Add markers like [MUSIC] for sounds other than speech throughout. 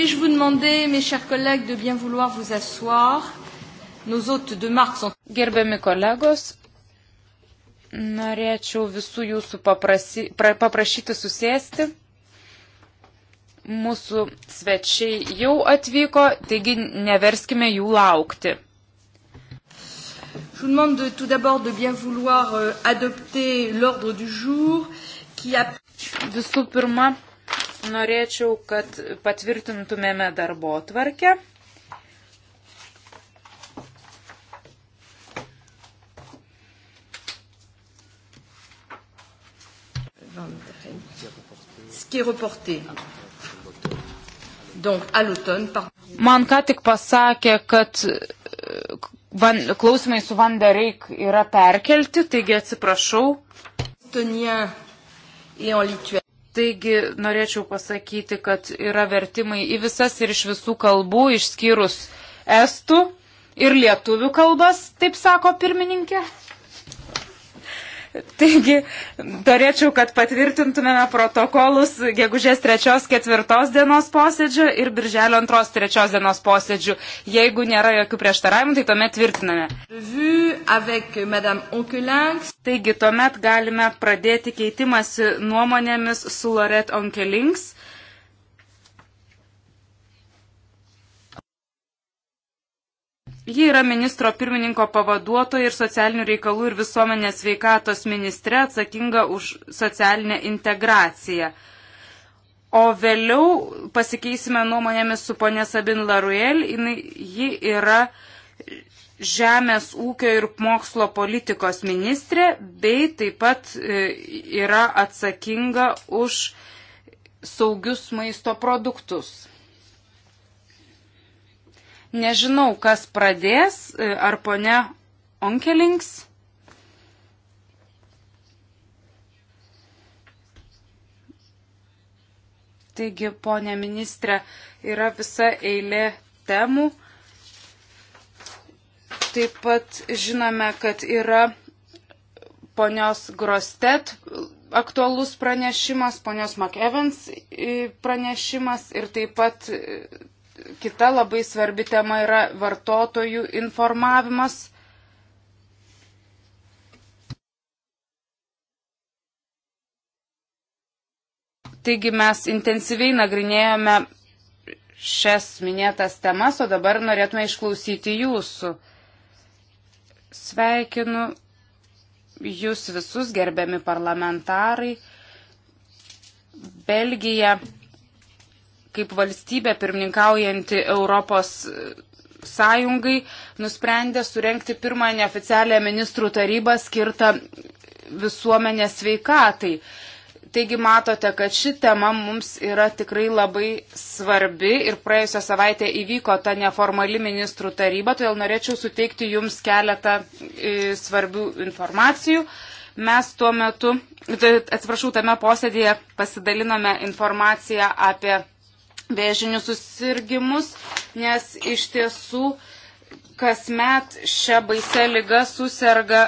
Puis-je vous demander, mes chers collègues, de bien vouloir vous asseoir Nos hôtes de marque sont... Gerbiami kolegos, norėčiau visų jūsų paprasi, pra, paprašyti susėsti. Mūsų svečiai jau atvyko, taigi neverskime jų laukti. Je vous demande de, tout d'abord de bien vouloir euh, adopter l'ordre du jour qui a... Visų pirma, norėčiau, kad patvirtintumėme darbo tvarkę. Man ką tik pasakė, kad e, van, klausimai su Vandereik yra perkelti, taigi atsiprašau. Estonien et en Lituanie. Taigi norėčiau pasakyti, kad yra vertimai į visas ir iš visų kalbų, išskyrus estų ir lietuvių kalbas, taip sako pirmininkė. Taigi, norėčiau, kad patvirtintumėme protokolus gegužės 3-4 dienos posėdžio ir birželio 2-3 dienos posėdžių. Jeigu nėra jokių prieštaravimų, tai tuomet tvirtiname. Taigi, tuomet galime pradėti keitimąsi nuomonėmis su Loret Onkelings. Ji yra ministro pirmininko pavaduotoja ir socialinių reikalų ir visuomenės veikatos ministre atsakinga už socialinę integraciją. O vėliau pasikeisime nuomonėmis su ponė Sabin Laruel, ji yra žemės ūkio ir mokslo politikos ministrė, bei taip pat e, yra atsakinga už saugius maisto produktus. Nežinau, kas pradės, e, ar ponia Onkelings. Taigi, ponė ministrė, yra visa eilė temų. Taip pat žinome, kad yra ponios Grostet aktualus pranešimas, ponios McEvans e, pranešimas ir taip pat e, kita labai svarbi tema yra vartotojų informavimas. Taigi mes intensyviai nagrinėjome šias minėtas temas, o dabar norėtume išklausyti jūsų. Sveikinu jūs visus, gerbiami parlamentarai. Belgija kaip valstybė pirmininkaujanti Europos sąjungai nusprendė surenkti pirmą neoficialią ministrų tarybą skirtą visuomenės sveikatai. Taigi matote, kad ši tema mums yra tikrai labai svarbi ir praėjusią savaitę įvyko ta neformali ministrų taryba, todėl norėčiau suteikti jums keletą e, svarbių informacijų mes tuo metu, tai atsiprašau, tame posėdėje pasidalinome informaciją apie vėžinius susirgymus, nes iš tiesų kasmet šią baisę lygą susirga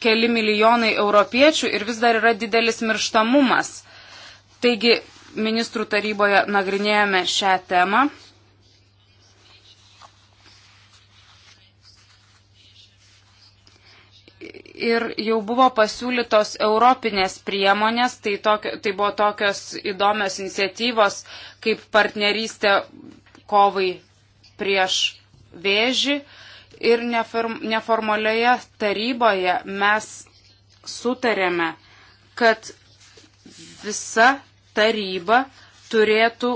keli milijonai europiečių ir vis dar yra didelis mirštamumas. Taigi, ministrų taryboje nagrinėjome šią temą. ir jau buvo pasiūlytos europinės priemonės, tai, tokio, tai buvo tokios įdomios iniciatyvos kaip partnerystė kovai prieš vėžį. Ir neformalioje taryboje mes sutarėme, kad visa taryba turėtų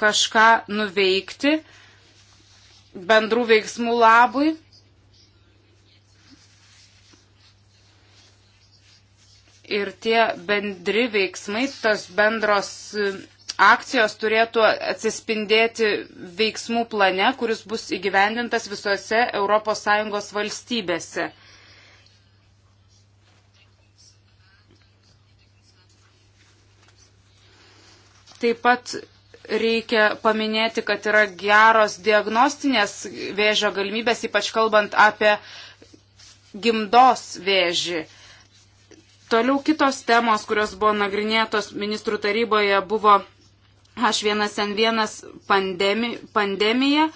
kažką nuveikti bendrų veiksmų labui ir tie bendri veiksmai, tos bendros e, akcijos turėtų atsispindėti veiksmų plane, kuris bus įgyvendintas visose ES valstybėse. Taip pat reikia paminėti, kad yra geros diagnostinės vėžio galimybės, ypač kalbant apie gimdos vėžį. Toliau kitos temos, kurios buvo nagrinėtos ministrų taryboje, buvo H1N1 pandemi, pandemija.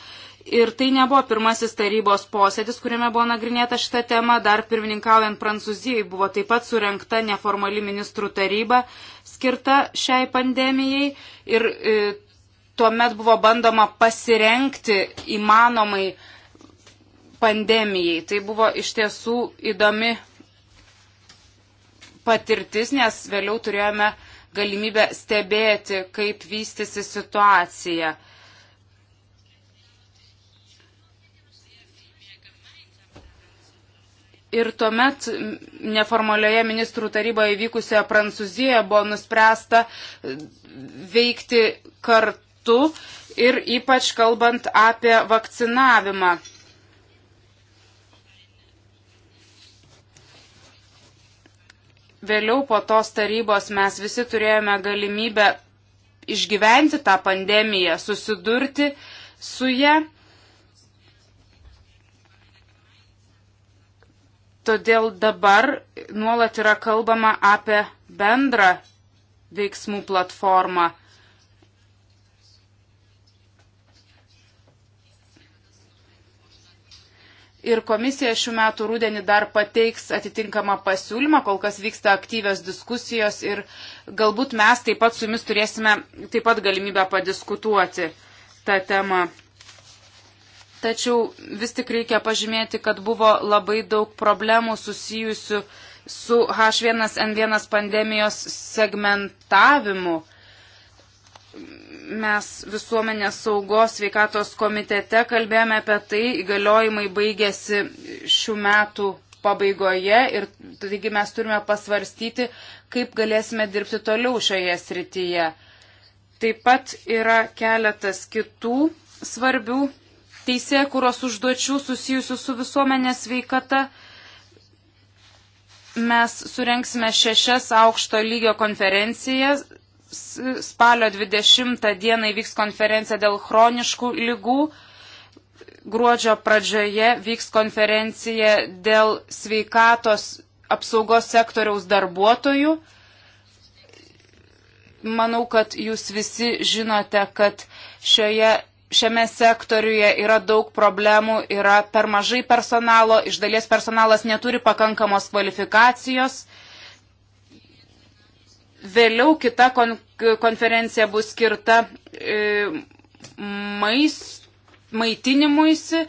Ir tai nebuvo pirmasis tarybos posėdis, kuriame buvo nagrinėta šita tema. Dar pirmininkaujant Prancūzijai buvo taip pat surenkta neformali ministrų taryba skirta šiai pandemijai. Ir e, tuomet buvo bandoma pasirenkti įmanomai pandemijai. Tai buvo iš tiesų įdomi patirtis, nes vėliau turėjome galimybę stebėti, kaip vystėsi situacija. Ir tuomet neformalioje ministrų taryboje vykusioje Prancūzijoje buvo nuspręsta veikti kartu ir ypač kalbant apie vakcinavimą. vėliau po tos tarybos mes visi turėjome galimybę išgyventi tą pandemiją, susidurti su ją. Todėl dabar nuolat yra kalbama apie bendrą veiksmų platformą ir komisija šių metų rūdienį dar pateiks atitinkamą pasiūlymą, kol kas vyksta aktyvios diskusijos ir galbūt mes taip pat su jumis turėsime taip pat galimybę padiskutuoti tą temą. Tačiau vis tik reikia pažymėti, kad buvo labai daug problemų susijusių su H1N1 pandemijos segmentavimu mes visuomenės saugos sveikatos komitete kalbėjome apie tai, įgaliojimai baigėsi šių metų pabaigoje ir taigi mes turime pasvarstyti, kaip galėsime dirbti toliau šioje srityje. Taip pat yra keletas kitų svarbių teisėjų, kurios užduočių susijusių su visuomenės veikata mes surenksime šešias aukšto lygio konferencijas Spalio 20 dieną įvyks konferencija dėl chroniškų lygų. Gruodžio pradžioje vyks konferencija dėl sveikatos apsaugos sektoriaus darbuotojų. Manau, kad jūs visi žinote, kad šioje šiame sektoriuje yra daug problemų, yra per mažai personalo, iš dalies personalas neturi pakankamos kvalifikacijos. Vėliau kita kon konferencija bus skirta e, mais, maitinimuisi.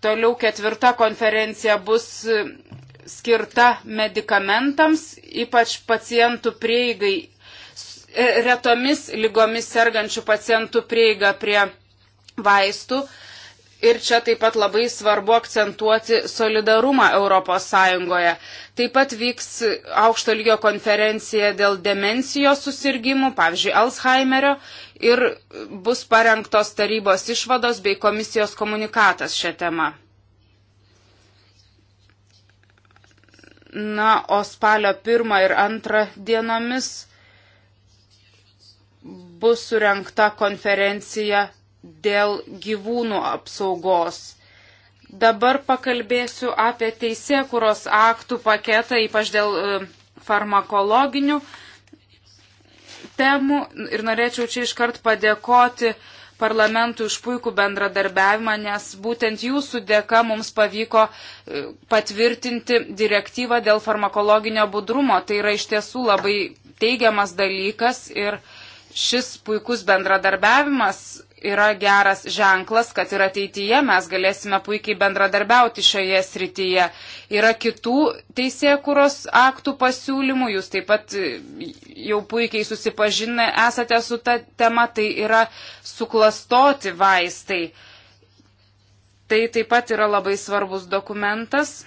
Toliau ketvirta konferencija bus skirta medikamentams, ypač pacientų prieigai, e, retomis lygomis sergančių pacientų prieiga prie vaistų. Ir čia taip pat labai svarbu akcentuoti solidarumą Europos Sąjungoje. Taip pat vyks aukšto lygio konferencija dėl demencijos susirgymų, pavyzdžiui, Alzheimerio, ir bus parengtos tarybos išvados bei komisijos komunikatas šią temą. Na, o spalio pirmą ir antrą dienomis bus surenkta konferencija dėl gyvūnų apsaugos. Dabar pakalbėsiu apie teisėkuros aktų paketą, ypač dėl e, farmakologinių temų. Ir norėčiau čia iškart padėkoti parlamentui už puikų bendradarbiavimą, nes būtent jūsų dėka mums pavyko e, patvirtinti direktyvą dėl farmakologinio budrumo. Tai yra iš tiesų labai teigiamas dalykas ir šis puikus bendradarbiavimas yra geras ženklas, kad ir ateityje mes galėsime puikiai bendradarbiauti šioje srityje. Yra kitų teisėkuros aktų pasiūlymų, jūs taip pat e, jau puikiai susipažinę esate su ta tema, tai yra suklastoti vaistai. Tai taip pat yra labai svarbus dokumentas.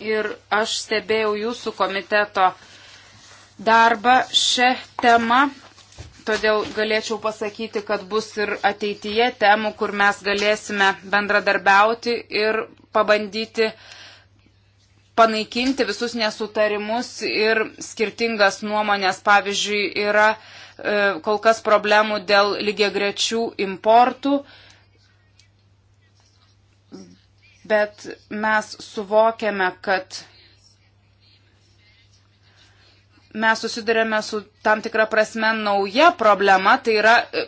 ir aš stebėjau jūsų komiteto darbą šią temą. Todėl galėčiau pasakyti, kad bus ir ateityje temų, kur mes galėsime bendradarbiauti ir pabandyti panaikinti visus nesutarimus ir skirtingas nuomonės. Pavyzdžiui, yra e, kol kas problemų dėl lygiagrečių importų, bet mes suvokiame, kad mes susidurėme su tam tikra prasme nauja problema, tai yra e,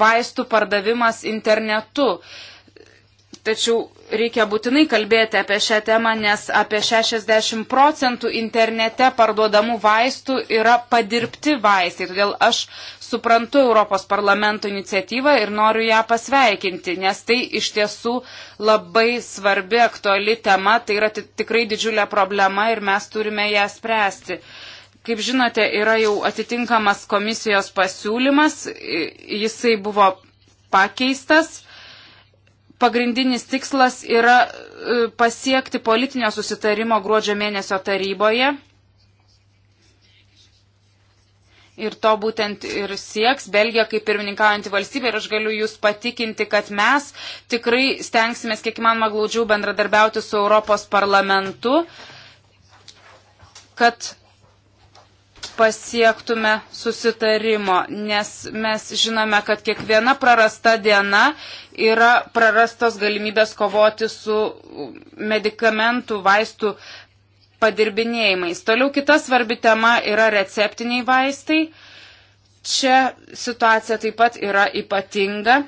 vaistų pardavimas internetu. Tačiau reikia būtinai kalbėti apie šią temą, nes apie 60 procentų internete parduodamų vaistų yra padirbti vaistai. Todėl aš suprantu Europos parlamento iniciatyvą ir noriu ją pasveikinti, nes tai iš tiesų labai svarbi, aktuali tema, tai yra tikrai didžiulė problema ir mes turime ją spręsti. Uh, Kaip žinote, yra jau atitinkamas komisijos pasiūlymas, jisai buvo pakeistas. Pagrindinis tikslas yra e, pasiekti politinio susitarimo gruodžio mėnesio taryboje. Ir to būtent ir sieks Belgija kaip pirmininkaujanti valstybė. Ir aš galiu Jūs patikinti, kad mes tikrai stengsimės kiek įmanoma glaudžiau bendradarbiauti su Europos parlamentu, kad pasiektume susitarimo, nes mes žinome, kad kiekviena prarasta diena yra prarastos galimybės kovoti su medikamentų, vaistų padirbinėjimais. Toliau kita svarbi tema yra receptiniai vaistai. Čia situacija taip pat yra ypatinga,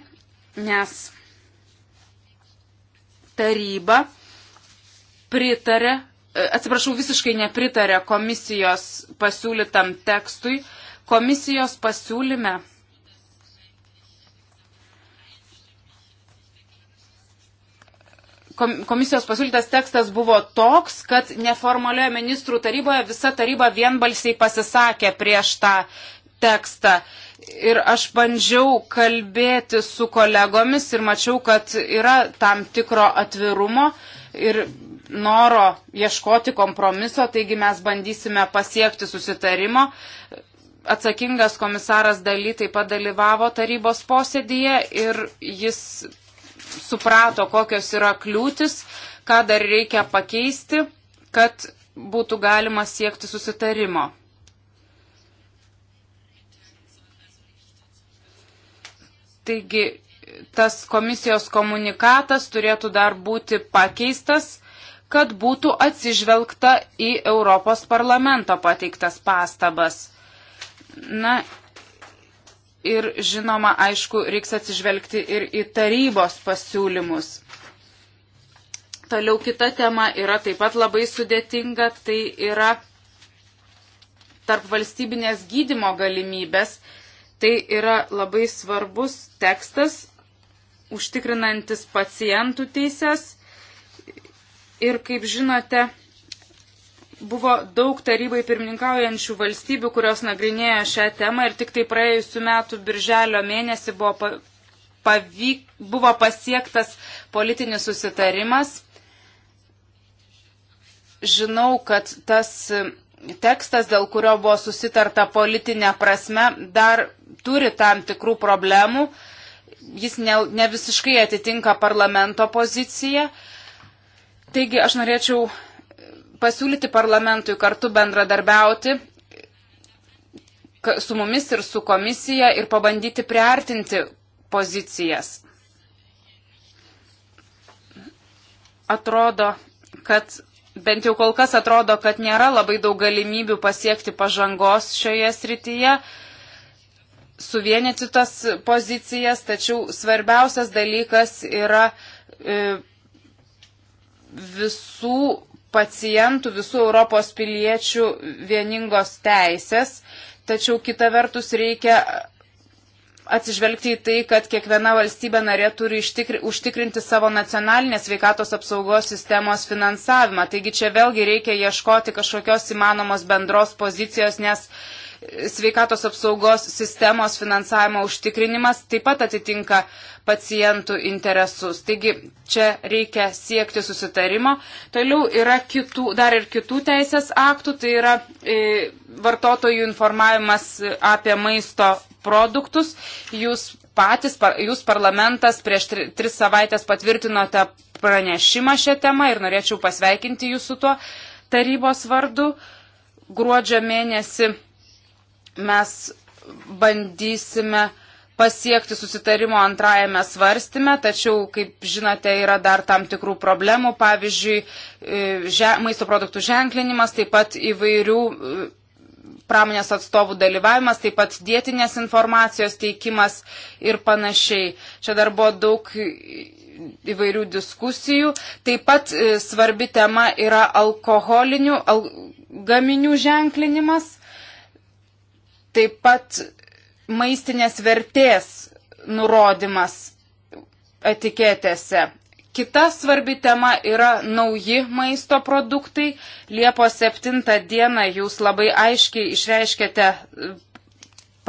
nes taryba pritarė E, atsiprašau, visiškai nepritarė komisijos pasiūlytam tekstui. Komisijos pasiūlyme komisijos pasiūlytas tekstas buvo toks, kad neformalioje ministrų taryboje visa taryba vienbalsiai pasisakė prieš tą tekstą. Ir aš bandžiau kalbėti su kolegomis ir mačiau, kad yra tam tikro atvirumo ir noro ieškoti kompromiso, taigi mes bandysime pasiekti susitarimo. Atsakingas komisaras daly taip pat dalyvavo tarybos posėdėje ir jis suprato, kokios yra kliūtis, ką dar reikia pakeisti, kad būtų galima siekti susitarimo. Taigi tas komisijos komunikatas turėtų dar būti pakeistas kad būtų atsižvelgta į Europos parlamento pateiktas pastabas. Na ir žinoma, aišku, reiks atsižvelgti ir į tarybos pasiūlymus. Toliau kita tema yra taip pat labai sudėtinga, tai yra tarp valstybinės gydimo galimybės. Tai yra labai svarbus tekstas, užtikrinantis pacientų teises Ir kaip žinote, buvo daug tarybai pirmininkaujančių valstybių, kurios nagrinėjo šią temą ir tik tai praėjusiu metu birželio mėnesį buvo, pavyk, buvo pasiektas politinis susitarimas. Žinau, kad tas tekstas, dėl kurio buvo susitarta politinė prasme, dar turi tam tikrų problemų. Jis ne, ne visiškai atitinka parlamento poziciją. Uh, Taigi aš norėčiau pasiūlyti parlamentui kartu bendradarbiauti su mumis ir su komisija ir pabandyti priartinti pozicijas. Atrodo, kad bent jau kol kas atrodo, kad nėra labai daug galimybių pasiekti pažangos šioje srityje, suvienyti tas pozicijas, tačiau svarbiausias dalykas yra e, visų pacientų, visų Europos piliečių vieningos teisės, tačiau kita vertus reikia atsižvelgti į tai, kad kiekviena valstybė narė turi ištikri, užtikrinti savo nacionalinės sveikatos apsaugos sistemos finansavimą. Taigi čia vėlgi reikia ieškoti kažkokios įmanomos bendros pozicijos, nes sveikatos apsaugos sistemos finansavimo užtikrinimas taip pat atitinka pacientų interesus. Taigi čia reikia siekti susitarimo. Toliau yra kitų, dar ir kitų teisės aktų, tai yra e, vartotojų informavimas apie maisto produktus. Jūs patys, par, jūs parlamentas prieš tri, tris savaitės patvirtinote pranešimą šią temą ir norėčiau pasveikinti jūsų tuo tarybos vardu. Gruodžio mėnesį mes bandysime pasiekti susitarimo antrajame svarstime, tačiau, kaip žinote, yra dar tam tikrų problemų, pavyzdžiui, e, že, maisto produktų ženklinimas, taip pat įvairių e, pramonės atstovų dalyvavimas, taip pat dėtinės informacijos teikimas ir panašiai. Čia dar buvo daug įvairių diskusijų. Taip pat e, svarbi tema yra alkoholinių al, gaminių ženklinimas. Taip pat maistinės vertės nurodymas etiketėse. Kita svarbi tema yra nauji maisto produktai. Liepos 7 dieną jūs labai aiškiai išreiškėte e,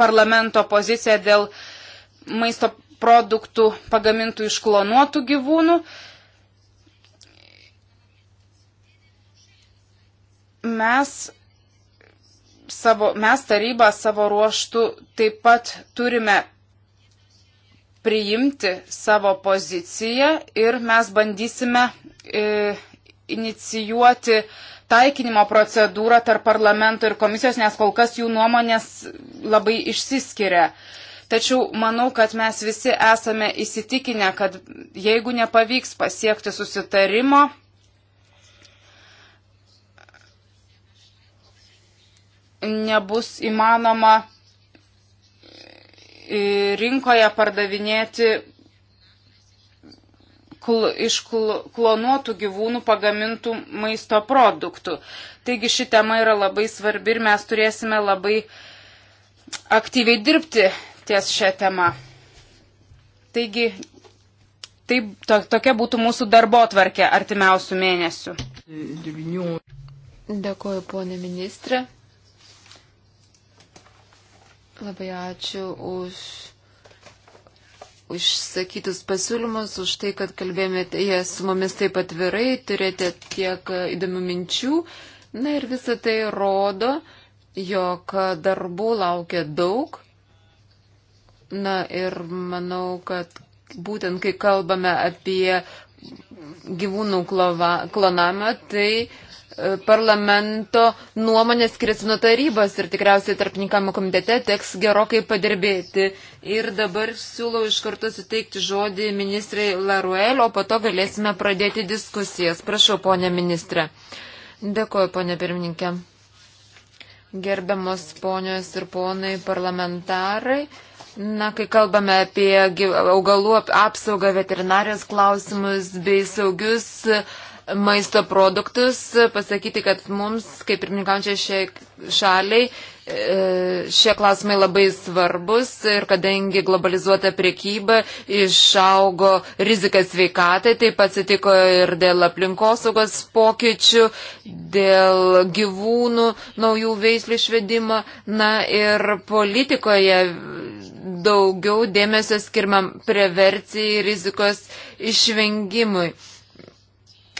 parlamento poziciją dėl maisto produktų pagamintų iš klonuotų gyvūnų. Mes savo, mes tarybą savo ruoštų taip pat turime priimti savo poziciją ir mes bandysime e, inicijuoti taikinimo procedūrą tarp parlamento ir komisijos, nes kol kas jų nuomonės labai išsiskiria. Tačiau manau, kad mes visi esame įsitikinę, kad jeigu nepavyks pasiekti susitarimo, nebus įmanoma e, rinkoje pardavinėti kl, iš kl, klonuotų gyvūnų pagamintų maisto produktų. Taigi ši tema yra labai svarbi ir mes turėsime labai aktyviai dirbti ties šią temą. Taigi taip, to, tokia būtų mūsų darbo tvarkė artimiausių mėnesių. Dėkuoju, ponė ministrė. Labai ačiū už užsakytus pasiūlymus, už tai, kad kalbėjomėte jie su mumis taip atvirai, turėjote tiek įdomių minčių. Na ir visa tai rodo, jog darbų laukia daug. Na ir manau, kad būtent kai kalbame apie gyvūnų klonamą, tai E, parlamento nuomonė skiriasi nuo tarybos ir tikriausiai tarpininkamo komitete teks gerokai padirbėti. Ir dabar siūlau iš karto suteikti žodį ministrai Laruel, o po to galėsime pradėti diskusijas. Prašau, ponė ministrė. Dėkuoju, ponė pirmininkė. Gerbiamos ponios ir ponai parlamentarai. Na, kai kalbame apie augalų apsaugą, veterinarijos klausimus bei saugius uh, maisto produktus, pasakyti, kad mums, kaip pirmininkaujančiai šiai šaliai, e, šie klausimai labai svarbus ir kadangi globalizuota priekyba išaugo rizikas sveikatai, taip atsitiko ir dėl aplinkosaugos pokyčių, dėl gyvūnų naujų veislių išvedimo. Na ir politikoje daugiau dėmesio skirmam prevencijai rizikos išvengimui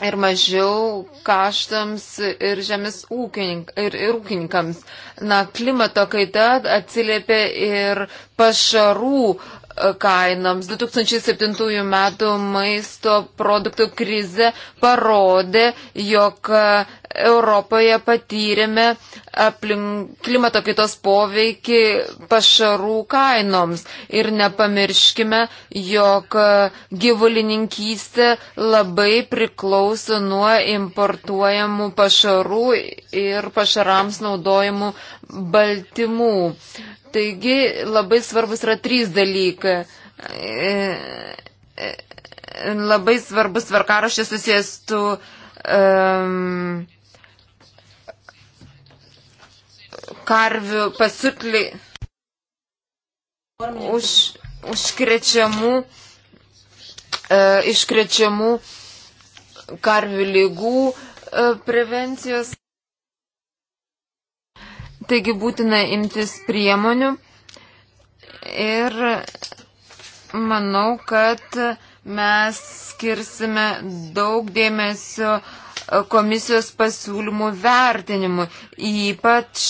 ir mažiau kaštams ir žemės ūkininkams. Ir, ir ūkininkams. Na, klimato kaita atsiliepia ir pašarų kainoms. 2007 metų maisto produktų krize parodė, jog e, Europoje patyrėme aplink, klimato kaitos poveikį pašarų kainoms. Ir nepamirškime, jog e, gyvulininkystė labai priklauso nuo importuojamų pašarų ir pašarams naudojamų baltymų. Taigi labai svarbus yra trys dalykai. E, e, labai svarbus tvarkaraštis susijęs su um, karvių pasutli už, užkrečiamų, e, iškrečiamų karvių lygų e, prevencijos. Taigi būtina imtis priemonių ir manau, kad mes skirsime daug dėmesio komisijos pasiūlymų vertinimui, ypač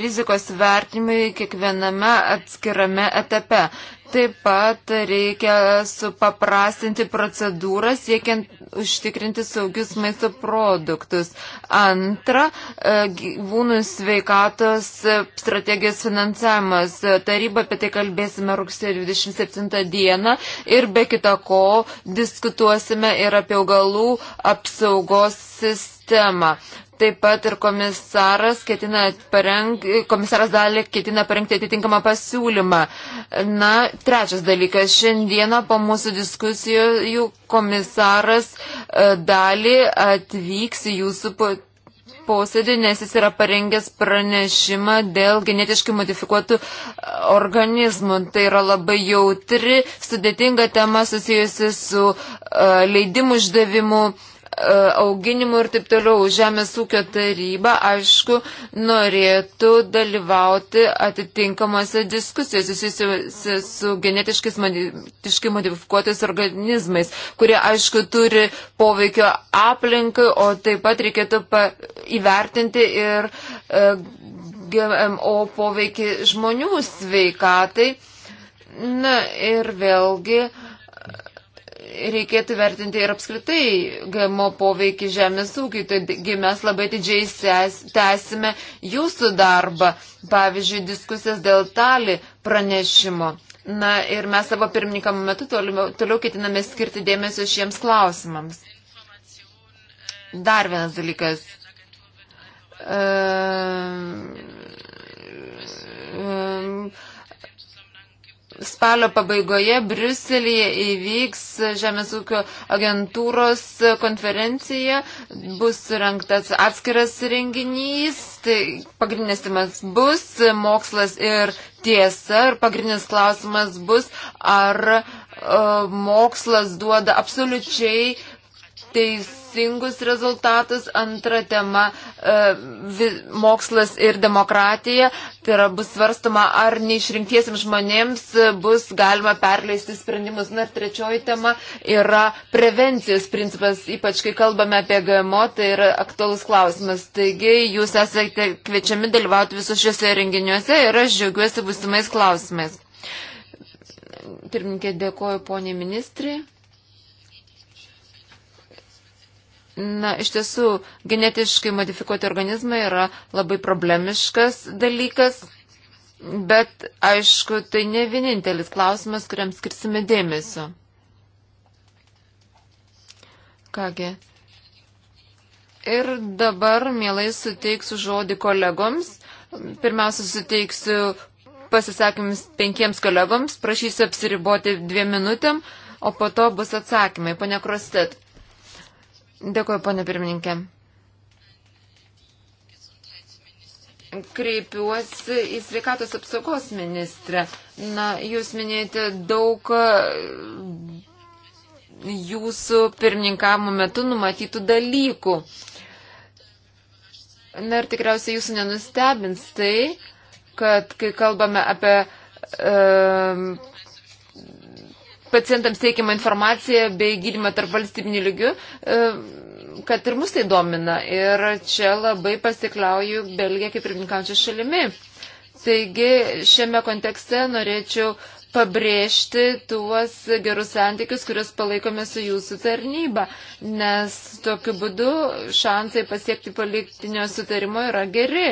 rizikos vertinimui kiekviename atskirame etape. Taip pat reikia supaprastinti procedūrą siekiant užtikrinti saugius maisto produktus. Antra, e, gyvūnų sveikatos strategijos finansavimas. Taryba apie tai kalbėsime rugsėjo 27 dieną ir be kita ko diskutuosime ir apie augalų apsaugos sistemą sistemą. Taip pat ir komisaras, pareng, komisaras dalį ketina parengti atitinkamą pasiūlymą. Na, trečias dalykas. Šiandieną po mūsų diskusijų komisaras e, dalį atvyks į jūsų posėdį, nes jis yra parengęs pranešimą dėl genetiškai modifikuotų organizmų. Tai yra labai jautri, sudėtinga tema susijusi su uh, leidimų išdavimu. Uh, E, auginimu ir taip toliau. Žemės ūkio taryba, aišku, norėtų dalyvauti atitinkamuose diskusijose susijusiuose su genetiškai modifikuotais organizmais, kurie, aišku, turi poveikio aplinkai, o taip pat reikėtų pa įvertinti ir e, GMO poveikį žmonių sveikatai. Na ir vėlgi, e, reikėtų vertinti ir apskritai GMO poveikį žemės ūkiai, taigi mes labai didžiai tęsime jūsų darbą, pavyzdžiui, diskusijas dėl talį pranešimo. Na ir mes savo pirmininkamo metu toliau, toliau ketiname skirti dėmesio šiems klausimams. Dar vienas dalykas. Um, um, spalio pabaigoje Briuselėje įvyks Žemės ūkio agentūros konferencija, bus surinktas atskiras renginys, tai pagrindinis temas bus mokslas ir tiesa, ir pagrindinis klausimas bus, ar e, mokslas duoda absoliučiai teisingus rezultatus. Antra tema e, - mokslas ir demokratija. Tai yra bus svarstama, ar neišrinktiesiems žmonėms e, bus galima perleisti sprendimus. Na ir trečioji tema yra prevencijos principas, ypač kai kalbame apie GMO, tai yra aktualus klausimas. Taigi jūs esate kviečiami dalyvauti visus šiuose renginiuose ir aš džiaugiuosi būsimais klausimais. Pirmininkė, dėkoju poniai ministrai. Na, iš tiesų, genetiškai modifikuoti organizmai yra labai problemiškas dalykas, bet aišku, tai ne vienintelis klausimas, kuriam skirsime dėmesio. Kągi. Ir dabar mielai suteiksiu žodį kolegoms. Pirmiausia, suteiksiu pasisakymus penkiems kolegoms, prašysiu apsiriboti dviem minutėm, o po to bus atsakymai. Pane Krostet, Dėkuoju, ponė pirmininkė. Kreipiuosi į sveikatos apsaugos ministrę. Na, jūs minėjote daug jūsų pirmininkavimo metu numatytų dalykų. Na ir tikriausiai jūsų nenustebins tai, kad kai kalbame apie e, pacientams teikiama informacija bei gydimą tarp valstybinių lygių, e, kad ir mus tai domina. Ir čia labai pasikliauju Belgiją kaip pirmininkančią šalimi. Taigi šiame kontekste norėčiau pabrėžti tuos gerus santykius, kuriuos palaikome su jūsų tarnyba, nes tokiu būdu šansai pasiekti politinio sutarimo yra geri.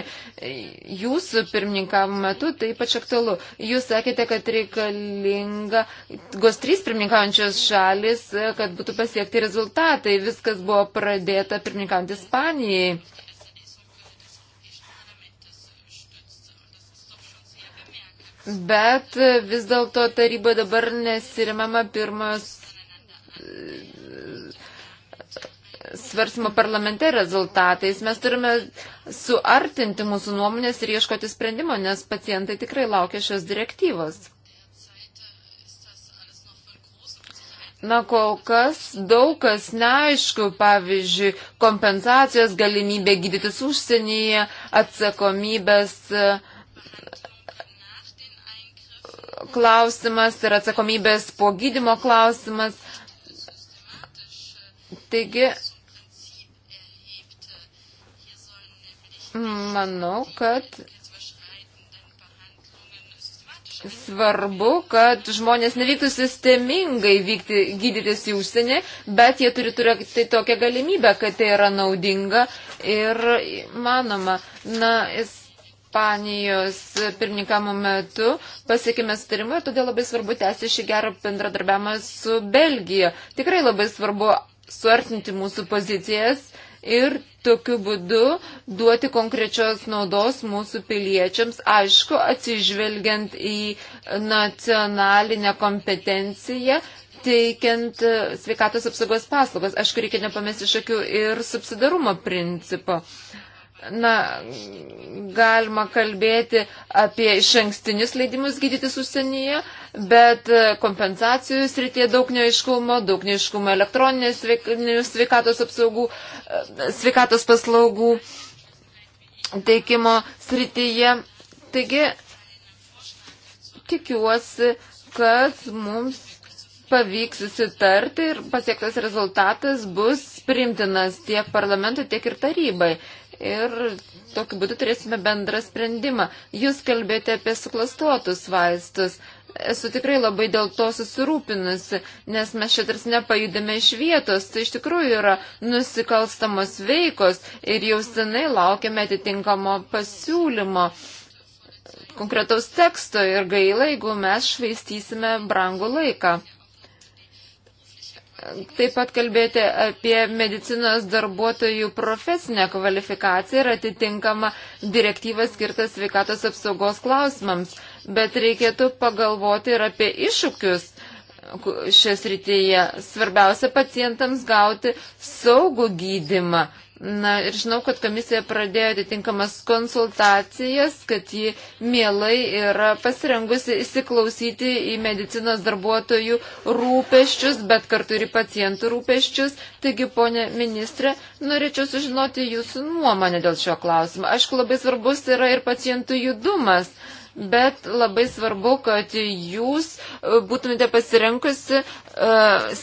Jūsų pirmininkavimo metu tai ypač aktualu. Jūs sakėte, kad reikalinga gos trys pirmininkaujančios šalis, kad būtų pasiekti rezultatai. Viskas buvo pradėta pirmininkaujant Ispanijai. Bet vis dėlto taryba dabar nesirimama pirmas svarsimo parlamente rezultatais. Mes turime suartinti mūsų nuomonės ir ieškoti sprendimo, nes pacientai tikrai laukia šios direktyvos. Na, kol kas daug kas neaišku, pavyzdžiui, kompensacijos galimybė gydytis užsienyje, atsakomybės klausimas ir atsakomybės po gydimo klausimas. Taigi, manau, kad svarbu, kad žmonės nevyktų sistemingai vykti, gydytis į užsienį, bet jie turi turėti tokią galimybę, kad tai yra naudinga ir manoma. Na, jis Ispanijos pirmininkamo metu pasiekime sutarimą, todėl labai svarbu tęsti šį gerą bendradarbiavimą su Belgija. Tikrai labai svarbu suartinti mūsų pozicijas ir tokiu būdu duoti konkrečios naudos mūsų piliečiams, aišku, atsižvelgiant į nacionalinę kompetenciją, teikiant sveikatos apsaugos paslaugas. Aišku, reikia nepamesti iš akių ir subsidarumo principo na, galima kalbėti apie iš ankstinius leidimus gydytis užsienyje, bet kompensacijų srityje daug neaiškumo, daug neaiškumo elektroninės sveikatos apsaugų, sveikatos paslaugų teikimo srityje. Taigi, tikiuosi, kad mums pavyks susitarti ir pasiektas rezultatas bus primtinas tiek parlamentui, tiek ir tarybai ir tokiu būdu turėsime bendrą sprendimą. Jūs kalbėjote apie suklastotus vaistus. Esu tikrai labai dėl to susirūpinusi, nes mes čia tarsi nepajudėme iš vietos. Tai iš tikrųjų yra nusikalstamos veikos ir jau senai laukiame atitinkamo pasiūlymo konkretaus teksto ir gaila, jeigu mes švaistysime brangų laiką taip pat kalbėti apie medicinos darbuotojų profesinę kvalifikaciją ir atitinkamą direktyvą skirtą sveikatos apsaugos klausimams. Bet reikėtų pagalvoti ir apie iššūkius šias rytyje. Svarbiausia pacientams gauti saugų gydimą, Na ir žinau, kad komisija pradėjo atitinkamas konsultacijas, kad ji mielai yra pasirengusi įsiklausyti į medicinos darbuotojų rūpeščius, bet kartu ir į pacientų rūpeščius. Taigi, ponė ministrė, norėčiau sužinoti jūsų nuomonę dėl šio klausimo. Aišku, labai svarbus yra ir pacientų judumas bet labai svarbu, kad jūs e, būtumėte pasirinkusi e,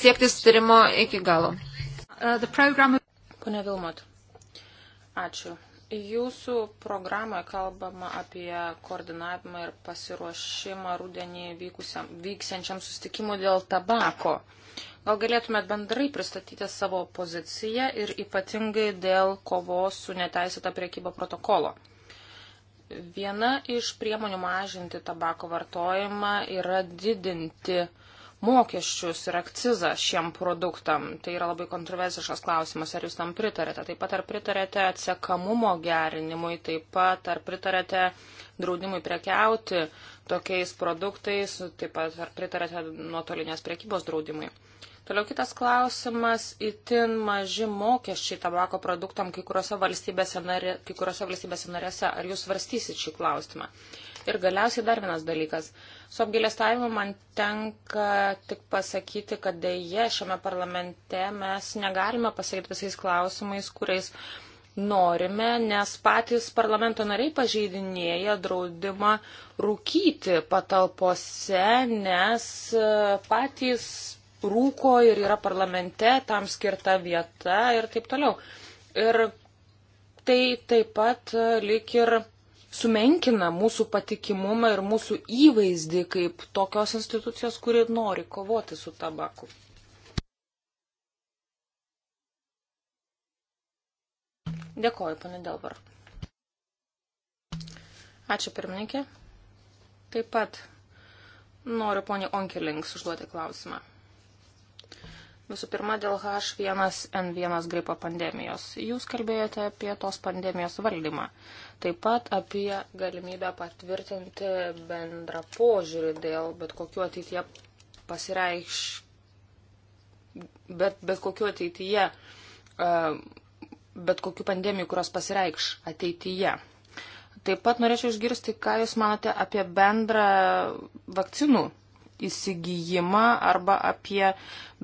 siekti sutarimo iki galo. Uh, Pone Vilmot, Ačiū. Jūsų programoje kalbama apie koordinavimą ir pasiruošimą rudenį vykusiam, vyksiančiam sustikimui dėl tabako. Gal galėtumėt bendrai pristatyti savo poziciją ir ypatingai dėl kovos su neteisėta priekyba protokolo? Viena iš priemonių mažinti tabako vartojimą yra didinti uh, mokesčius ir akcizą šiem produktam. Tai yra labai kontroversiškas klausimas, ar jūs tam pritarėte. Taip pat ar pritarėte atsekamumo gerinimui, taip pat ar pritarėte draudimui prekiauti tokiais produktais, taip pat ar pritarėte nuotolinės prekybos draudimui. Toliau kitas klausimas - itin maži mokesčiai tabako produktam kai kuriuose valstybėse, narė, kai kuriuose valstybėse narėse. Ar jūs svarstysit šį klausimą? Ir galiausiai dar vienas dalykas. Su apgailestavimu man tenka tik pasakyti, kad dėje šiame parlamente mes negalime pasakyti visais klausimais, kuriais norime, nes patys parlamento nariai pažeidinėja draudimą rūkyti patalpose, nes e, patys rūko ir yra parlamente, tam skirta vieta ir taip toliau. Ir tai taip pat e, lik ir sumenkina mūsų patikimumą ir mūsų įvaizdį kaip tokios institucijos, kuri nori kovoti su tabaku. Dėkoju, pane Delvar. Ačiū, pirmininkė. Taip pat noriu poniai Onkelinks užduoti klausimą. Visų pirma, dėl H1N1 gripo pandemijos. Jūs kalbėjote apie tos pandemijos valdymą, taip pat apie galimybę patvirtinti bendrą požiūrį dėl bet kokiu ateityje pasireikš, bet, bet kokiu ateityje, e, bet kokiu pandemiju, kurios pasireikš ateityje. Taip pat norėčiau išgirsti, ką Jūs manote apie bendrą vakcinų įsigijimą arba apie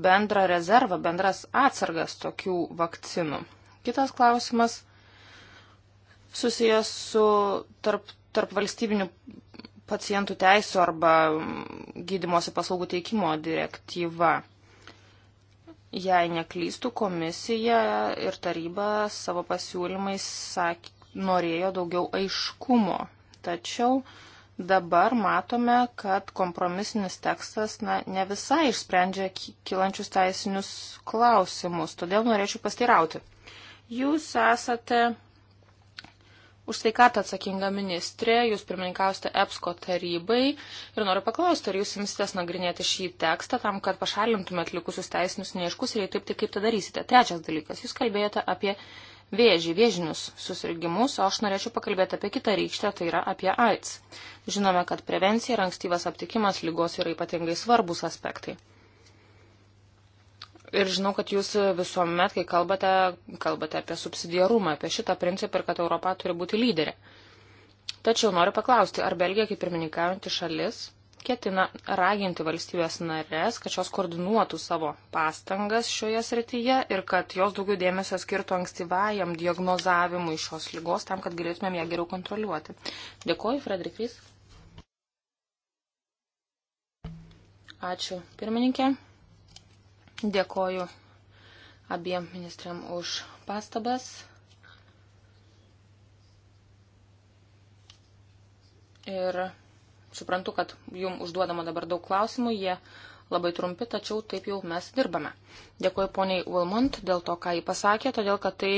bendrą rezervą, bendras atsargas tokių vakcinų. Kitas klausimas susijęs su tarp, tarp valstybinių pacientų teisų arba gydimosi paslaugų teikimo direktyva. Jei neklystų, komisija ir taryba savo pasiūlymais sakė, norėjo daugiau aiškumo. Tačiau dabar matome, kad kompromisinis tekstas na, ne visai išsprendžia kilančius teisinius klausimus. Todėl norėčiau pastirauti. Jūs esate už sveikatą atsakinga ministrė, jūs pirmininkausite EPSCO tarybai ir noriu paklausti, ar jūs imsitės nagrinėti šį tekstą tam, kad pašalintumėt likusius teisinius neiškus ir jei taip, tai kaip tai darysite. Trečias dalykas, jūs kalbėjote apie vėžį, vėžinius susirgymus, o aš norėčiau pakalbėti apie kitą rykštę, tai yra apie AIDS. Žinome, kad prevencija ir ankstyvas aptikimas lygos yra ypatingai svarbus aspektai. Ir žinau, kad jūs visuomet, kai kalbate, kalbate apie subsidiarumą, apie šitą principą ir kad Europa turi būti lyderė. Tačiau noriu paklausti, ar Belgija kaip pirmininkaujanti šalis ketina raginti valstybės narės, kad šios koordinuotų savo pastangas šioje srityje ir kad jos daugiau dėmesio skirtų ankstyvajam diagnozavimui šios lygos, tam, kad galėtumėm ją geriau kontroliuoti. Dėkuoju, Frederik Rys. Ačiū, pirmininkė. Dėkuoju abiem ministriam už pastabas. Ir suprantu, kad jum užduodama dabar daug klausimų, jie labai trumpi, tačiau taip jau mes dirbame. Dėkuoju poniai Wilmont dėl to, ką jį pasakė, todėl kad tai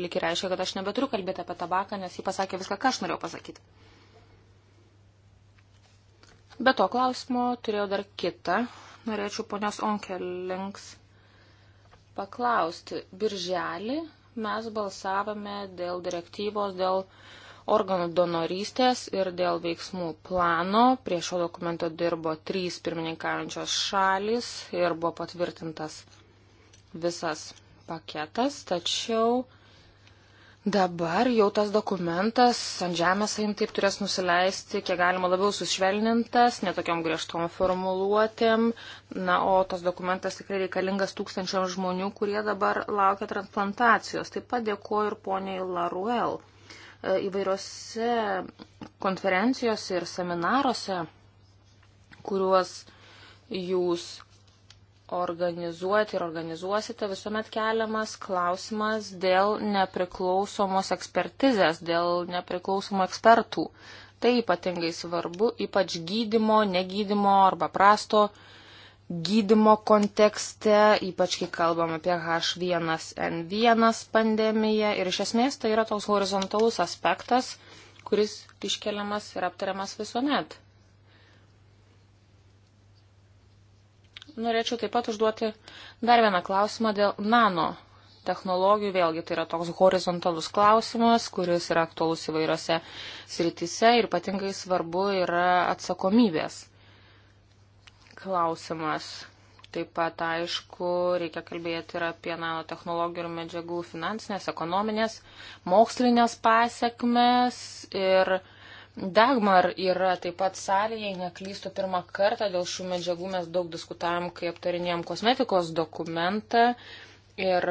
lik ir reiškia, kad aš nebeturiu kalbėti apie tabaką, nes jį pasakė viską, ką aš norėjau pasakyti. Be to klausimo turėjau dar kitą. Norėčiau ponios Onkelinks paklausti. Birželį mes balsavome dėl direktyvos, dėl uh, organų donorystės ir dėl veiksmų plano. Prie šio dokumento dirbo trys pirmininkaujančios šalis ir buvo patvirtintas visas paketas, tačiau dabar jau tas dokumentas ant žemės jam taip turės nusileisti, kiek galima labiau sušvelnintas, netokiam griežtom formuluotėm. Na, o tas dokumentas tikrai reikalingas tūkstančiam žmonių, kurie dabar laukia transplantacijos. Taip pat dėkuoju ir poniai Laruel įvairiose konferencijose ir seminaruose, kuriuos jūs organizuoti ir organizuosite, visuomet keliamas klausimas dėl nepriklausomos ekspertizės, dėl nepriklausomų ekspertų. Tai ypatingai svarbu, ypač gydimo, negydimo arba prasto gydimo kontekste, ypač kai kalbam apie H1N1 pandemiją. Ir iš esmės tai yra toks horizontalus aspektas, kuris iškeliamas ir aptariamas visuomet. Norėčiau taip pat užduoti dar vieną klausimą dėl nano technologijų. Vėlgi tai yra toks horizontalus klausimas, kuris yra aktuolus įvairiose sritise ir ypatingai svarbu yra atsakomybės klausimas. Taip pat, aišku, reikia kalbėti ir apie nanotehnologijų ir medžiagų finansinės, ekonominės, mokslinės pasiekmes. Ir Dagmar yra taip pat salėje, neklystu pirmą kartą, dėl šių medžiagų mes daug diskutavom, kai aptarinėjom kosmetikos dokumentą. Ir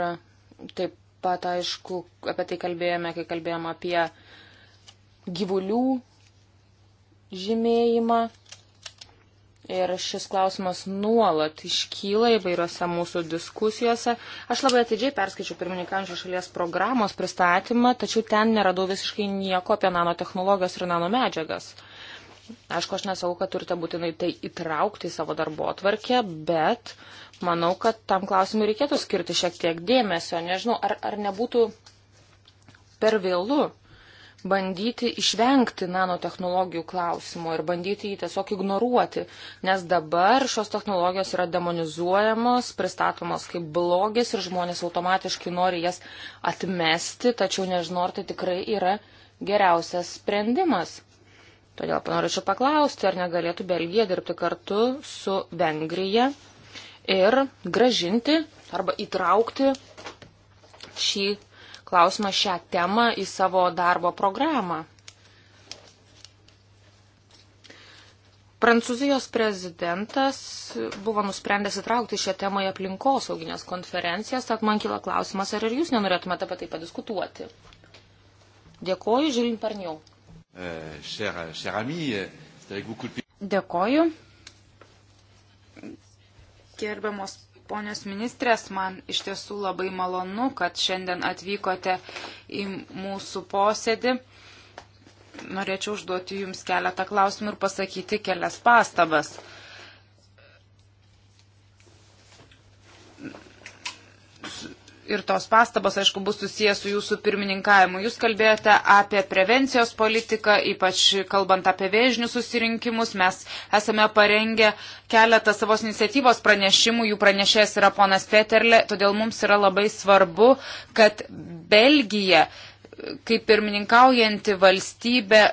taip pat, aišku, apie tai kalbėjome, kai kalbėjom apie gyvulių žymėjimą Ir šis klausimas nuolat iškyla įvairiose mūsų diskusijose. Aš labai atidžiai perskaičiau pirmininkančio šalies programos pristatymą, tačiau ten neradau visiškai nieko apie nanotehnologijas ir nanomedžiagas. Aišku, aš nesakau, kad turite būtinai tai įtraukti į savo darbo atvarkę, bet manau, kad tam klausimui reikėtų skirti šiek tiek dėmesio. Nežinau, ar, ar nebūtų per vėlų bandyti išvengti nanotehnologijų klausimo ir bandyti jį tiesiog ignoruoti, nes dabar šios technologijos yra demonizuojamos, pristatomos kaip blogis ir žmonės automatiškai nori jas atmesti, tačiau nežinau, ar tai tikrai yra geriausias sprendimas. Todėl panorėčiau paklausti, ar negalėtų Belgija dirbti kartu su Vengrija ir gražinti arba įtraukti šį klausimą šią temą į savo darbo programą. Prancūzijos prezidentas buvo nusprendęs įtraukti šią temą į aplinkosauginės konferencijas, tad man kila klausimas, ar ir jūs nenorėtumėte apie tai padiskutuoti. Dėkoju, Žilin Parniau. Euh, Dėkoju. Gerbiamos Ponios ministrės, man iš tiesų labai malonu, kad šiandien atvykote į mūsų posėdį. Norėčiau užduoti Jums keletą klausimų ir pasakyti kelias pastabas. ir tos pastabos, aišku, bus susijęs su jūsų pirmininkavimu. Jūs kalbėjote apie prevencijos politiką, ypač kalbant apie vėžinius susirinkimus. Mes esame parengę keletą savos iniciatyvos pranešimų, jų pranešėjas yra ponas Peterle, todėl mums yra labai svarbu, kad Belgija, kaip pirmininkaujanti valstybė,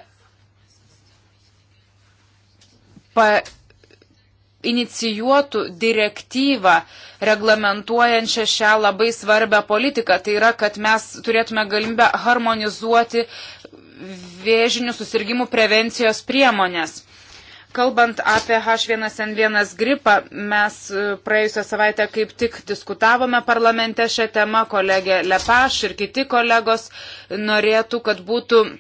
pa inicijuotų direktyvą reglamentuojančią šią labai svarbę politiką. Tai yra, kad mes turėtume galimybę harmonizuoti vėžinių susirgymų prevencijos priemonės. Kalbant apie H1N1 gripą, mes e, praėjusią savaitę kaip tik diskutavome parlamente šią temą, kolegė Lepaš ir kiti kolegos norėtų, kad būtų e,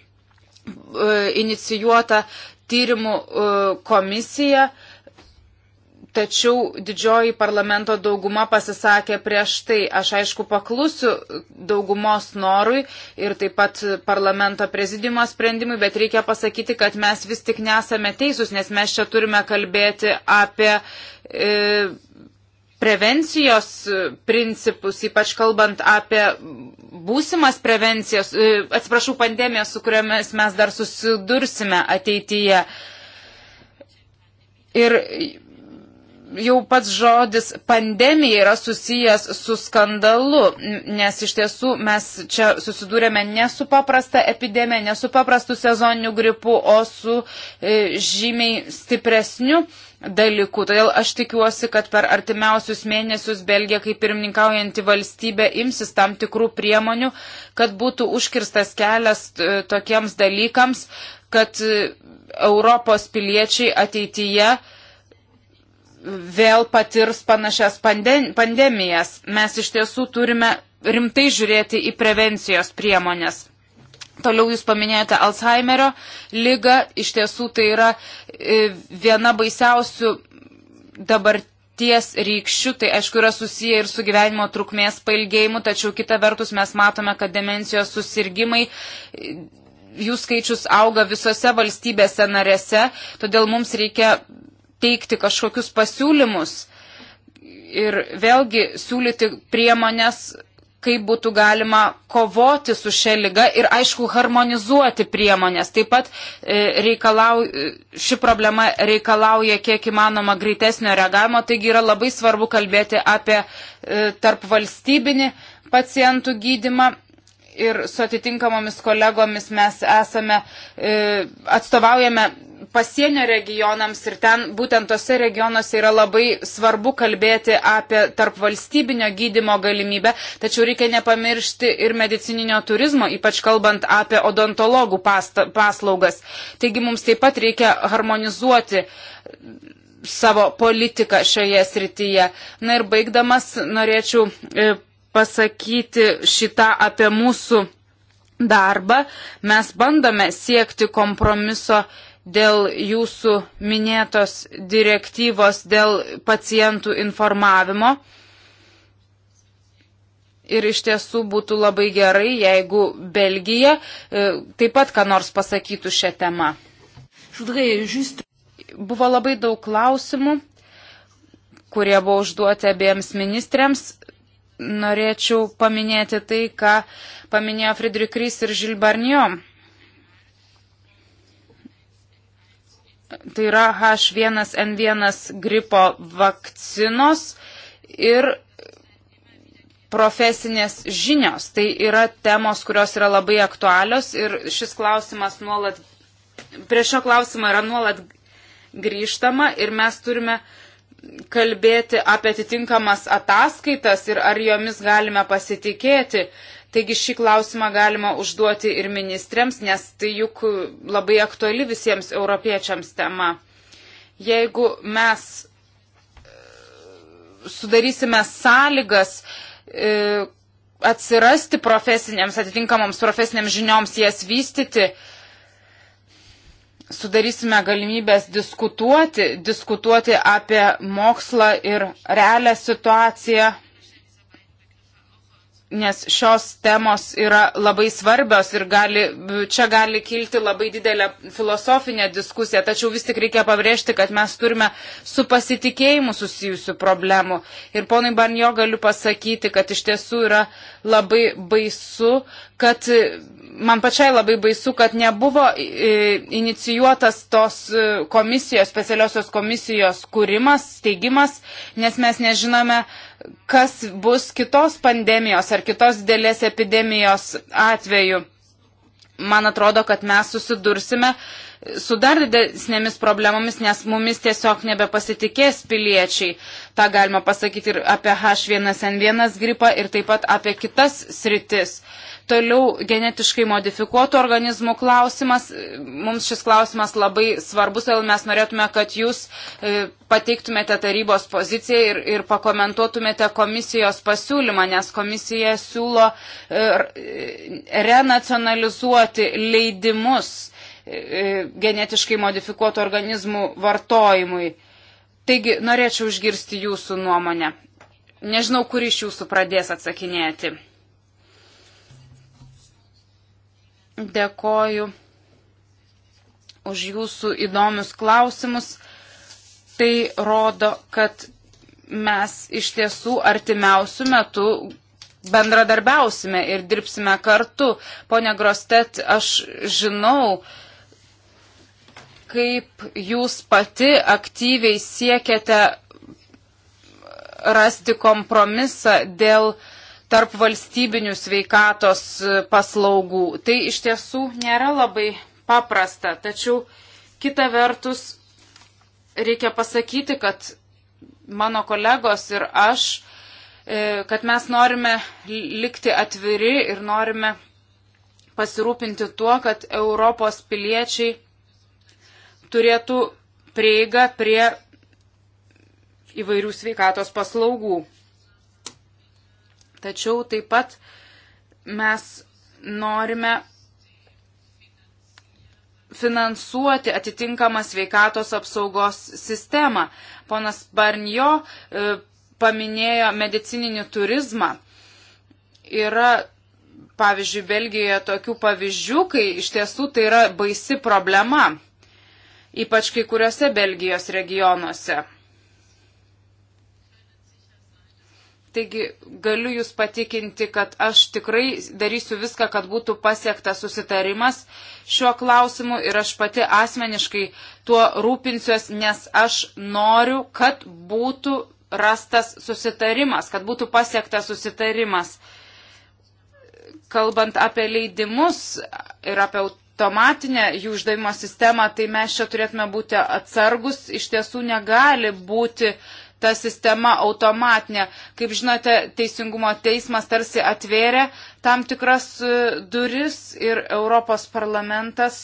inicijuota tyrimų e, komisija, tačiau didžioji parlamento dauguma pasisakė prieš tai. Aš aišku paklusiu daugumos norui ir taip pat parlamento prezidimo sprendimui, bet reikia pasakyti, kad mes vis tik nesame teisūs, nes mes čia turime kalbėti apie. E, prevencijos principus, ypač kalbant apie būsimas prevencijos, e, atsiprašau, pandemijos, su kuriomis mes dar susidursime ateityje. Ir jau pats žodis pandemija yra susijęs su skandalu, nes iš tiesų mes čia susidūrėme ne su paprasta epidemija, ne su paprastu sezoniniu gripu, o su e, žymiai stipresniu dalykų. Todėl aš tikiuosi, kad per artimiausius mėnesius Belgija kaip pirmininkaujanti valstybė imsis tam tikrų priemonių, kad būtų užkirstas kelias e, tokiems dalykams, kad e, Europos piliečiai ateityje vėl patirs panašias pandemijas. Mes iš tiesų turime rimtai žiūrėti į prevencijos priemonės. Toliau jūs paminėjote Alzheimerio lygą. Iš tiesų tai yra e, viena baisiausių dabar ties rykščių, tai aišku yra susiję ir su gyvenimo trukmės pailgėjimu, tačiau kita vertus mes matome, kad demencijos susirgymai e, jų skaičius auga visose valstybėse narėse, todėl mums reikia teikti kažkokius pasiūlymus ir vėlgi siūlyti priemonės, kaip būtų galima kovoti su šia lyga ir aišku harmonizuoti priemonės. Taip pat e, reikalau, ši problema reikalauja kiek įmanoma greitesnio reagavimo, taigi yra labai svarbu kalbėti apie e, tarp valstybinį pacientų gydimą ir su atitinkamomis kolegomis mes esame, e, atstovaujame pasienio regionams ir ten būtent tose regionuose yra labai svarbu kalbėti apie tarp valstybinio gydimo galimybę, tačiau reikia nepamiršti ir medicininio turizmo, ypač kalbant apie odontologų paslaugas. Taigi mums taip pat reikia harmonizuoti savo politiką šioje srityje. Na ir baigdamas norėčiau e, pasakyti šitą apie mūsų darbą. Mes bandome siekti kompromiso dėl jūsų minėtos direktyvos dėl pacientų informavimo. Ir iš tiesų būtų labai gerai, jeigu Belgija e, taip pat ką nors pasakytų šią temą. Buvo labai daug klausimų, kurie buvo užduoti abiems ministrėms norėčiau paminėti tai, ką paminėjo Friedrich Rys ir Žilbarnio. tai yra H1N1 gripo vakcinos ir profesinės žinios. Tai yra temos, kurios yra labai aktualios ir šis klausimas nuolat, prie šio klausimo yra nuolat grįžtama ir mes turime kalbėti apie atitinkamas ataskaitas ir ar jomis galime pasitikėti. Taigi šį klausimą galima užduoti ir ministrėms, nes tai juk labai aktuali visiems europiečiams tema. Jeigu mes e, sudarysime sąlygas e, atsirasti profesinėms, atitinkamoms profesinėms žinioms jas vystyti, sudarysime galimybės diskutuoti, diskutuoti apie mokslą ir realią situaciją nes šios temos yra labai svarbios ir gali, čia gali kilti labai didelę filosofinę diskusiją, tačiau vis tik reikia pabrėžti, kad mes turime su pasitikėjimu susijusių problemų. Ir ponai Barnio galiu pasakyti, kad iš tiesų yra labai baisu, kad man pačiai labai baisu, kad nebuvo inicijuotas tos e, komisijos, specialiosios komisijos kūrimas, steigimas, nes mes nežinome, kas bus kitos pandemijos ar kitos didelės epidemijos atveju. Man atrodo, kad mes susidursime su dar didesnėmis problemomis, nes mumis tiesiog nebepasitikės piliečiai. Ta galima pasakyti ir apie H1N1 gripą ir taip pat apie kitas sritis. Toliau genetiškai modifikuotų organizmų klausimas. Mums šis klausimas labai svarbus, todėl mes norėtume, kad jūs e, pateiktumėte tarybos poziciją ir, ir pakomentuotumėte komisijos pasiūlymą, nes komisija siūlo e, e, renacionalizuoti leidimus genetiškai modifikuotų organizmų vartojimui. Taigi, norėčiau išgirsti jūsų nuomonę. Nežinau, kur iš jūsų pradės atsakinėti. Dėkoju už jūsų įdomius klausimus. Tai rodo, kad mes iš tiesų artimiausių metų bendradarbiausime ir dirbsime kartu. Pone Grostet, aš žinau, kaip jūs pati aktyviai siekiate rasti kompromisą dėl uh, tarp valstybinių sveikatos e, paslaugų. Tai iš tiesų nėra labai paprasta, tačiau kita vertus reikia pasakyti, kad mano kolegos ir aš, e, kad mes norime likti atviri ir norime pasirūpinti tuo, kad Europos piliečiai turėtų prieigą prie įvairių sveikatos paslaugų. Tačiau taip pat mes norime finansuoti atitinkamą sveikatos apsaugos sistemą. Ponas Barnjo e, paminėjo medicininį turizmą. Yra, pavyzdžiui, Belgijoje tokių pavyzdžių, kai iš tiesų tai yra baisi problema, ypač kai kuriuose Belgijos regionuose. Taigi galiu Jūs patikinti, kad aš tikrai darysiu viską, kad būtų pasiektas susitarimas šiuo klausimu ir aš pati asmeniškai tuo rūpinsiuos, nes aš noriu, kad būtų rastas susitarimas, kad būtų pasiektas susitarimas. Kalbant apie leidimus ir apie automatinę jų uždavimo sistemą, tai mes čia turėtume būti atsargus, iš tiesų negali būti uh, ta sistema automatinė. Kaip žinote, Teisingumo teismas tarsi atvėrė tam tikras e, duris ir Europos parlamentas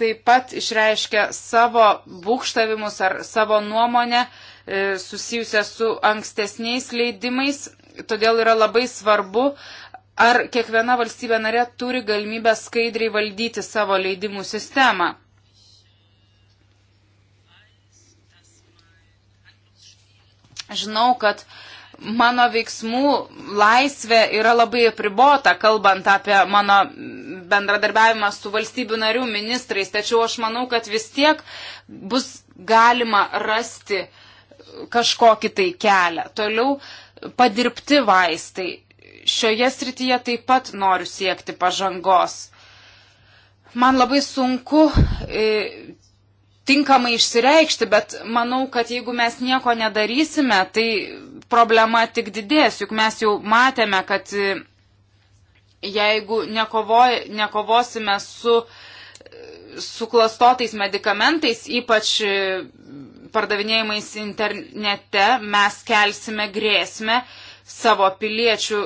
taip pat išreiškia savo būkštavimus ar savo nuomonę e, susijusią su ankstesniais leidimais. Todėl yra labai svarbu, ar kiekviena valstybė narė turi galimybę skaidriai valdyti savo leidimų sistemą. Žinau, kad mano veiksmų laisvė yra labai pribota, kalbant apie mano bendradarbiavimą su valstybių narių ministrais, tačiau aš manau, kad vis tiek bus galima rasti kažkokį tai kelią. Toliau padirbti vaistai. Šioje srityje taip pat noriu siekti pažangos. Man labai sunku e, tinkamai išsireikšti, bet manau, kad jeigu mes nieko nedarysime, tai problema tik didės, juk mes jau matėme, kad e, jeigu nekovoj, nekovosime su e, suklastotais medikamentais, ypač e, pardavinėjimais internete, mes kelsime grėsmę savo piliečių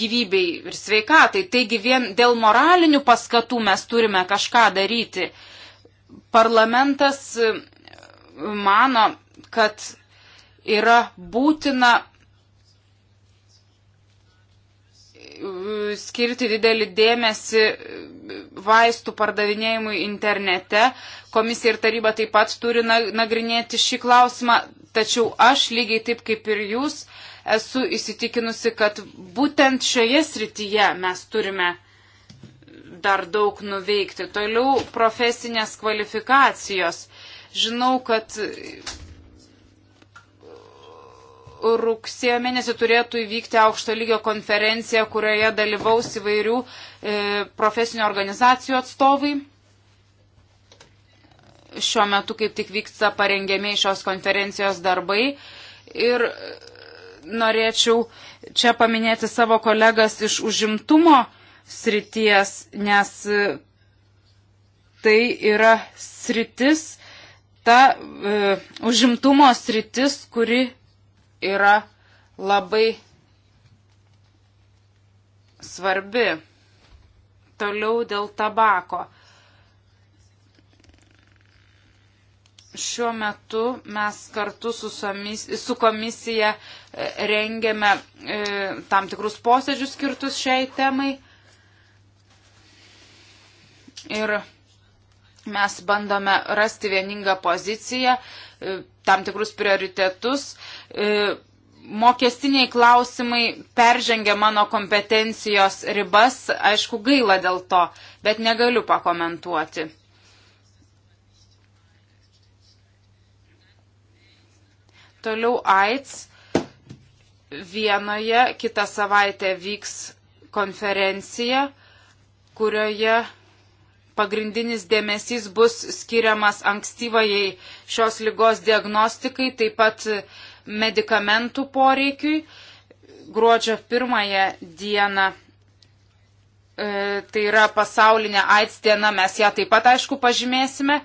gyvybei ir sveikatai. Taigi vien dėl moralinių paskatų mes turime kažką daryti parlamentas e, mano, kad yra būtina e, skirti didelį dėmesį e, vaistų pardavinėjimui internete. Komisija ir taryba taip pat turi nagrinėti šį klausimą, tačiau aš lygiai taip kaip ir jūs esu įsitikinusi, kad būtent šioje srityje mes turime uh, dar daug nuveikti. Toliau profesinės kvalifikacijos. Žinau, kad rugsėjo mėnesį turėtų įvykti aukšto lygio konferencija, kurioje dalyvaus įvairių e, profesinių organizacijų atstovai. Šiuo metu kaip tik vyksta parengiamiai šios konferencijos darbai. Ir norėčiau čia paminėti savo kolegas iš užimtumo srities, nes tai yra sritis, ta e, užimtumo sritis, kuri yra labai svarbi. Toliau dėl tabako. Šiuo metu mes kartu su, somis, su komisija e, rengiame e, tam tikrus posėdžius skirtus šiai temai ir mes bandome rasti vieningą poziciją, e, tam tikrus prioritetus. E, mokestiniai klausimai peržengia mano kompetencijos ribas, aišku, gaila dėl to, bet negaliu pakomentuoti. Toliau AIDS. Vienoje kitą savaitę vyks konferencija, kurioje pagrindinis dėmesys bus skiriamas ankstyvajai šios lygos diagnostikai, taip pat medikamentų poreikiui. Gruodžio pirmąją dieną, e, tai yra pasaulinė AIDS diena, mes ją taip pat aišku pažymėsime.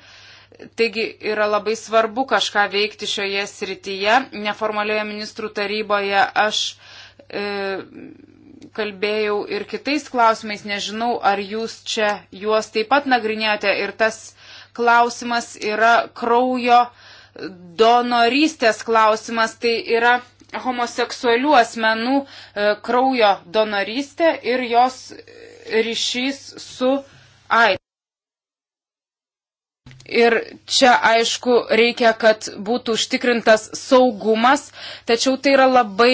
Taigi yra labai svarbu kažką veikti šioje srityje. Neformalioje ministrų taryboje aš e, kalbėjau ir kitais klausimais, nežinau, ar jūs čia juos taip pat nagrinėjote ir tas klausimas yra kraujo donorystės klausimas, tai yra homoseksualių asmenų e, kraujo donorystė ir jos ryšys su AIDS. Ir čia, aišku, reikia, kad būtų užtikrintas saugumas, tačiau tai yra labai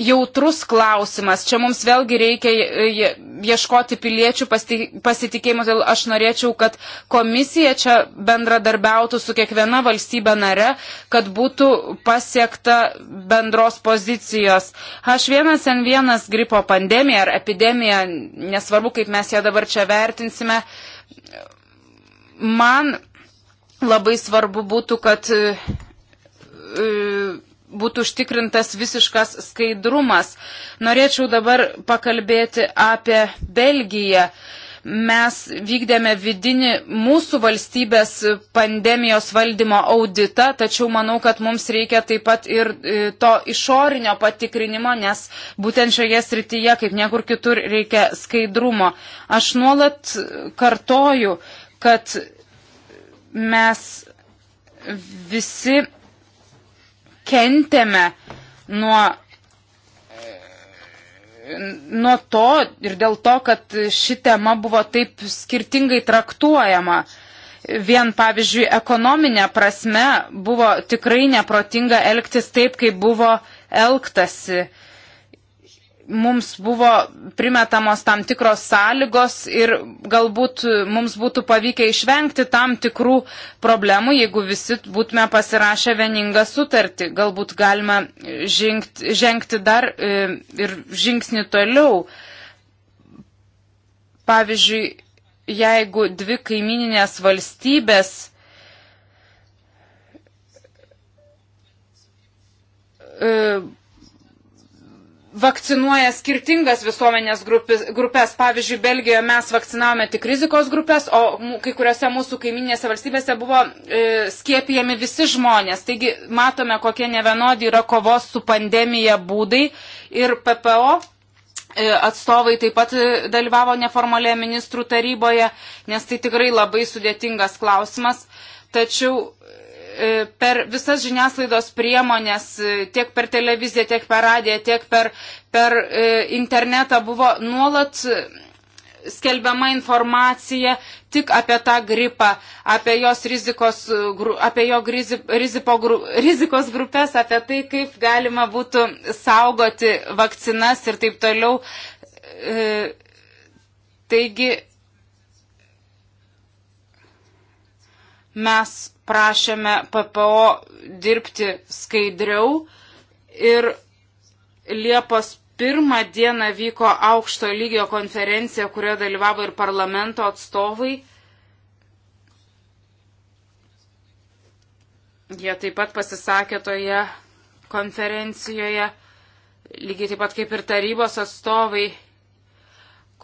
jautrus klausimas. Čia mums vėlgi reikia e, ieškoti piliečių pasitikėjimo, todėl aš norėčiau, kad komisija čia bendradarbiautų su kiekviena valstybė nare, kad būtų pasiekta bendros pozicijos. H1N1 gripo pandemija ar epidemija, nesvarbu, kaip mes ją dabar čia vertinsime, man labai svarbu būtų, kad e, būtų užtikrintas visiškas skaidrumas. Norėčiau dabar pakalbėti apie Belgiją. Mes vykdėme vidinį mūsų valstybės pandemijos valdymo auditą, tačiau manau, kad mums reikia taip pat ir e, to išorinio patikrinimo, nes būtent šioje srityje, kaip niekur kitur, reikia skaidrumo. Aš nuolat kartoju, kad mes visi kentėme nuo, nuo to ir dėl to, kad ši tema buvo taip skirtingai traktuojama. Vien, pavyzdžiui, ekonominė prasme buvo tikrai neprotinga elgtis taip, kaip buvo elgtasi. E, mums buvo primetamos tam tikros sąlygos ir galbūt mums būtų pavykę išvengti tam tikrų problemų, jeigu visi būtume pasirašę vieningą sutartį. Galbūt galima žengti, žengti dar e, ir žingsnį toliau. Pavyzdžiui, jeigu dvi kaimininės valstybės e, vakcinuoja skirtingas visuomenės grupis, grupės. Pavyzdžiui, Belgijoje mes vakcinavome tik rizikos grupės, o kai kuriuose mūsų kaiminėse valstybėse buvo e, skiepijami visi žmonės. Taigi matome, kokie nevenodi yra kovos su pandemija būdai ir PPO. E, atstovai taip pat e, dalyvavo neformalėje ministrų taryboje, nes tai tikrai labai sudėtingas klausimas. Tačiau E, per visas žiniasklaidos priemonės, e, tiek per televiziją, tiek per radiją, tiek per, per e, internetą buvo nuolat skelbiama informacija tik apie tą gripą, apie jos rizikos, apie jo rizipo, [LAUGHS] rizikos grupės, apie tai, kaip galima būtų saugoti vakcinas ir taip toliau. Taigi, mes prašėme PPO dirbti skaidriau ir Liepos pirmą dieną vyko aukšto lygio konferencija, kurioje dalyvavo ir parlamento atstovai. Jie taip pat pasisakė toje konferencijoje, lygiai taip pat kaip ir tarybos atstovai,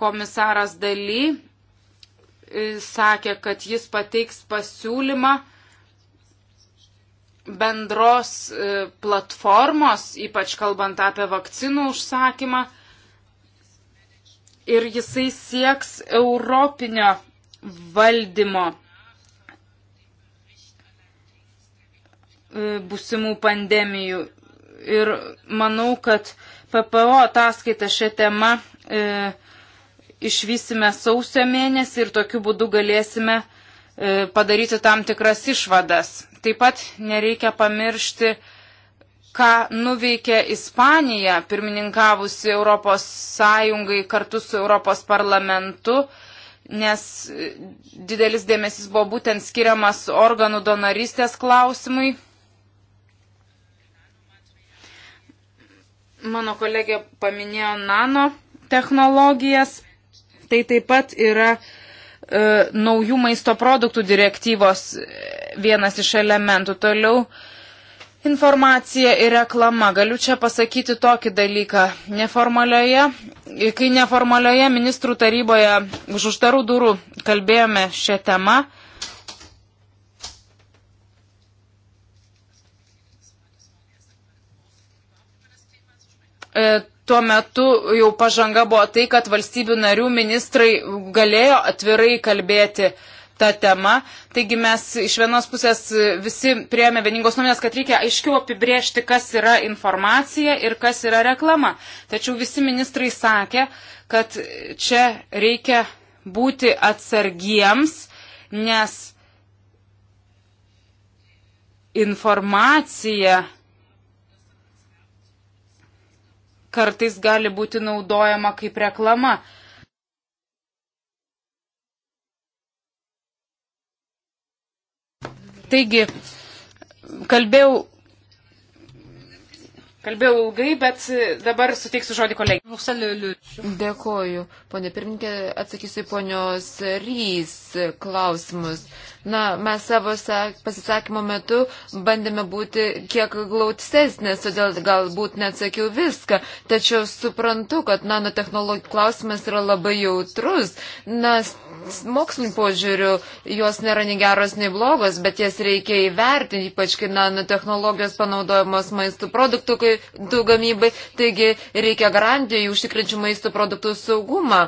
komisaras daly e, sakė, kad jis pateiks pasiūlymą bendros e, platformos, ypač kalbant apie vakcinų užsakymą. Ir jisai sieks europinio valdymo e, busimų pandemijų. Ir manau, kad PPO ataskaita šią temą e, išvysime sausio mėnesį ir tokiu būdu galėsime e, E, padaryti tam tikras išvadas. Taip pat nereikia pamiršti, ką nuveikė Ispanija, pirmininkavusi Europos Sąjungai kartu su Europos parlamentu, nes e, didelis dėmesys buvo būtent skiriamas organų donorystės klausimui. Mano kolegė paminėjo nano technologijas. Tai taip pat yra E, naujų maisto produktų direktyvos vienas iš elementų. Toliau informacija ir reklama. Galiu čia pasakyti tokį dalyką. Neformalioje, kai neformalioje ministrų taryboje už uždarų durų kalbėjome šią temą, e, tuo metu jau pažanga buvo tai, kad valstybių narių ministrai galėjo atvirai kalbėti tą temą. Taigi mes iš vienos pusės visi prieėmė vieningos nuomonės, kad reikia aiškiau apibriežti, kas yra informacija ir kas yra reklama. Tačiau visi ministrai sakė, kad čia reikia būti atsargiems, nes informacija kartais gali būti naudojama kaip reklama. Taigi, kalbėjau Kalbėjau ilgai, bet dabar suteiksiu žodį kolegijai. Dėkoju, ponė pirmininkė, atsakysiu į ponios Rys klausimus. Na, mes savo pasisakymo metu bandėme būti kiek glautesnės, todėl galbūt neatsakiau viską, tačiau suprantu, kad nanotehnologijų klausimas yra labai jautrus. Na, mokslinį požiūrių jos nėra nei geros, nei blogos, bet jas reikia įvertinti, ypač kai nanotehnologijos panaudojamos maistų produktų gamybai, taigi reikia garantijų užtikrinčių maistų produktų saugumą.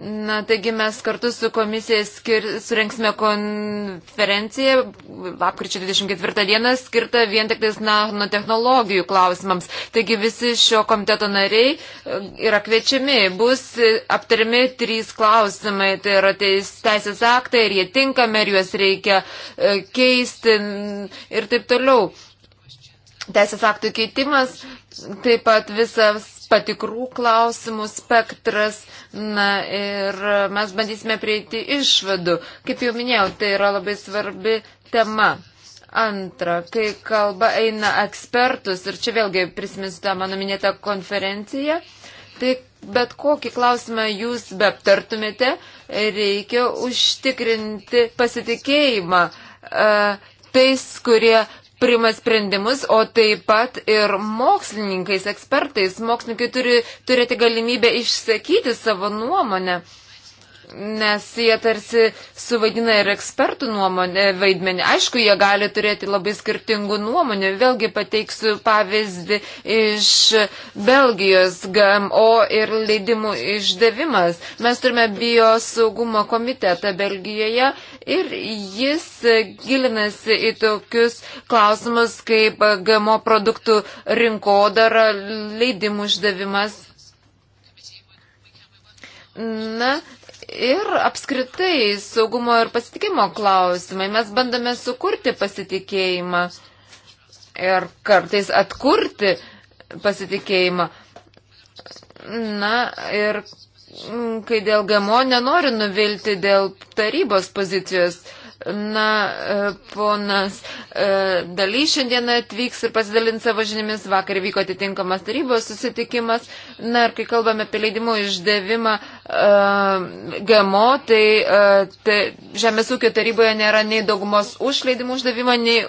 Na, taigi mes kartu su komisija skir... surenksime konferenciją lapkričio 24 dieną skirtą vien tik tais nanotehnologijų klausimams. Taigi visi šio komiteto nariai e, yra kviečiami, bus aptariami trys klausimai, tai yra teisės aktai, ir jie tinkami, ir juos reikia e, keisti ir taip toliau. Teisės aktų keitimas, taip pat visas patikrų klausimų spektras. Na ir mes bandysime prieiti išvadų. Kaip jau minėjau, tai yra labai svarbi tema. Antra, kai kalba eina ekspertus, ir čia vėlgi prisiminsiu tą mano minėtą konferenciją, tai bet kokį klausimą jūs beaptartumėte, reikia užtikrinti pasitikėjimą. Uh, tais, kurie priima sprendimus, o taip pat ir mokslininkais, ekspertais. Mokslininkai turi turėti galimybę išsakyti savo nuomonę nes jie tarsi suvaidina ir ekspertų nuomonę vaidmenį. Aišku, jie gali turėti labai skirtingų nuomonių. Vėlgi pateiksiu pavyzdį iš Belgijos GMO ir leidimų išdavimas. Mes turime biosaugumo komitetą Belgijoje ir jis gilinasi į tokius klausimus kaip GMO produktų rinkodara, leidimų išdavimas. Na, Ir apskritai saugumo ir pasitikimo klausimai. Mes bandome sukurti pasitikėjimą ir kartais atkurti pasitikėjimą. Na ir mm, kai dėl GMO nenori nuvilti dėl tarybos pozicijos. Na, e, ponas e, Daly šiandieną atvyks ir pasidalins savo žinimis. Vakar vyko atitinkamas tarybos susitikimas. Na ir kai kalbame apie leidimų išdavimą e, GMO, tai, tai Žemės ūkio taryboje nėra nei daugumos už leidimų išdavimą, nei,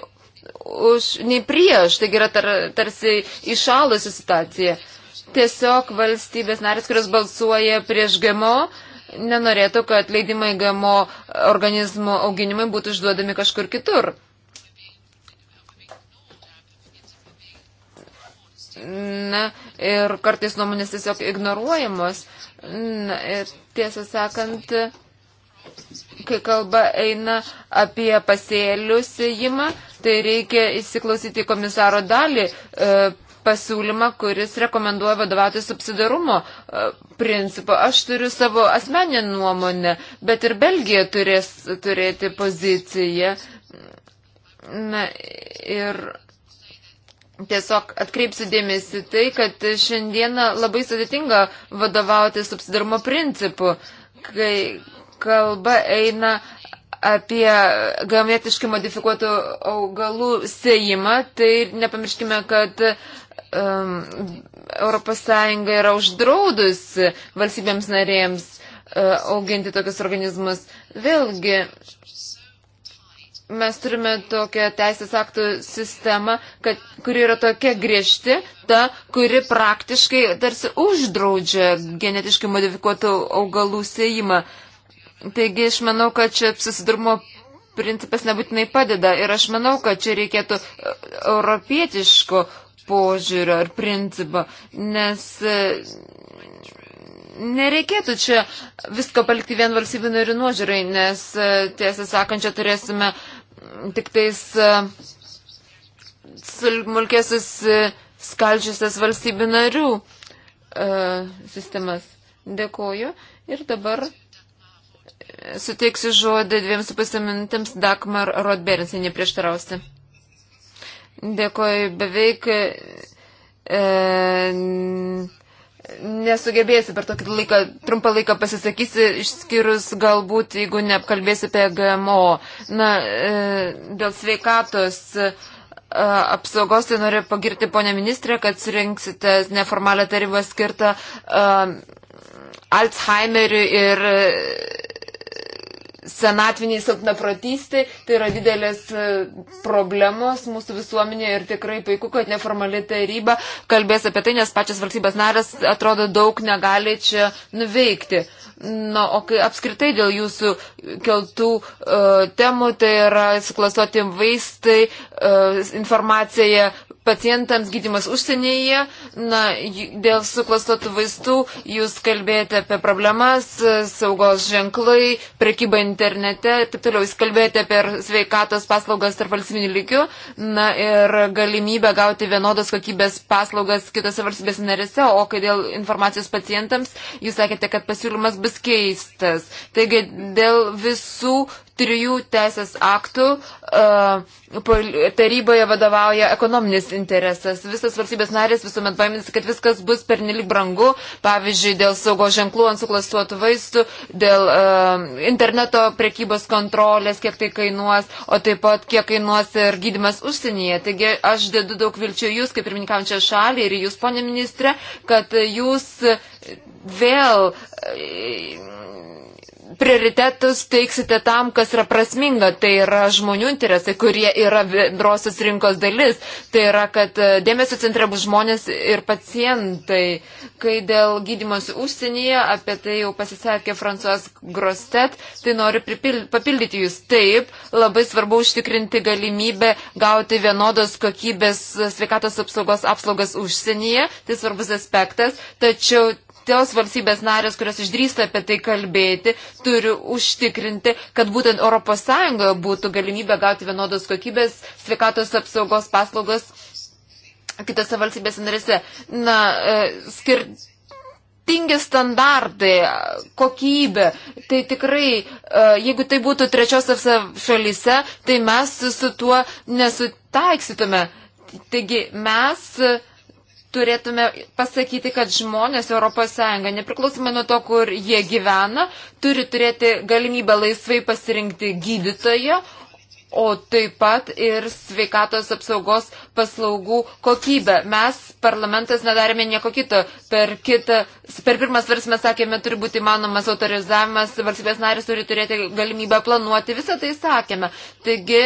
už, nei prieš. Taigi yra tar, tarsi išalusi situacija. Tiesiog valstybės narės, kurios balsuoja prieš GMO, nenorėtų, kad leidimai GMO organizmų auginimai būtų išduodami kažkur kitur. Na, ir kartais nuomonės tiesiog ignoruojamos. Na, ir tiesą sakant, kai kalba eina apie pasėlių sėjimą, tai reikia įsiklausyti komisaro dalį e, pasiūlymą, kuris rekomenduoja vadovauti subsidarumo e, principu. Aš turiu savo asmeninę nuomonę, bet ir Belgija turės turėti poziciją. Na ir tiesiog atkreipsiu dėmesį tai, kad šiandieną labai sudėtinga vadovauti subsidarumo principu, kai kalba eina apie gametiškai modifikuotų augalų sėjimą, tai nepamirškime, kad Um, ES yra uždraudusi valstybėms narėms uh, auginti tokius organizmus. Vėlgi, mes turime tokią teisės aktų sistemą, kad, kuri yra tokia griežti, ta, kuri praktiškai tarsi uždraudžia genetiškai modifikuotų augalų sėjimą. Taigi, aš manau, kad čia susidurmo principas nebūtinai padeda ir aš manau, kad čia reikėtų uh, europietiško požiūrio ar principo, nes e, nereikėtų čia visko palikti vien valstybių narių nuožiūrai, nes e, tiesą sakant, čia turėsime tik tais e, smulkėsus skaldžiusias valstybių narių sistemas. Dėkoju. Ir dabar suteiksiu žodį dviem su pasimintims Dagmar Rodberinsenį prieštarausti. Dėkoju, beveik e, nesugebėsiu per tokį laiką, trumpą laiką pasisakysi, išskyrus galbūt, jeigu neapkalbėsiu apie GMO. Na, e, dėl sveikatos. E, apsaugos, tai noriu pagirti ponę ministrę, kad surinksite neformalią tarybą skirtą uh, e, Alzheimeriu ir senatviniai silpnaprotystiai, tai yra didelės e, problemos mūsų visuomenėje ir tikrai puiku, kad neformali taryba kalbės apie tai, nes pačias valstybės narės atrodo daug negali čia nuveikti. Na, o kai apskritai dėl jūsų keltų uh, temų, tai yra suklastoti vaistai, uh, informacija pacientams gydimas užsienyje, na, dėl suklastotų vaistų jūs kalbėjote apie problemas, saugos ženklai, prekyba internete ir taip toliau. Jūs kalbėjote apie sveikatos paslaugas tarp valstybinių lygių, na ir galimybę gauti vienodos kokybės paslaugas kitose valstybės narėse, o kai dėl informacijos pacientams, jūs sakėte, kad pasiūlymas bus keistas. Taigi dėl visų trijų teisės aktų e, taryboje vadovauja ekonominis interesas. Visas valstybės narės visuomet baiminasi, kad viskas bus pernelik brangu, pavyzdžiui, dėl saugo ženklų ant suklastuotų vaistų, dėl um, interneto prekybos kontrolės, kiek tai kainuos, o taip pat kiek kainuos ir gydimas užsienyje. Taigi aš dėdu daug vilčių jūs, kaip ir minkamčia šalį, ir jūs, ponė ministrė, kad jūs vėl e, prioritetus teiksite tam, kas yra prasminga, tai yra žmonių interesai, kurie yra bendrosios rinkos dalis, tai yra, kad e, dėmesio centre bus žmonės ir pacientai. Kai dėl gydimas užsienyje, apie tai jau pasisakė Fransuas Grostet, tai noriu papildyti jūs. Taip, labai svarbu užtikrinti galimybę gauti vienodos kokybės sveikatos apsaugos apsaugas užsienyje, tai svarbus aspektas, tačiau tos valstybės narės, kurios išdrįsta apie tai kalbėti, turi užtikrinti, kad būtent ES būtų galimybė gauti vienodos kokybės sveikatos apsaugos paslaugos kitose valstybės narėse. Na, skirt e, skirtingi standartai, kokybė. Tai tikrai, e, jeigu tai būtų trečiosios šalyse, tai mes su tuo nesutaiksytume. Taigi mes turėtume pasakyti, kad žmonės ES, nepriklausomai nuo to, kur jie gyvena, turi turėti galimybę laisvai pasirinkti gydytoją, o taip pat ir sveikatos apsaugos paslaugų kokybę. Mes, parlamentas, nedarėme nieko kito. Per, kitą, per pirmą svarsmę sakėme, turi būti įmanomas autorizavimas, valstybės narės turi turėti galimybę planuoti, visą tai sakėme. Taigi,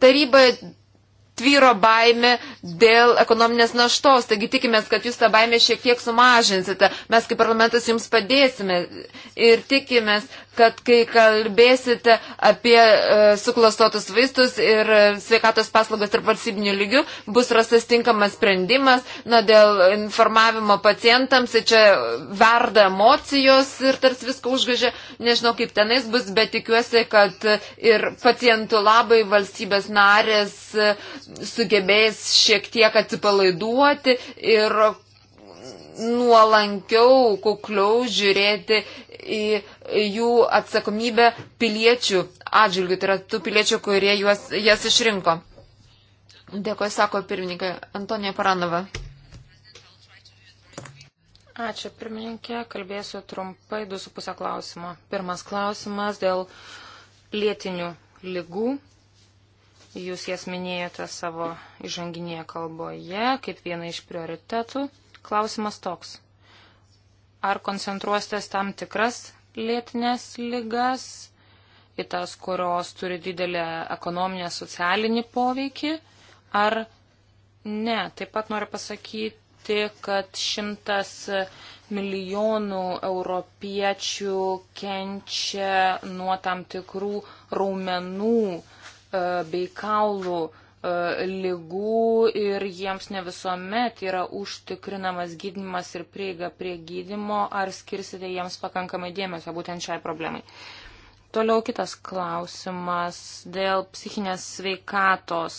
taryba tvyro baime dėl ekonominės naštos, taigi tikimės, kad jūs tą baimę šiek tiek sumažinsite. Mes kaip parlamentas jums padėsime ir tikimės, kad kai kalbėsite apie e, suklastotus vaistus ir e, sveikatos paslaugas tarp valstybinių lygių, bus rastas tinkamas sprendimas. Na, dėl informavimo pacientams tai čia verda emocijos ir tarsi viską užgažė. Nežinau, kaip tenais bus, bet tikiuosi, kad ir pacientų labai valstybės narės e, sugebės šiek tiek atsipalaiduoti ir nuolankiau, kukliau žiūrėti į jų atsakomybę piliečių atžvilgių, tai yra tų piliečių, kurie juos, jas išrinko. Dėkoju, sako pirmininkė Antonija Paranova. Ačiū, pirmininkė. Kalbėsiu trumpai, du su pusę klausimo. Pirmas klausimas dėl lėtinių lygų. Jūs jas minėjote savo įžanginėje kalboje kaip vieną iš prioritetų. Klausimas toks. Ar koncentruositės tam tikras lėtinės lygas, į tas, kurios turi didelį ekonominę socialinį poveikį, ar ne? Taip pat noriu pasakyti, kad šimtas milijonų europiečių kenčia nuo tam tikrų raumenų e, bei kaulų E, lygų ir jiems ne visuomet yra užtikrinamas gydimas ir prieiga prie gydimo, ar skirsite jiems pakankamai dėmesio būtent šiai problemai. Toliau kitas klausimas dėl psichinės sveikatos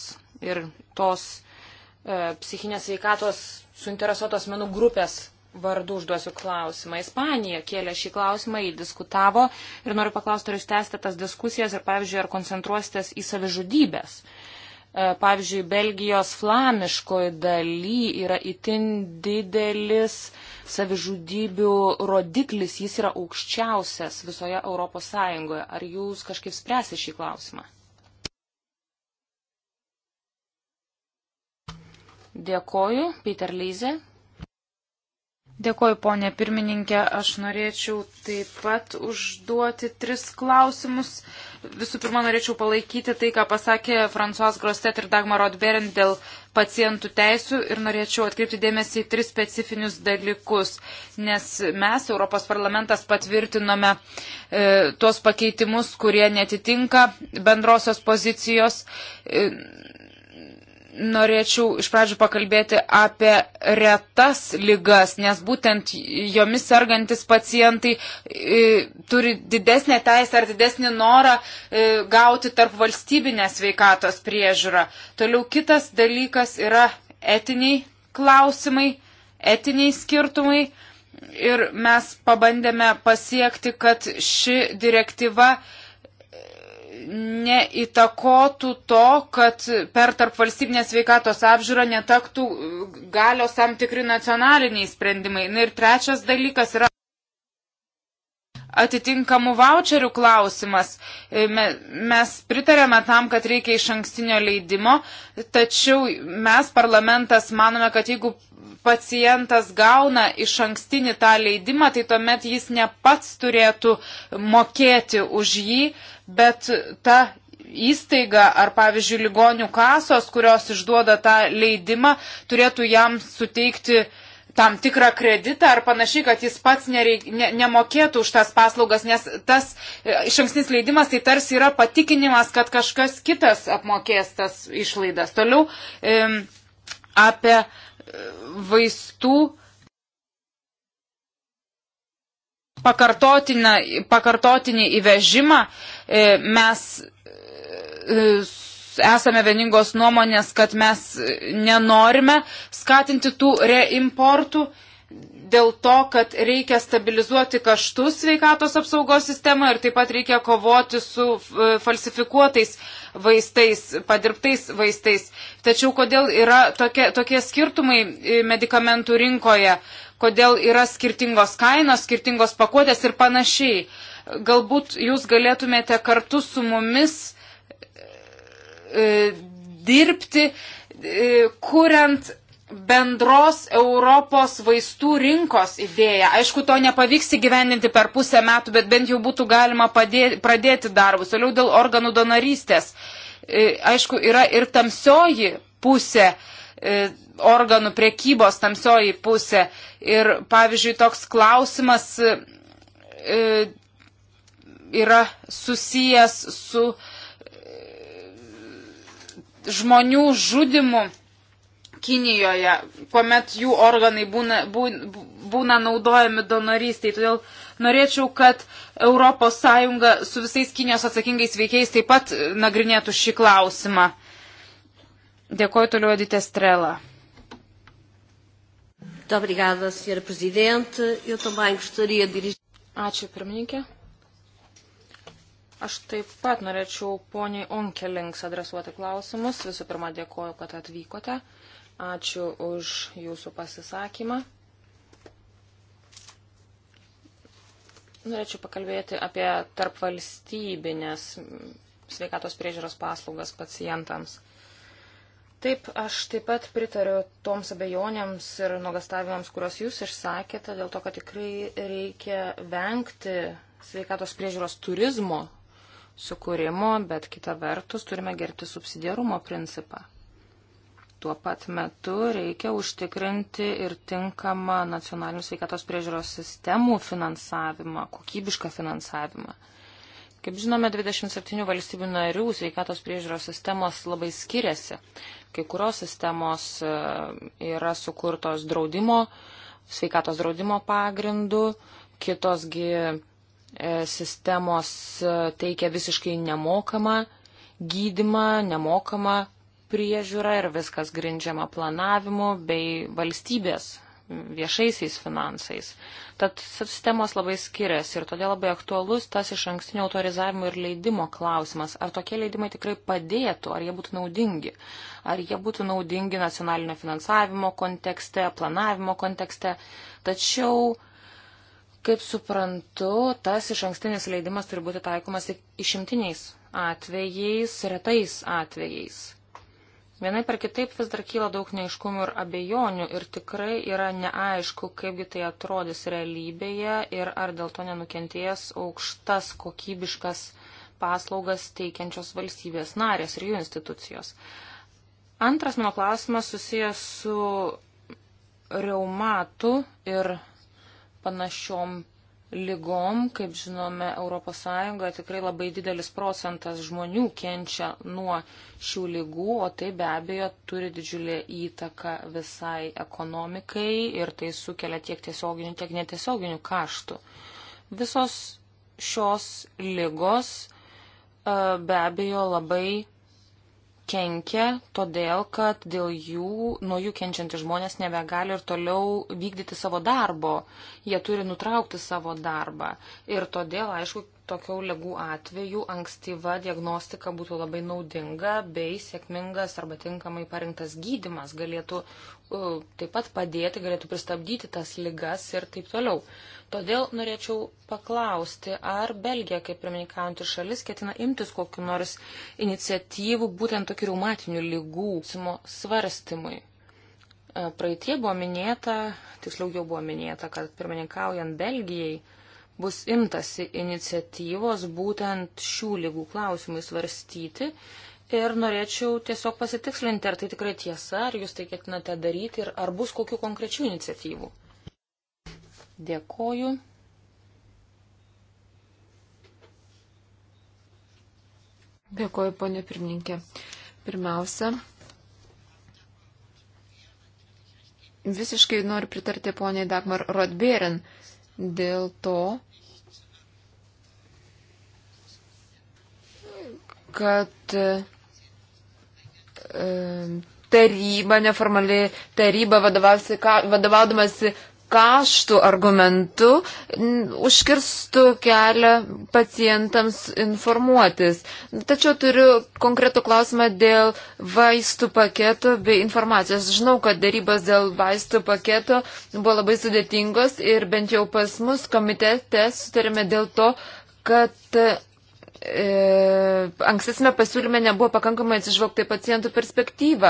ir tos e, psichinės sveikatos suinteresuotos menų grupės vardu užduosiu klausimą. Ispanija kėlė šį klausimą, jį diskutavo ir noriu paklausti, ar jūs tęsite tas diskusijas ir, pavyzdžiui, ar koncentruositės į savižudybės. E, E, pavyzdžiui, Belgijos flamiškoj daly yra itin didelis savižudybių rodiklis, jis yra aukščiausias visoje Europos Sąjungoje. Ar jūs kažkaip spręsi šį klausimą? Dėkoju, Peter Lyze. Dėkoju, ponė pirmininkė. Aš norėčiau taip pat užduoti tris klausimus. Visų pirma, norėčiau palaikyti tai, ką pasakė Fransuas Grostet ir Dagmar Rodberin dėl pacientų teisų ir norėčiau atkreipti dėmesį į tris specifinius dalykus, nes mes, Europos parlamentas, patvirtinome e, tuos pakeitimus, kurie netitinka bendrosios pozicijos. E, norėčiau iš pradžių pakalbėti apie retas lygas, nes būtent jomis sergantis pacientai e, turi didesnę teisę ar didesnį norą e, gauti tarp valstybinę sveikatos priežiūrą. Toliau kitas dalykas yra etiniai klausimai, etiniai skirtumai. Ir mes pabandėme pasiekti, kad ši direktyva neįtakotų to, kad per tarp valstybinę sveikatos apžiūrą netaktų uh, galios tam tikri nacionaliniai sprendimai. Na ir trečias dalykas yra atitinkamų voucherių klausimas. E, mes pritarėme tam, kad reikia iš ankstinio leidimo, tačiau mes parlamentas manome, kad jeigu pacientas gauna iš ankstinį tą leidimą, tai tuomet jis ne pats turėtų mokėti už jį, bet ta įstaiga ar, pavyzdžiui, ligonių kasos, kurios išduoda tą leidimą, turėtų jam suteikti tam tikrą kreditą ar panašiai, kad jis pats nereik, ne, nemokėtų už tas paslaugas, nes tas e, iš ankstinis leidimas tai tarsi yra patikinimas, kad kažkas kitas apmokės tas išlaidas. Toliau e, apie vaistų e, pakartotinį įvežimą e, mes e, esame vieningos nuomonės, kad mes nenorime skatinti tų reimportų dėl to, kad reikia stabilizuoti kaštus sveikatos apsaugos sistemą ir taip pat reikia kovoti su e, falsifikuotais vaistais, padirbtais vaistais. Tačiau kodėl yra tokie, tokie skirtumai medikamentų rinkoje? kodėl yra skirtingos kainos, skirtingos pakuotės ir panašiai. Galbūt jūs galėtumėte kartu su mumis e, dirbti, e, kuriant bendros Europos vaistų rinkos idėja. Aišku, to nepavyks įgyvendinti per pusę metų, bet bent jau būtų galima padėti, pradėti darbus. Toliau dėl organų donorystės. E, aišku, yra ir tamsioji pusė. E, E, organų priekybos tamsioji pusė. Ir pavyzdžiui, toks klausimas e, yra susijęs su e, žmonių žudimu Kinijoje, kuomet jų organai būna, būna naudojami donorystiai. Todėl norėčiau, kad ES su visais Kinijos atsakingais veikiais taip pat nagrinėtų šį klausimą. Dėkoju toliau Edite Strela. Obrigada, senhora Presidente. Eu também gostaria de dirigir. Ačiū, pirmininkė. Aš taip pat norėčiau poniai Onkelinks adresuoti klausimus. Visų pirma, dėkoju, kad atvykote. Ačiū už jūsų pasisakymą. Norėčiau pakalbėti apie tarpvalstybinės sveikatos priežiūros paslaugas pacientams. Taip, aš taip pat pritariu toms abejonėms ir nuogastavimams, kuriuos jūs išsakėte, dėl to, kad tikrai reikia vengti sveikatos priežiūros turizmo sukūrimo, bet kita vertus turime gerti subsidiarumo principą. Tuo pat metu reikia užtikrinti ir tinkamą nacionalinių sveikatos priežiūros sistemų finansavimą, kokybišką finansavimą. Kaip žinome, 27 valstybių narių sveikatos priežiūros sistemos labai skiriasi. Kai kurios sistemos e, yra sukurtos draudimo, sveikatos draudimo pagrindu, kitosgi e, sistemos e, teikia visiškai nemokamą gydimą, nemokamą priežiūrą ir viskas grindžiama planavimu bei valstybės viešaisiais finansais. Tad sistemos labai skiriasi ir todėl labai aktualus tas iš ankstinio autorizavimo ir leidimo klausimas. Ar tokie leidimai tikrai padėtų, ar jie būtų naudingi? Ar jie būtų naudingi nacionalinio finansavimo kontekste, planavimo kontekste? Tačiau, kaip suprantu, tas iš ankstinis leidimas turi būti taikomas tik išimtiniais atvejais, retais atvejais. Vienai per kitaip vis dar kyla daug neiškumų ir abejonių ir tikrai yra neaišku, kaipgi tai atrodys realybėje ir ar dėl to nenukentėjęs aukštas kokybiškas paslaugas teikiančios valstybės narės ir jų institucijos. Antras mano klausimas susijęs su reumatu ir panašiom lygom, kaip žinome, ES tikrai labai didelis procentas žmonių kenčia nuo šių lygų, o tai be abejo turi didžiulį įtaką visai ekonomikai ir tai sukelia tiek tiesioginių, tiek netiesioginių kaštų. Visos šios lygos e, be abejo labai kenkia, todėl kad dėl jų, nuo jų kenčiantys žmonės nebegali ir toliau vykdyti savo darbo. Jie turi nutraukti savo darbą. Ir todėl, aišku, tokių lygų atveju ankstyva diagnostika būtų labai naudinga, bei sėkmingas arba tinkamai parinktas gydimas galėtų uh, taip pat padėti, galėtų pristabdyti tas lygas ir taip toliau. Todėl norėčiau paklausti, ar Belgija, kaip pirmininkaujantį šalis, ketina imtis kokiu nors iniciatyvų būtent tokių reumatinių lygų svarstymui. E, praeitie buvo minėta, tiksliau jau buvo minėta, kad pirmininkaujant Belgijai, bus imtasi iniciatyvos būtent šių lygų klausimui svarstyti. Ir norėčiau tiesiog pasitikslinti, ar tai tikrai tiesa, ar jūs tai ketinate daryti ir ar bus kokių konkrečių iniciatyvų. Dėkoju. Dėkoju, ponė pirmininkė. Pirmiausia, visiškai noriu pritarti poniai Dagmar Rodbėrin dėl to, kad e, taryba, neformali taryba vadovaudamasi kaštų argumentu užkirstų kelią pacientams informuotis. Tačiau turiu konkretų klausimą dėl vaistų paketo bei informacijos. Žinau, kad darybos dėl vaistų paketo buvo labai sudėtingos ir bent jau pas mus komitete sutarėme dėl to, kad E, ankstesnė pasiūlyme nebuvo pakankamai atsižvelgta į pacientų perspektyvą.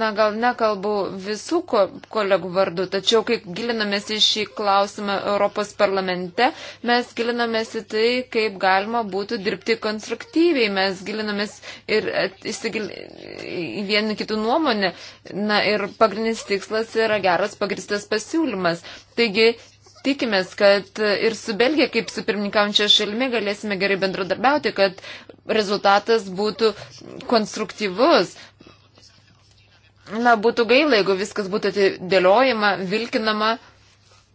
Na, gal nekalbu visų ko, kolegų vardu, tačiau kai gilinamės į šį klausimą Europos parlamente, mes gilinamės į tai, kaip galima būtų dirbti konstruktyviai, mes gilinamės ir įsigil... į vieną kitų nuomonę. Na ir pagrindinis tikslas yra geras pagristas pasiūlymas. Taigi tikimės, kad ir su Belgija kaip su pirmininkaujančia šalimi galėsime gerai bendradarbiauti, kad rezultatas būtų konstruktyvus. Na, būtų gaila, jeigu viskas būtų atidėliojama, vilkinama.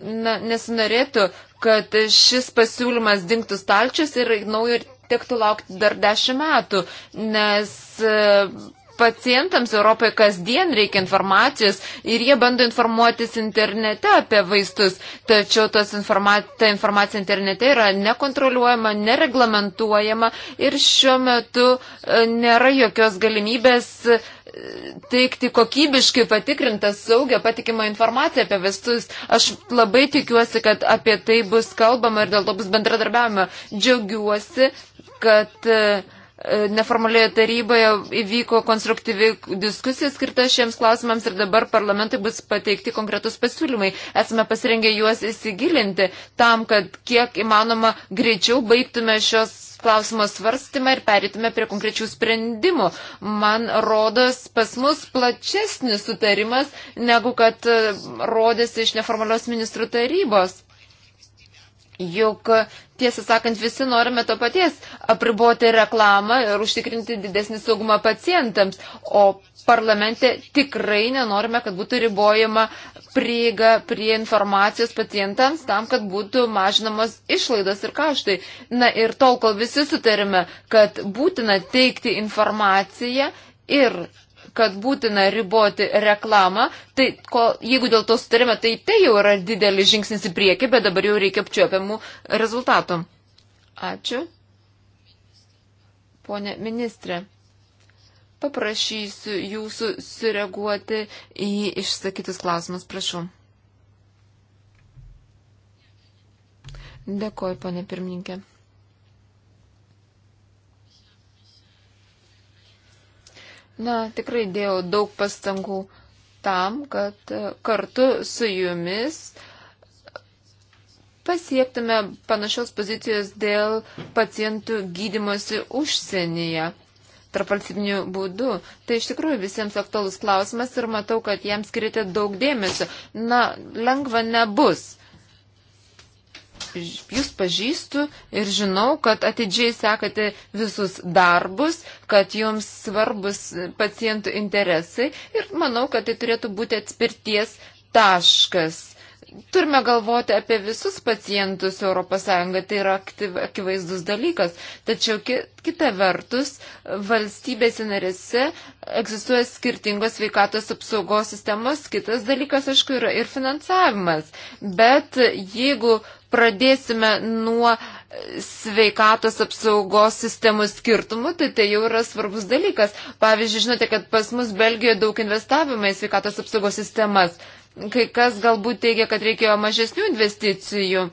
Na, nesinorėtų, kad šis pasiūlymas dinktų stalčius ir naujo tektų laukti dar dešimt metų, nes pacientams Europoje kasdien reikia informacijos ir jie bando informuotis internete apie vaistus, tačiau informa ta informacija internete yra nekontroliuojama, nereglamentuojama ir šiuo metu e, nėra jokios galimybės e, teikti kokybiškai patikrintą saugę patikimą informaciją apie vaistus. Aš labai tikiuosi, kad apie tai bus kalbama ir dėl to bus bendradarbiavimo. Džiaugiuosi, kad uh, E, neformalioje taryboje įvyko konstruktyvi diskusija skirta šiems klausimams ir dabar parlamentai bus pateikti konkretus pasiūlymai. Esame pasirengę juos įsigilinti tam, kad kiek įmanoma greičiau baigtume šios klausimo svarstymą ir perėtume prie konkrečių sprendimų. Man rodos pas mus plačesnis sutarimas, negu kad e, rodėsi iš neformalios ministrų tarybos. Juk, tiesą sakant, visi norime to paties - apriboti reklamą ir užtikrinti didesnį saugumą pacientams, o parlamente tikrai nenorime, kad būtų ribojama prieiga prie informacijos pacientams tam, kad būtų mažinamos išlaidos ir kaštai. Na ir tol, kol visi sutarime, kad būtina teikti informaciją ir kad būtina riboti reklamą, tai ko, jeigu dėl to sutarime, tai tai jau yra didelis žingsnis į priekį, bet dabar jau reikia apčiuopiamų rezultatų. Ačiū. Pone ministrė, paprašysiu jūsų sureaguoti į išsakytus klausimus, prašau. Dėkoju, ponė pirmininkė. Na, tikrai dėjau daug pastangų tam, kad e, kartu su jumis pasiektume panašios pozicijos dėl pacientų gydimosi užsienyje tarpvalstybiniu būdu. Tai iš tikrųjų visiems aktualus klausimas ir matau, kad jam skirite daug dėmesio. Na, lengva nebus jūs pažįstu ir žinau, kad atidžiai sekate visus darbus, kad jums svarbus pacientų interesai ir manau, kad tai turėtų būti atspirties taškas turime galvoti apie visus pacientus ES, tai yra akivaizdus dalykas. Tačiau kita vertus, valstybėse narėse egzistuoja skirtingos veikatos apsaugos sistemos, kitas dalykas, aišku, yra ir finansavimas. Bet jeigu pradėsime nuo sveikatos apsaugos sistemų skirtumų, tai tai jau yra svarbus dalykas. Pavyzdžiui, žinote, kad pas mus Belgijoje daug investavimo į sveikatos apsaugos sistemas. Kai kas galbūt teigia, kad reikėjo mažesnių investicijų.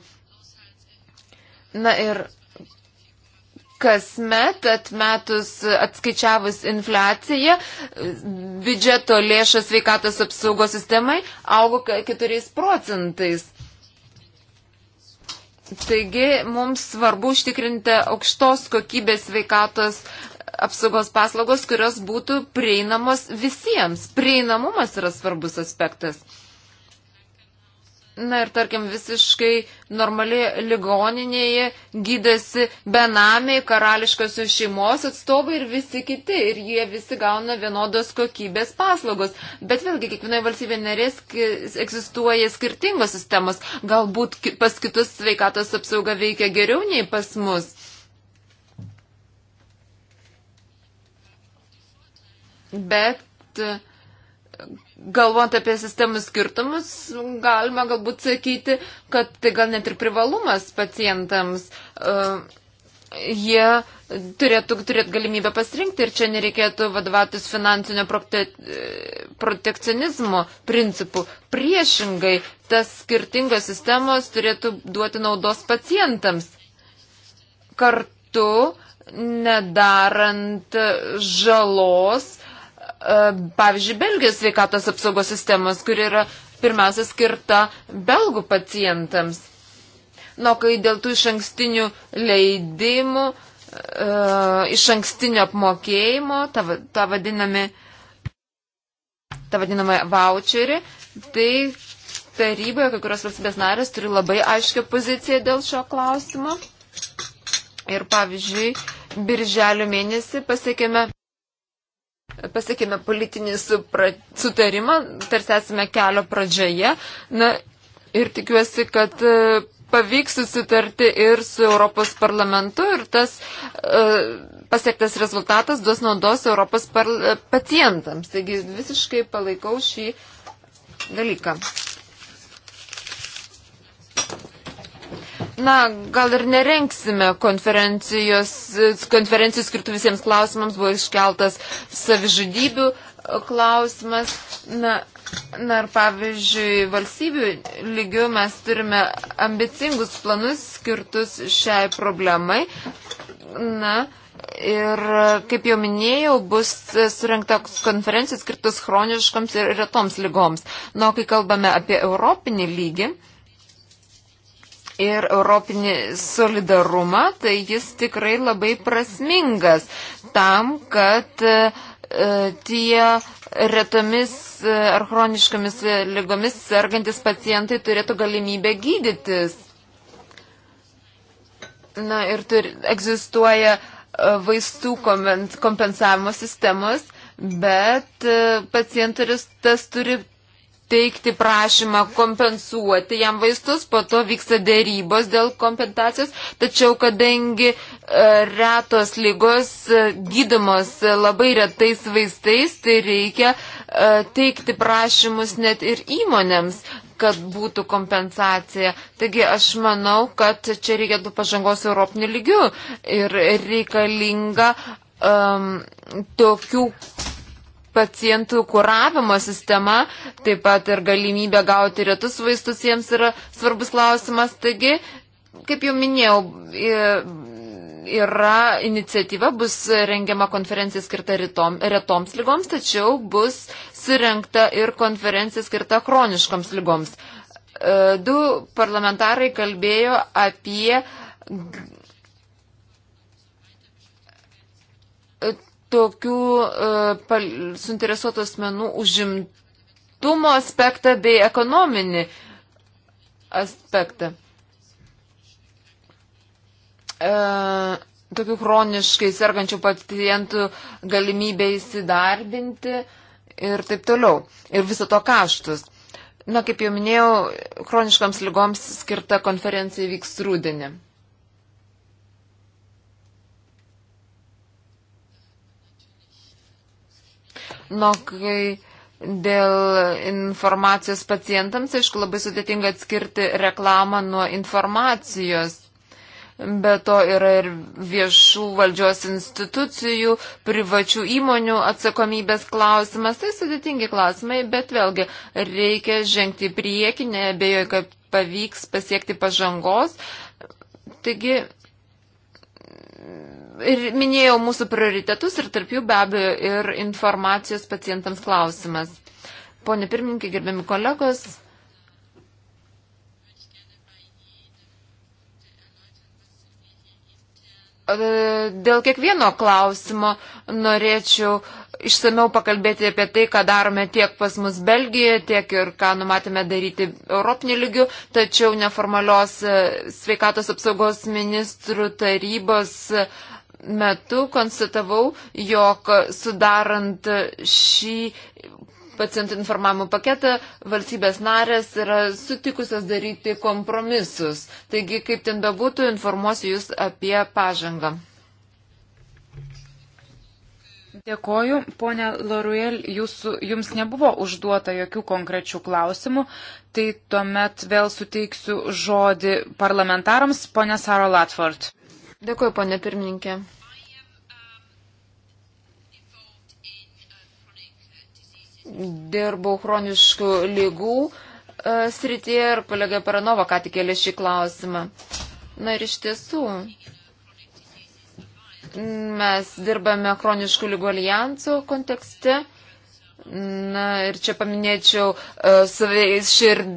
Na ir kasmet atmetus atskaičiavus infliaciją, biudžeto lėšas veikatos apsaugos sistemai augo 4 procentais. Taigi mums svarbu užtikrinti aukštos kokybės veikatos apsaugos paslaugos, kurios būtų prieinamos visiems. Prieinamumas yra svarbus aspektas. Na ir tarkim, visiškai normaliai ligoninėje gydasi benamiai, karališkosios šeimos atstovai ir visi kiti. Ir jie visi gauna vienodos kokybės paslaugos. Bet vėlgi, kiekvienoje valstybėje narės egzistuoja skirtingos sistemos. Galbūt pas kitus sveikatos apsauga veikia geriau nei pas mus. Bet galvojant apie sistemų skirtumus, galima galbūt sakyti, kad tai gal net ir privalumas pacientams. Uh, jie turėtų turėti galimybę pasirinkti ir čia nereikėtų vadovautis finansinio prote, e, protekcionizmo principų. Priešingai, tas skirtingos sistemos turėtų duoti naudos pacientams. Kartu nedarant žalos uh, E, pavyzdžiui, Belgijos sveikatos apsaugos sistemos, kuri yra pirmiausia skirta belgų pacientams. Na, nu, kai dėl tų iš ankstinių leidimų, e, iš ankstinio apmokėjimo, tą, tą vadinami, tą vadinamą voucherį, tai taryboje kai kurios valstybės narės turi labai aiškę poziciją dėl šio klausimo. Ir pavyzdžiui, birželio mėnesį pasiekėme pasiekėme politinį sutarimą, tarsi esame kelio pradžioje. Na, ir tikiuosi, kad e, pavyks susitarti ir su Europos parlamentu ir tas uh, pasiektas rezultatas duos naudos Europos pacientams. Taigi visiškai palaikau šį dalyką. Na, gal ir nerenksime konferencijos, konferencijos skirtų visiems klausimams, buvo iškeltas savižudybių klausimas. Na, na ir pavyzdžiui, valstybių lygių mes turime ambicingus planus skirtus šiai problemai. Na, ir, kaip jau minėjau, bus surinktos konferencijos skirtus chroniškams ir retoms lygoms. Na, kai kalbame apie europinį lygį, ir europinį solidarumą, tai jis tikrai labai prasmingas tam, kad e, tie retomis e, ar chroniškomis e, lygomis sergantis pacientai turėtų galimybę gydytis. Na ir turi, egzistuoja vaistų kompensavimo sistemos, bet pacientas turi teikti prašymą kompensuoti jam vaistus, po to vyksta dėrybos dėl kompensacijos, tačiau kadangi e, retos lygos e, gydomos labai retais vaistais, tai reikia e, teikti prašymus net ir įmonėms kad būtų kompensacija. Taigi aš manau, kad čia reikėtų pažangos europinių lygių ir reikalinga um, tokių pacientų kuravimo sistema, taip pat ir galimybė gauti retus vaistus jiems yra svarbus klausimas. Taigi, kaip jau minėjau, yra iniciatyva, bus rengiama konferencija skirta rytom, retoms lygoms, tačiau bus surinkta ir konferencija skirta chroniškoms lygoms. E, du parlamentarai kalbėjo apie tokių uh, suinteresuotų asmenų užimtumo aspektą bei ekonominį aspektą. Uh, tokių chroniškai sergančių pacientų galimybę įsidarbinti ir taip toliau. Ir viso to kaštus. Na, kaip jau minėjau, chroniškams lygoms skirta konferencija vyks rūdienį. Nokai dėl informacijos pacientams, aišku, labai sudėtinga atskirti reklamą nuo informacijos. Be to yra ir viešų valdžios institucijų, privačių įmonių atsakomybės klausimas. Tai sudėtingi klausimai, bet vėlgi reikia žengti į priekį, nebejoju, kad pavyks pasiekti pažangos. Taigi, ir minėjau mūsų prioritetus ir tarp jų be abejo ir informacijos pacientams klausimas. Pone pirmininkai, gerbiami kolegos. E, dėl kiekvieno klausimo norėčiau išsameu pakalbėti apie tai, ką darome tiek pas mus Belgijoje, tiek ir ką numatėme daryti Europinių lygių, tačiau neformalios e, sveikatos apsaugos ministrų tarybos uh, metu konstatavau, jog sudarant šį pacientų informavimo paketą valstybės narės yra sutikusios daryti kompromisus. Taigi, kaip ten bebūtų, informuosiu Jūs apie pažangą. Dėkoju, ponė Laruel, jūsų, jums nebuvo užduota jokių konkrečių klausimų, tai tuomet vėl suteiksiu žodį parlamentarams, ponė Saro Latford. Dėkuoju, ponė pirmininkė. Dirbau chroniškų lygų e, srityje ir kolega Paranova ką tik kėlė šį klausimą. Na ir iš tiesų, mes dirbame chroniškų lygų alijansų kontekste. Na ir čia paminėčiau uh, e, šird,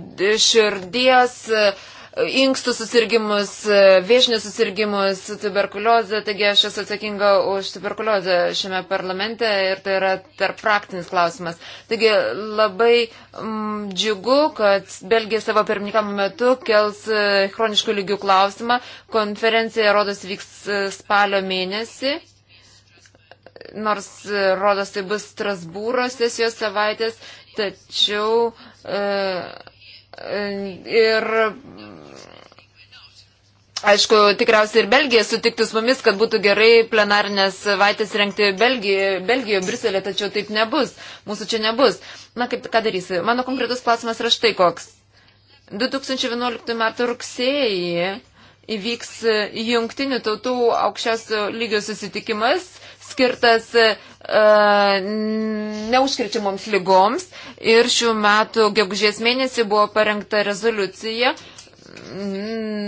širdies, uh, inkstų susirgymus, e, viešinius susirgymus, tuberkuliozę, taigi aš esu atsakinga už tuberkuliozę šiame parlamente ir tai yra tarp praktinis klausimas. Taigi labai m, mm, džiugu, kad Belgija savo pirmininkamų metu kels e, chroniškų lygių klausimą. Konferencija, rodos, vyks e, spalio mėnesį. Nors, rodos, tai bus Strasbūro sesijos savaitės, tačiau e, e ir Aišku, tikriausiai ir Belgija sutiktų su mumis, kad būtų gerai plenarnės savaitės rengti Belgijoje, Belgijoje, Briselė, tačiau taip nebus. Mūsų čia nebus. Na, kaip, ką darysi? Mano konkretus klausimas yra štai koks. 2011 m. rugsėjį įvyks jungtinių tautų aukščiausio lygio susitikimas skirtas uh, neužkrečiamoms lygoms ir šių metų gegužės mėnesį buvo parengta rezoliucija uh,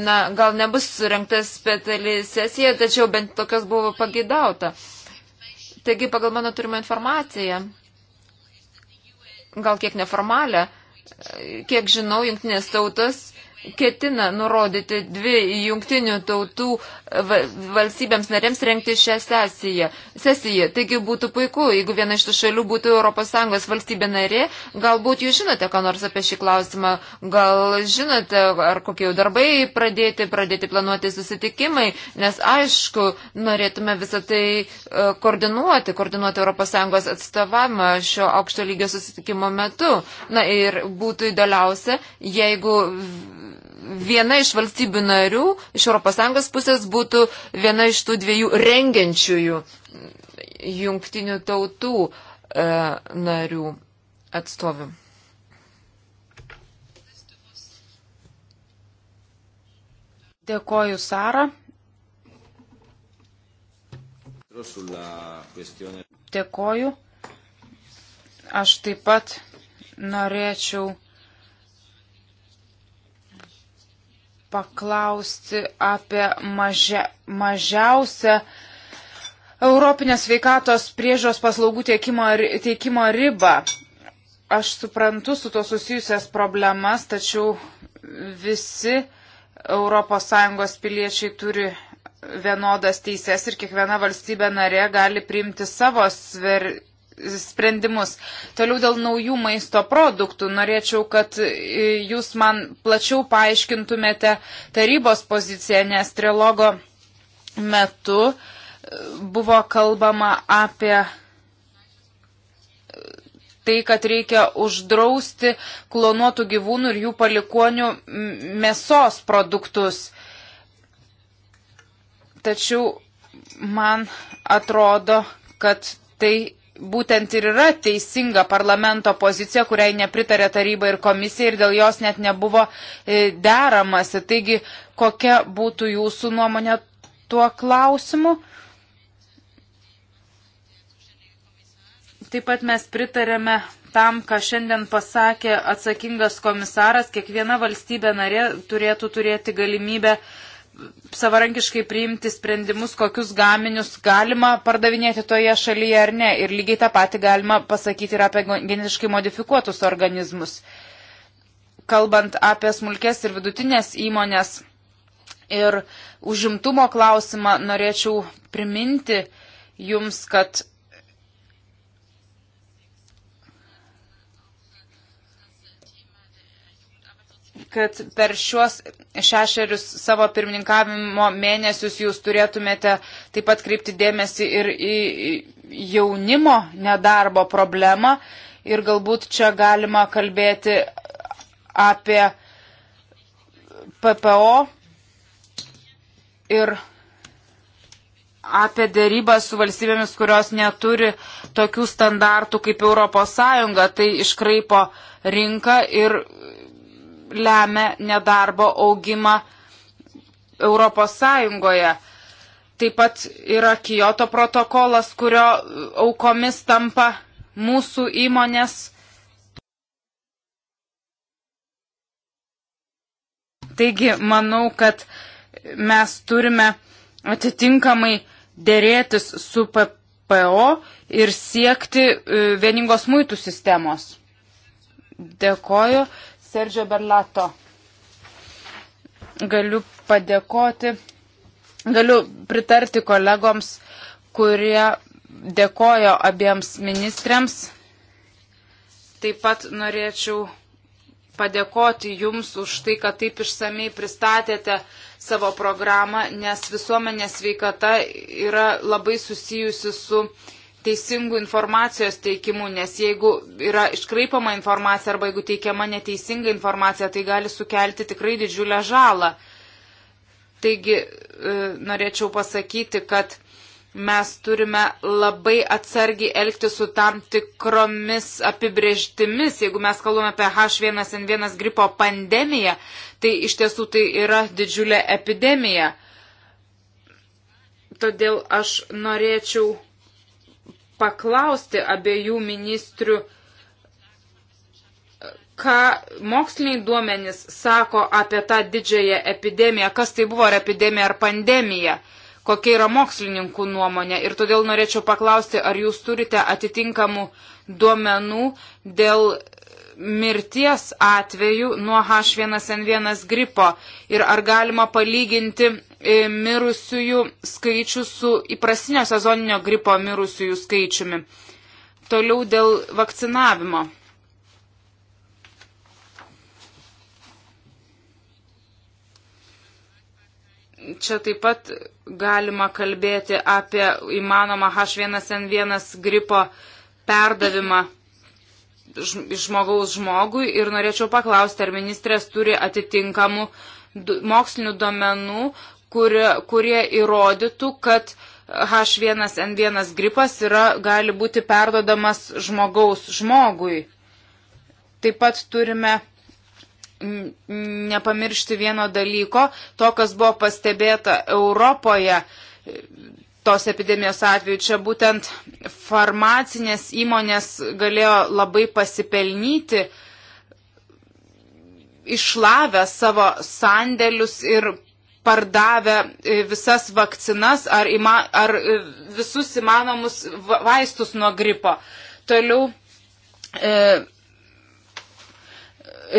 na, gal nebus surinkta speciali sesija, tačiau bent tokios buvo pagidauta. Taigi, pagal mano turimą informaciją, gal kiek neformalę, kiek žinau, jungtinės tautos ketina nurodyti dvi jungtinių tautų valstybėms narėms renkti šią sesiją. sesiją. Taigi būtų puiku, jeigu viena iš tų šalių būtų ES valstybė narė. Galbūt jūs žinote, ką nors apie šį klausimą. Gal žinote, ar kokie jau darbai pradėti, pradėti planuoti susitikimai. Nes aišku, norėtume visą tai e, koordinuoti, koordinuoti ES atstovavimą šio aukšto lygio susitikimo metu. Na ir būtų įdaliausia, jeigu viena iš valstybių narių iš ES pusės būtų viena iš tų dviejų rengiančiųjų jungtinių tautų e, narių atstovių. Dėkoju, Sara. Dėkoju. Aš taip pat norėčiau paklausti apie mažia, mažiausią Europinės sveikatos priežos paslaugų teikimo, teikimo ribą. Aš suprantu su to susijusias problemas, tačiau visi ES piliečiai turi vienodas teises ir kiekviena valstybė narė gali priimti savo sver, sprendimus. Toliau dėl naujų maisto produktų norėčiau, kad e, jūs man plačiau paaiškintumėte tarybos poziciją, nes trilogo metu e, buvo kalbama apie e, tai, kad reikia uždrausti klonuotų gyvūnų ir jų palikonių mėsos produktus. Tačiau man atrodo, kad tai būtent ir yra teisinga parlamento pozicija, kuriai nepritarė taryba ir komisija ir dėl jos net nebuvo e, deramasi. Taigi, kokia būtų jūsų nuomonė tuo klausimu? Taip pat mes pritarėme tam, ką šiandien pasakė atsakingas komisaras, kiekviena valstybė narė turėtų turėti galimybę uh, savarankiškai priimti sprendimus, kokius gaminius galima pardavinėti toje šalyje ar ne. Ir lygiai tą patį galima pasakyti ir apie genetiškai modifikuotus organizmus. Kalbant apie smulkės ir vidutinės įmonės ir užimtumo klausimą, norėčiau priminti jums, kad kad per šiuos šešerius savo pirmininkavimo mėnesius jūs turėtumėte taip pat kreipti dėmesį ir į jaunimo nedarbo problemą ir galbūt čia galima kalbėti apie PPO ir apie dėrybą su valstybėmis, kurios neturi tokių standartų kaip ES, tai iškraipo rinką ir lemia nedarbo augimą Europos Sąjungoje. Taip pat yra Kyoto protokolas, kurio aukomis tampa mūsų įmonės. Taigi, manau, kad mes turime atitinkamai dėrėtis su PPO ir siekti e, vieningos muitų sistemos. Dėkoju. Sergio Berlato. Galiu padėkoti, galiu pritarti kolegoms, kurie dėkojo abiems ministrėms. Taip pat norėčiau padėkoti Jums už tai, kad taip išsamei pristatėte savo programą, nes visuomenės veikata yra labai susijusi su teisingų informacijos teikimu, nes jeigu yra iškraipama informacija arba jeigu teikiama neteisinga informacija, tai gali sukelti tikrai didžiulę žalą. Taigi e, norėčiau pasakyti, kad mes turime labai atsargiai elgti su tam tikromis apibrėžtimis. Jeigu mes kalbame apie H1N1 gripo pandemiją, tai iš tiesų tai yra didžiulė epidemija. Todėl aš norėčiau paklausti abiejų ministrių, ką moksliniai duomenys sako apie tą didžiąją epidemiją, kas tai buvo ar epidemija ar pandemija, kokia yra mokslininkų nuomonė. Ir todėl norėčiau paklausti, ar jūs turite atitinkamų duomenų dėl mirties atvejų nuo H1N1 gripo ir ar galima palyginti e, mirusiųjų skaičių su įprastinio sezoninio gripo mirusiųjų skaičiumi. Toliau dėl vakcinavimo. Čia taip pat galima kalbėti apie įmanomą H1N1 gripo perdavimą žmogaus žmogui ir norėčiau paklausti, ar ministrės turi atitinkamų mokslinių domenų, kurie, kurie įrodytų, kad H1N1 gripas yra, gali būti perdodamas žmogaus žmogui. Taip pat turime nepamiršti vieno dalyko, to, kas buvo pastebėta Europoje tos epidemijos atveju. Čia būtent farmacinės įmonės galėjo labai pasipelnyti, išlavę savo sandėlius ir pardavę e, visas vakcinas ar, ima, ar e, visus įmanomus vaistus nuo gripo. Toliau e,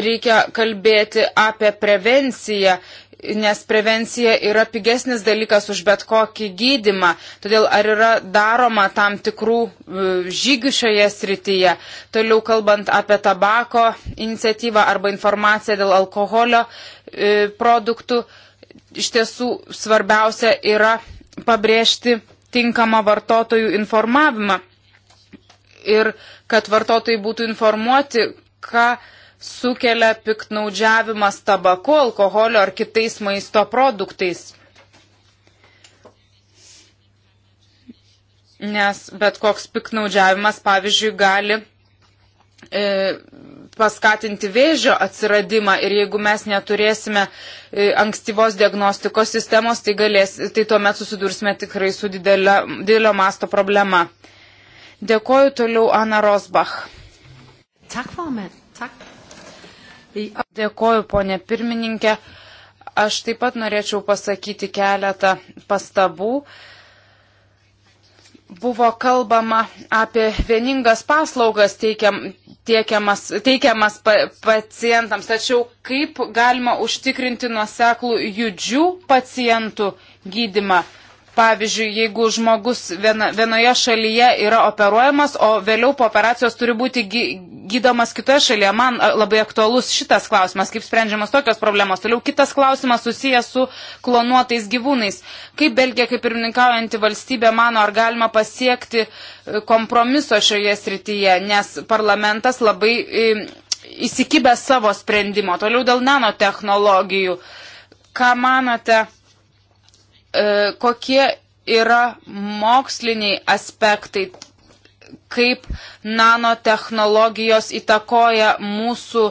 reikia kalbėti apie prevenciją nes prevencija yra pigesnis dalykas už bet kokį gydimą. Todėl ar yra daroma tam tikrų e, žygių šioje srityje. Toliau kalbant apie tabako iniciatyvą arba informaciją dėl alkoholio e, produktų, iš tiesų svarbiausia yra pabrėžti tinkamą vartotojų informavimą ir kad vartotojai būtų informuoti, ką sukelia piknaudžiavimas tabako, alkoholio ar kitais maisto produktais. Nes bet koks piknaudžiavimas, pavyzdžiui, gali e, paskatinti vėžio atsiradimą ir jeigu mes neturėsime e, ankstyvos diagnostikos sistemos, tai, galės, tai tuomet susidursime tikrai su didelio, didelio masto problema. Dėkoju toliau Ana Rosbach. Tak, formand. Dėkoju, ponė pirmininkė. Aš taip pat norėčiau pasakyti keletą pastabų. Buvo kalbama apie vieningas paslaugas teikiam, tiekiamas, teikiamas pa, pacientams, tačiau kaip galima užtikrinti nuoseklų judžių pacientų gydimą. Pavyzdžiui, jeigu žmogus viena, vienoje šalyje yra operuojamas, o vėliau po operacijos turi būti gy, gydomas kitoje šalyje. Man labai aktualus šitas klausimas, kaip sprendžiamas tokios problemos. Toliau kitas klausimas susijęs su klonuotais gyvūnais. Kaip Belgija, kaip pirmininkaujanti valstybė, mano, ar galima pasiekti e, kompromiso šioje srityje, nes parlamentas labai e, įsikibęs savo sprendimo. Toliau dėl nanotehnologijų. Ką manote? E, kokie yra moksliniai aspektai, kaip nanotehnologijos įtakoja mūsų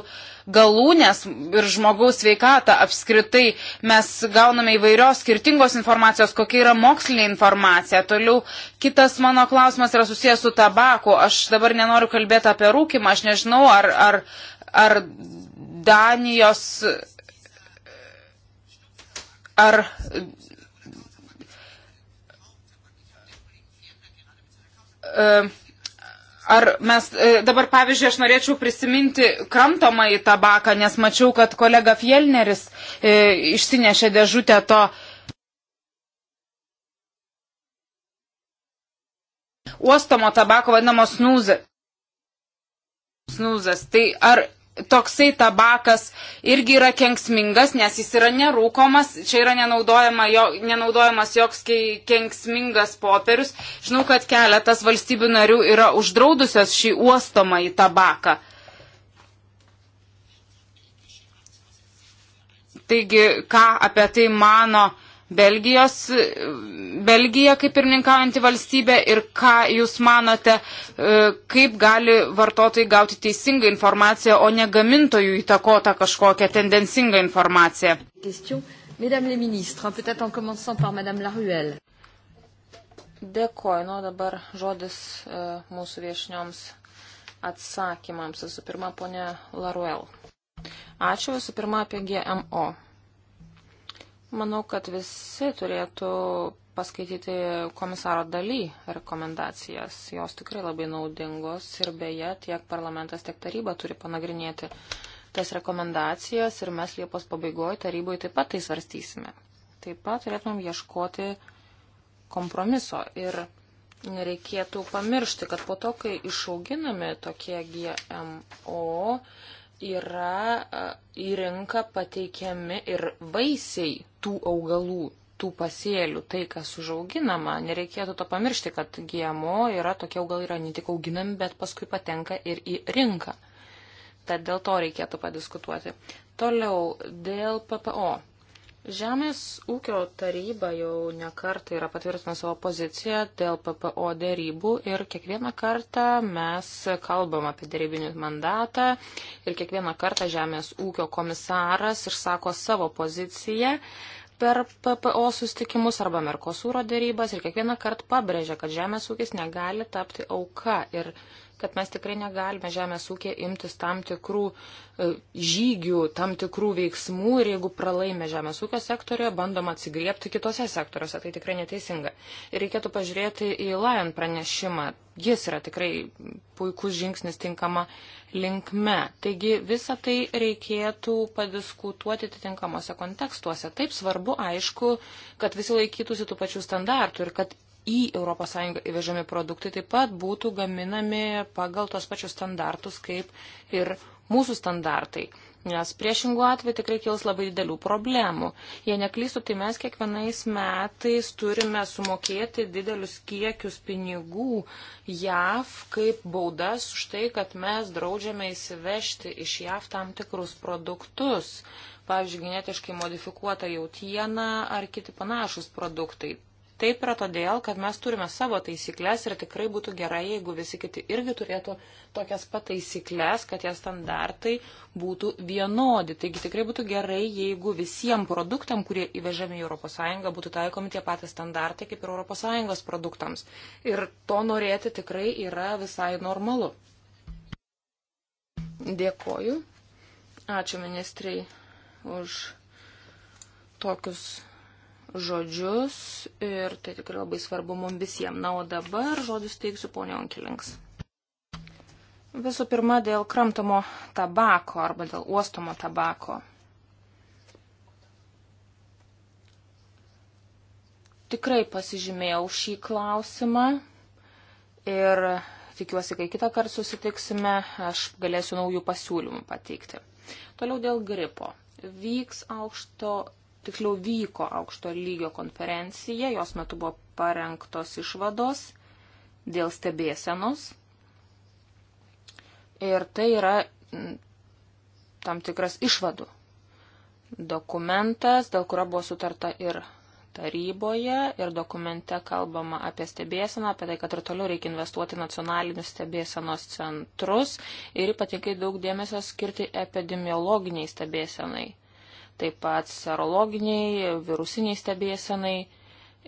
galūnės ir žmogaus sveikatą apskritai. Mes gauname įvairios skirtingos informacijos, kokia yra mokslinė informacija. Toliau kitas mano klausimas yra susijęs su tabaku. Aš dabar nenoriu kalbėti apie rūkimą, aš nežinau, ar, ar, ar Danijos. Ar E, ar mes e, dabar, pavyzdžiui, aš norėčiau prisiminti kramtomą į tabaką, nes mačiau, kad kolega Fielneris e, išsinešė dėžutę to uostomo tabako vadinamo snūzė. Snūzas. Tai ar toksai tabakas irgi yra kenksmingas, nes jis yra nerūkomas, čia yra nenaudojama jo, nenaudojamas joks kenksmingas popierius. Žinau, kad keletas valstybių narių yra uždraudusios šį uostomą į tabaką. Taigi, ką apie tai mano Belgijos, Belgija kaip pirmininkaujanti valstybė ir ką jūs manote, e, kaip gali vartotojai gauti teisingą informaciją, o ne gamintojų įtakota kažkokią tendencingą informaciją? Mesdames les ministres, peut-être en commençant par Madame Laruelle. Dėkoju, nu dabar žodis e, mūsų viešnioms atsakymams. Visų pirma, ponė Laruel. Ačiū visų pirma apie GMO. Manau, kad visi turėtų paskaityti komisaro daly rekomendacijas. Jos tikrai labai naudingos ir beje tiek parlamentas, tiek taryba turi panagrinėti tas rekomendacijas ir mes Liepos pabaigoje taryboje taip pat tai svarstysime. Taip pat turėtumėm ieškoti kompromiso ir nereikėtų pamiršti, kad po to, kai išauginami tokie GMO, yra į rinką pateikiami ir vaisiai tų augalų, tų pasėlių, tai, kas užauginama. Nereikėtų to pamiršti, kad GMO yra tokie augalai yra ne tik auginami, bet paskui patenka ir į rinką. Tad dėl to reikėtų padiskutuoti. Toliau, dėl PPO. Žemės ūkio taryba jau nekartą yra patvirtina savo poziciją dėl PPO dėrybų ir kiekvieną kartą mes kalbam apie dėrybinį mandatą ir kiekvieną kartą Žemės ūkio komisaras išsako savo poziciją per PPO sustikimus arba Merkosūro dėrybas ir kiekvieną kartą pabrėžia, kad Žemės ūkis negali tapti auka ir kad mes tikrai negalime žemės ūkė imtis tam tikrų e, žygių, tam tikrų veiksmų ir jeigu pralaimė žemės ūkio sektorioje, bandom atsigriepti kitose sektoriuose. Tai tikrai neteisinga. Ir reikėtų pažiūrėti į Lion pranešimą. Jis yra tikrai puikus žingsnis tinkama linkme. Taigi visą tai reikėtų padiskutuoti atitinkamuose kontekstuose. Taip svarbu, aišku, kad visi laikytųsi tų pačių standartų ir kad į ES įvežami produktai taip pat būtų gaminami pagal tos pačius standartus kaip ir mūsų standartai. Nes priešingų atveju tikrai kils labai didelių problemų. Jei neklystu, tai mes kiekvienais metais turime sumokėti didelius kiekius pinigų JAV kaip baudas už tai, kad mes draudžiame įsivežti iš JAV tam tikrus produktus pavyzdžiui, genetiškai modifikuota jautiena ar kiti panašus produktai. Taip yra todėl, kad mes turime savo taisyklės ir tikrai būtų gerai, jeigu visi kiti irgi turėtų tokias pat taisyklės, kad tie standartai būtų vienodi. Taigi tikrai būtų gerai, jeigu visiems produktam, kurie įvežami į ES, būtų taikomi tie patys standartai kaip ir ES produktams. Ir to norėti tikrai yra visai normalu. Dėkoju. Ačiū ministrai už tokius žodžius ir tai tikrai labai svarbu mums visiems. Na, o dabar žodis teiksiu ponio Onkilinks. Visų pirma, dėl kramtomo tabako arba dėl uostomo tabako. Tikrai pasižymėjau šį klausimą ir tikiuosi, kai kitą kartą susitiksime, aš galėsiu naujų pasiūlymų pateikti. Toliau dėl gripo. Vyks aukšto tiksliau vyko aukšto lygio konferencija, jos metu buvo parengtos išvados dėl stebėsenos. Ir tai yra mm, tam tikras išvadų dokumentas, dėl kurio buvo sutarta ir taryboje, ir dokumente kalbama apie stebėseną, apie tai, kad ir toliau reikia investuoti nacionalinius stebėsenos centrus ir ypatingai daug dėmesio skirti epidemiologiniai stebėsenai taip pat serologiniai, virusiniai stebėsenai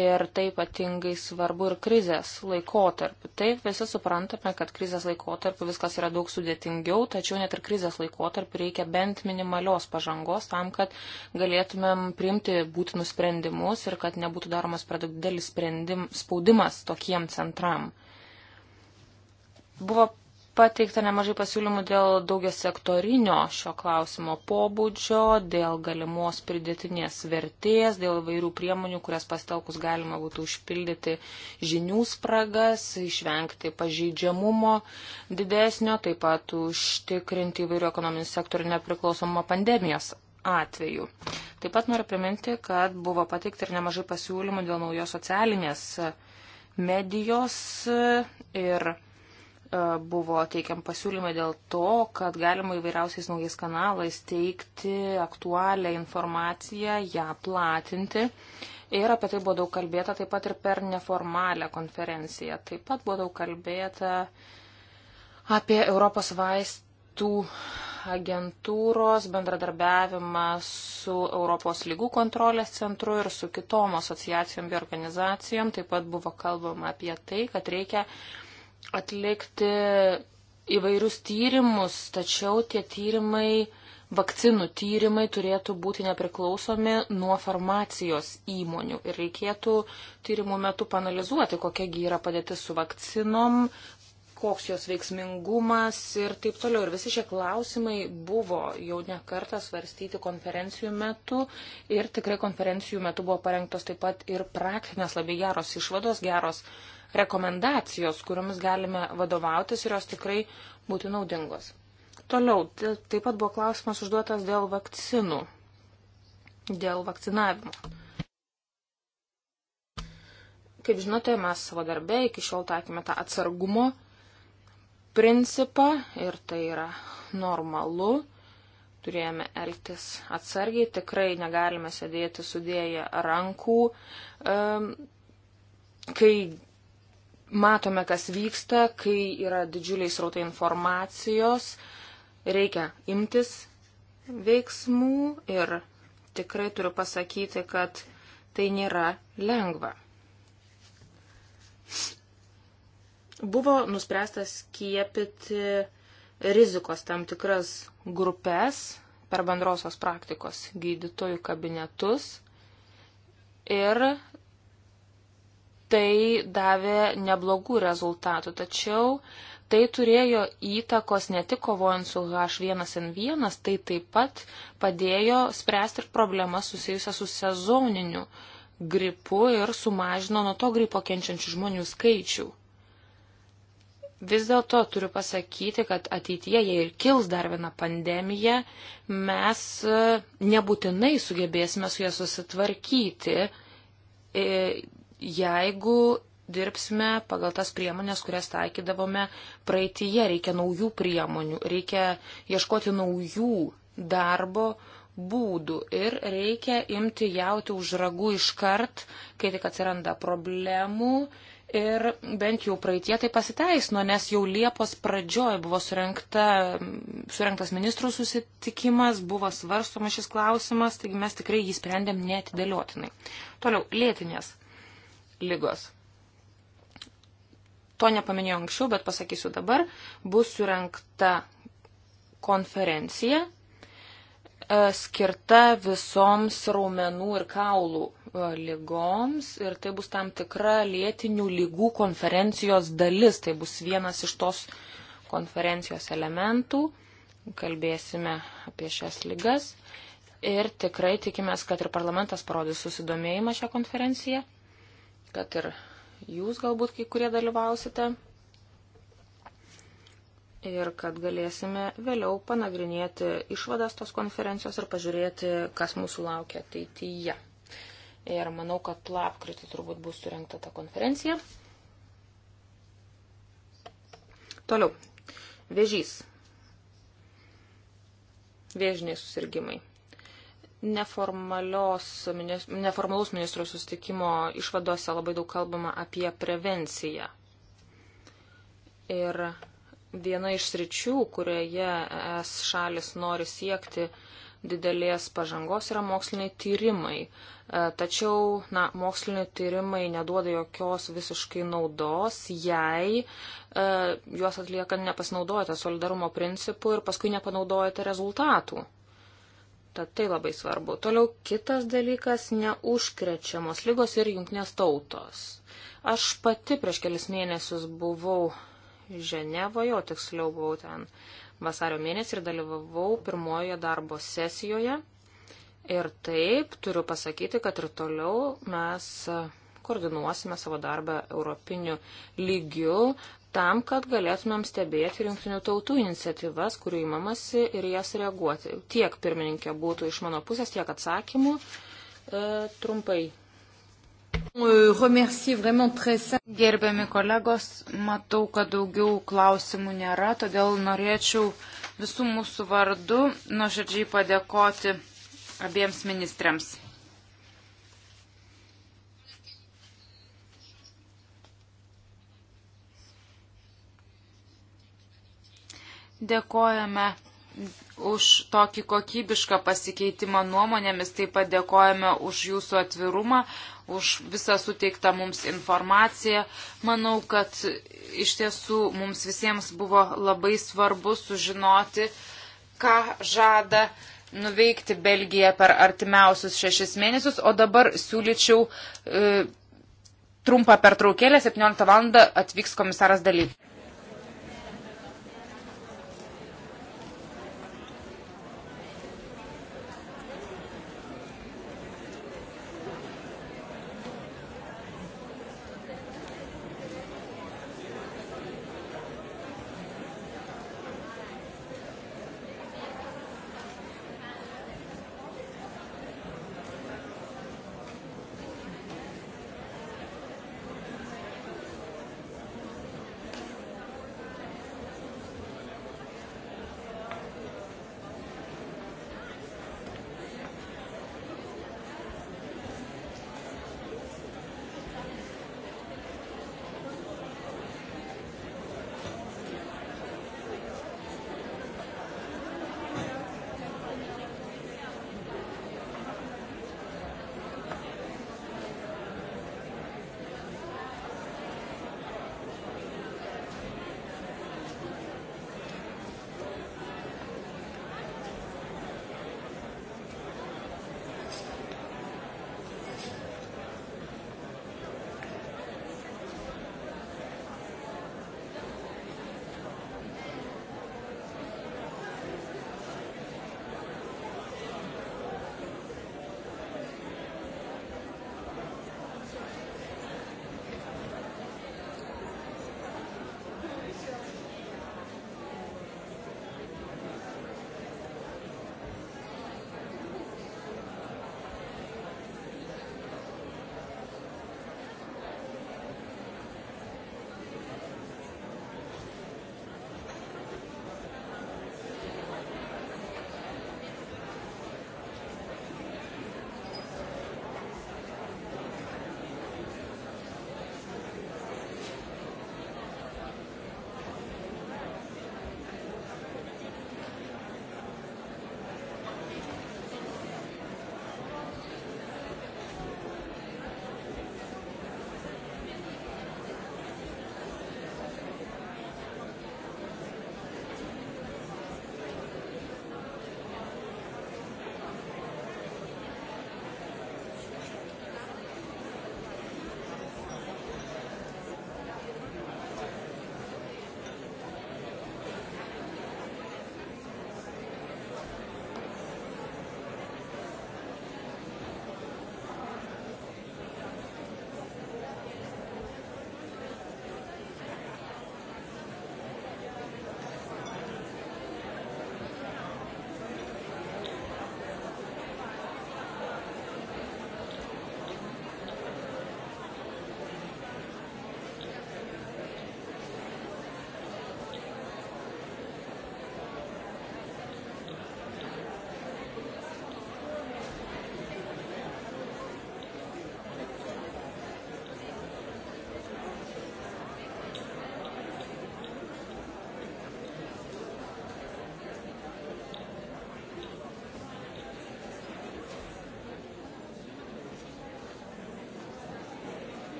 ir tai ypatingai svarbu ir krizės laikotarpiu. Taip, visi suprantame, kad krizės laikotarpiu viskas yra daug sudėtingiau, tačiau net ir krizės laikotarpiu reikia bent minimalios pažangos tam, kad galėtumėm priimti būtinus sprendimus ir kad nebūtų daromas per daug didelis spaudimas tokiem centram. Buvo pateikta nemažai pasiūlymų dėl daugia sektorinio šio klausimo pobūdžio, dėl galimos pridėtinės vertės, dėl vairių priemonių, kurias pastelkus galima būtų užpildyti žinių spragas, išvengti pažeidžiamumo didesnio, taip pat užtikrinti įvairių ekonominių sektorių nepriklausomą pandemijos atveju. Taip pat noriu priminti, kad buvo pateikta ir nemažai pasiūlymų dėl naujos socialinės medijos ir E, buvo teikiam pasiūlymai dėl to, kad galima įvairiausiais naujais kanalais teikti aktualią informaciją, ją platinti. Ir apie tai buvo daug kalbėta taip pat ir per neformalią konferenciją. Taip pat buvo daug kalbėta apie Europos vaistų agentūros bendradarbiavimą su Europos lygų kontrolės centru ir su kitom asociacijom bei organizacijom. Taip pat buvo kalbama apie tai, kad reikia uh, atlikti įvairius tyrimus, tačiau tie tyrimai, vakcinų tyrimai turėtų būti nepriklausomi nuo farmacijos įmonių ir reikėtų tyrimų metu panalizuoti, kokiagi yra padėtis su vakcinom, koks jos veiksmingumas ir taip toliau. Ir visi šie klausimai buvo jau ne kartą svarstyti konferencijų metu ir tikrai konferencijų metu buvo parengtos taip pat ir praktinės labai geros išvados, geros rekomendacijos, kuriomis galime vadovautis ir jos tikrai būtų naudingos. Toliau, taip pat buvo klausimas užduotas dėl vakcinų, dėl vakcinavimo. Kaip žinote, mes savo darbę iki šiol taikėme tą atsargumo principą ir tai yra normalu turėjome elgtis atsargiai, tikrai negalime sėdėti sudėję rankų, kai matome, kas vyksta, kai yra didžiuliai srautai informacijos, reikia imtis veiksmų ir tikrai turiu pasakyti, kad tai nėra lengva. Buvo nuspręsta skiepyti rizikos tam tikras grupės per bendrosios praktikos gydytojų kabinetus ir tai davė neblogų rezultatų, tačiau tai turėjo įtakos ne tik kovojant su H1N1, tai taip pat padėjo spręsti ir problemas susijusią su sezoniniu gripu ir sumažino nuo to gripo kenčiančių žmonių skaičių. Vis dėlto turiu pasakyti, kad ateityje, jei ir kils dar viena pandemija, mes e, nebūtinai sugebėsime su ja susitvarkyti e, jeigu dirbsime pagal tas priemonės, kurias taikydavome praeitįje. Reikia naujų priemonių, reikia ieškoti naujų darbo būdų ir reikia imti jauti už ragų iškart, kai tik atsiranda problemų. Ir bent jau praeitie tai pasiteisino, nes jau Liepos pradžioje buvo surinkta, surinktas ministrų susitikimas, buvo svarstomas šis klausimas, taigi mes tikrai jį sprendėm netidėliotinai. Toliau, lėtinės lygos. To nepaminėjau anksčiau, bet pasakysiu dabar, bus surinkta konferencija e, skirta visoms raumenų ir kaulų e, lygoms ir tai bus tam tikra lėtinių lygų konferencijos dalis. Tai bus vienas iš tos konferencijos elementų. Kalbėsime apie šias lygas ir tikrai tikimės, kad ir parlamentas parodys susidomėjimą šią konferenciją kad ir jūs galbūt kai kurie dalyvausite ir kad galėsime vėliau panagrinėti išvadas tos konferencijos ir pažiūrėti, kas mūsų laukia ateityje. Ir manau, kad lapkritį turbūt bus surinkta ta konferencija. Toliau. Vėžys. Vėžiniai susirgymai neformalaus ministro sustikimo išvadose labai daug kalbama apie prevenciją. Ir viena iš sričių, kurioje es šalis nori siekti didelės pažangos, yra moksliniai tyrimai. E, tačiau, na, moksliniai tyrimai neduoda jokios visiškai naudos, jei e, juos atliekant nepasinaudojate solidarumo principų ir paskui nepanaudojate rezultatų. Tad tai labai svarbu. Toliau kitas dalykas - neužkrečiamos lygos ir jungtinės tautos. Aš pati prieš kelis mėnesius buvau Ženevoje, o tiksliau buvau ten vasario mėnesį ir dalyvavau pirmojoje darbo sesijoje. Ir taip turiu pasakyti, kad ir toliau mes koordinuosime savo darbą europiniu lygiu tam, kad galėtumėm stebėti rinktinių tautų iniciatyvas, kurių įmamasi ir jas reaguoti. Tiek pirmininkė būtų iš mano pusės, tiek atsakymų. E, trumpai. E, Gerbiami kolegos, matau, kad daugiau klausimų nėra, todėl norėčiau visų mūsų vardu nuoširdžiai padėkoti abiems ministrams. Dėkojame už tokį kokybišką pasikeitimą nuomonėmis, taip pat dėkojame už jūsų atvirumą, už visą suteiktą mums informaciją. Manau, kad iš tiesų mums visiems buvo labai svarbu sužinoti, ką žada nuveikti Belgija per artimiausius šešis mėnesius, o dabar siūlyčiau e, trumpą pertraukėlę, 17 val. atvyks komisaras dalyviai.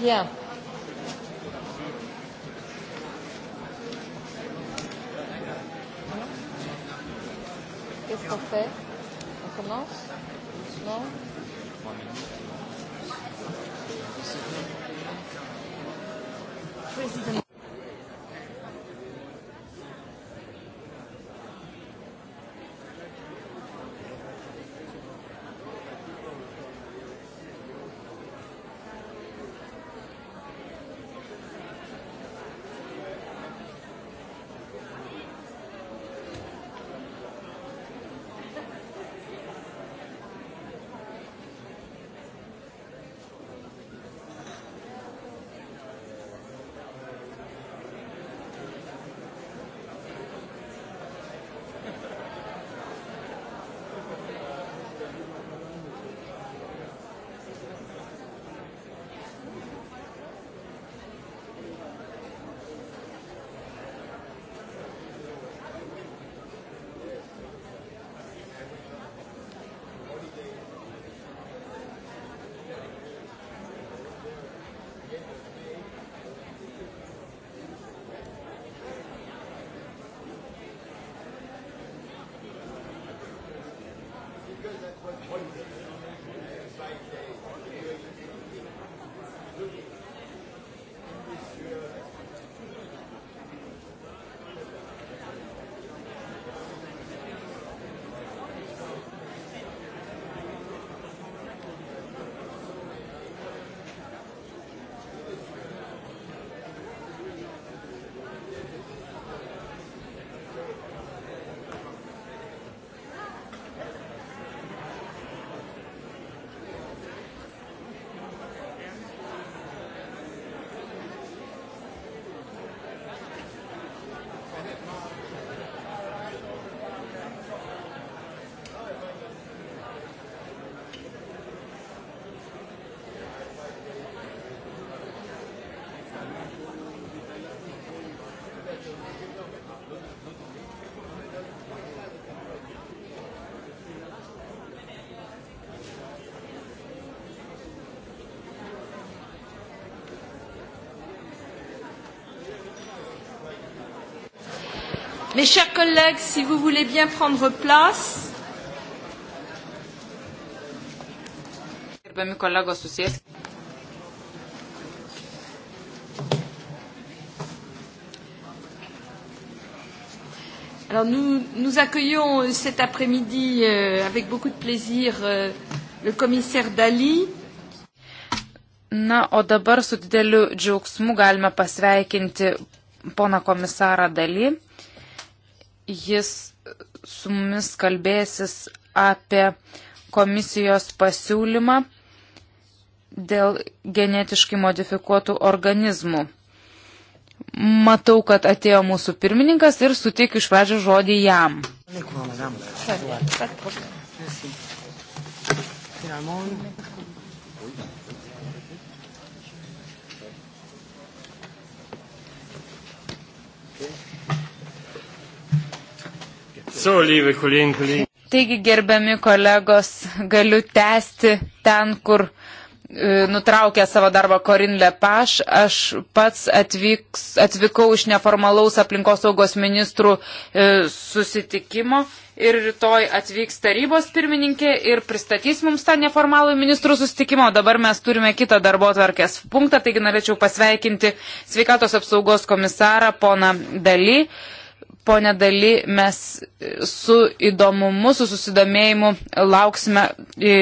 Bien. Mes chers collègues, si vous voulez bien prendre place. Gerbiami kolegos, susėskite. Alors nous, nous accueillons euh, cet après-midi euh, avec beaucoup de plaisir euh, le commissaire Dali. Na, o dabar su dideliu džiaugsmu galime pasveikinti poną komisarą Dali. Jis su mumis kalbėsis apie komisijos pasiūlymą dėl genetiškai modifikuotų organizmų. Matau, kad atėjo mūsų pirmininkas ir suteikiu iš pradžių žodį jam. Merci. So, liebe Kolleginnen, Kollegen. Taigi, gerbiami kolegos, galiu tęsti ten, kur e, nutraukė savo darbą Korin Lepaš. Aš pats atvyks, atvykau iš neformalaus aplinkosaugos ministrų e, susitikimo ir rytoj atvyks tarybos pirmininkė ir pristatys mums tą neformalų ministrų susitikimą. O dabar mes turime kitą darbo tvarkės punktą, taigi norėčiau pasveikinti sveikatos apsaugos komisarą poną Daly ponė Dali, mes su įdomumu, su susidomėjimu lauksime, e,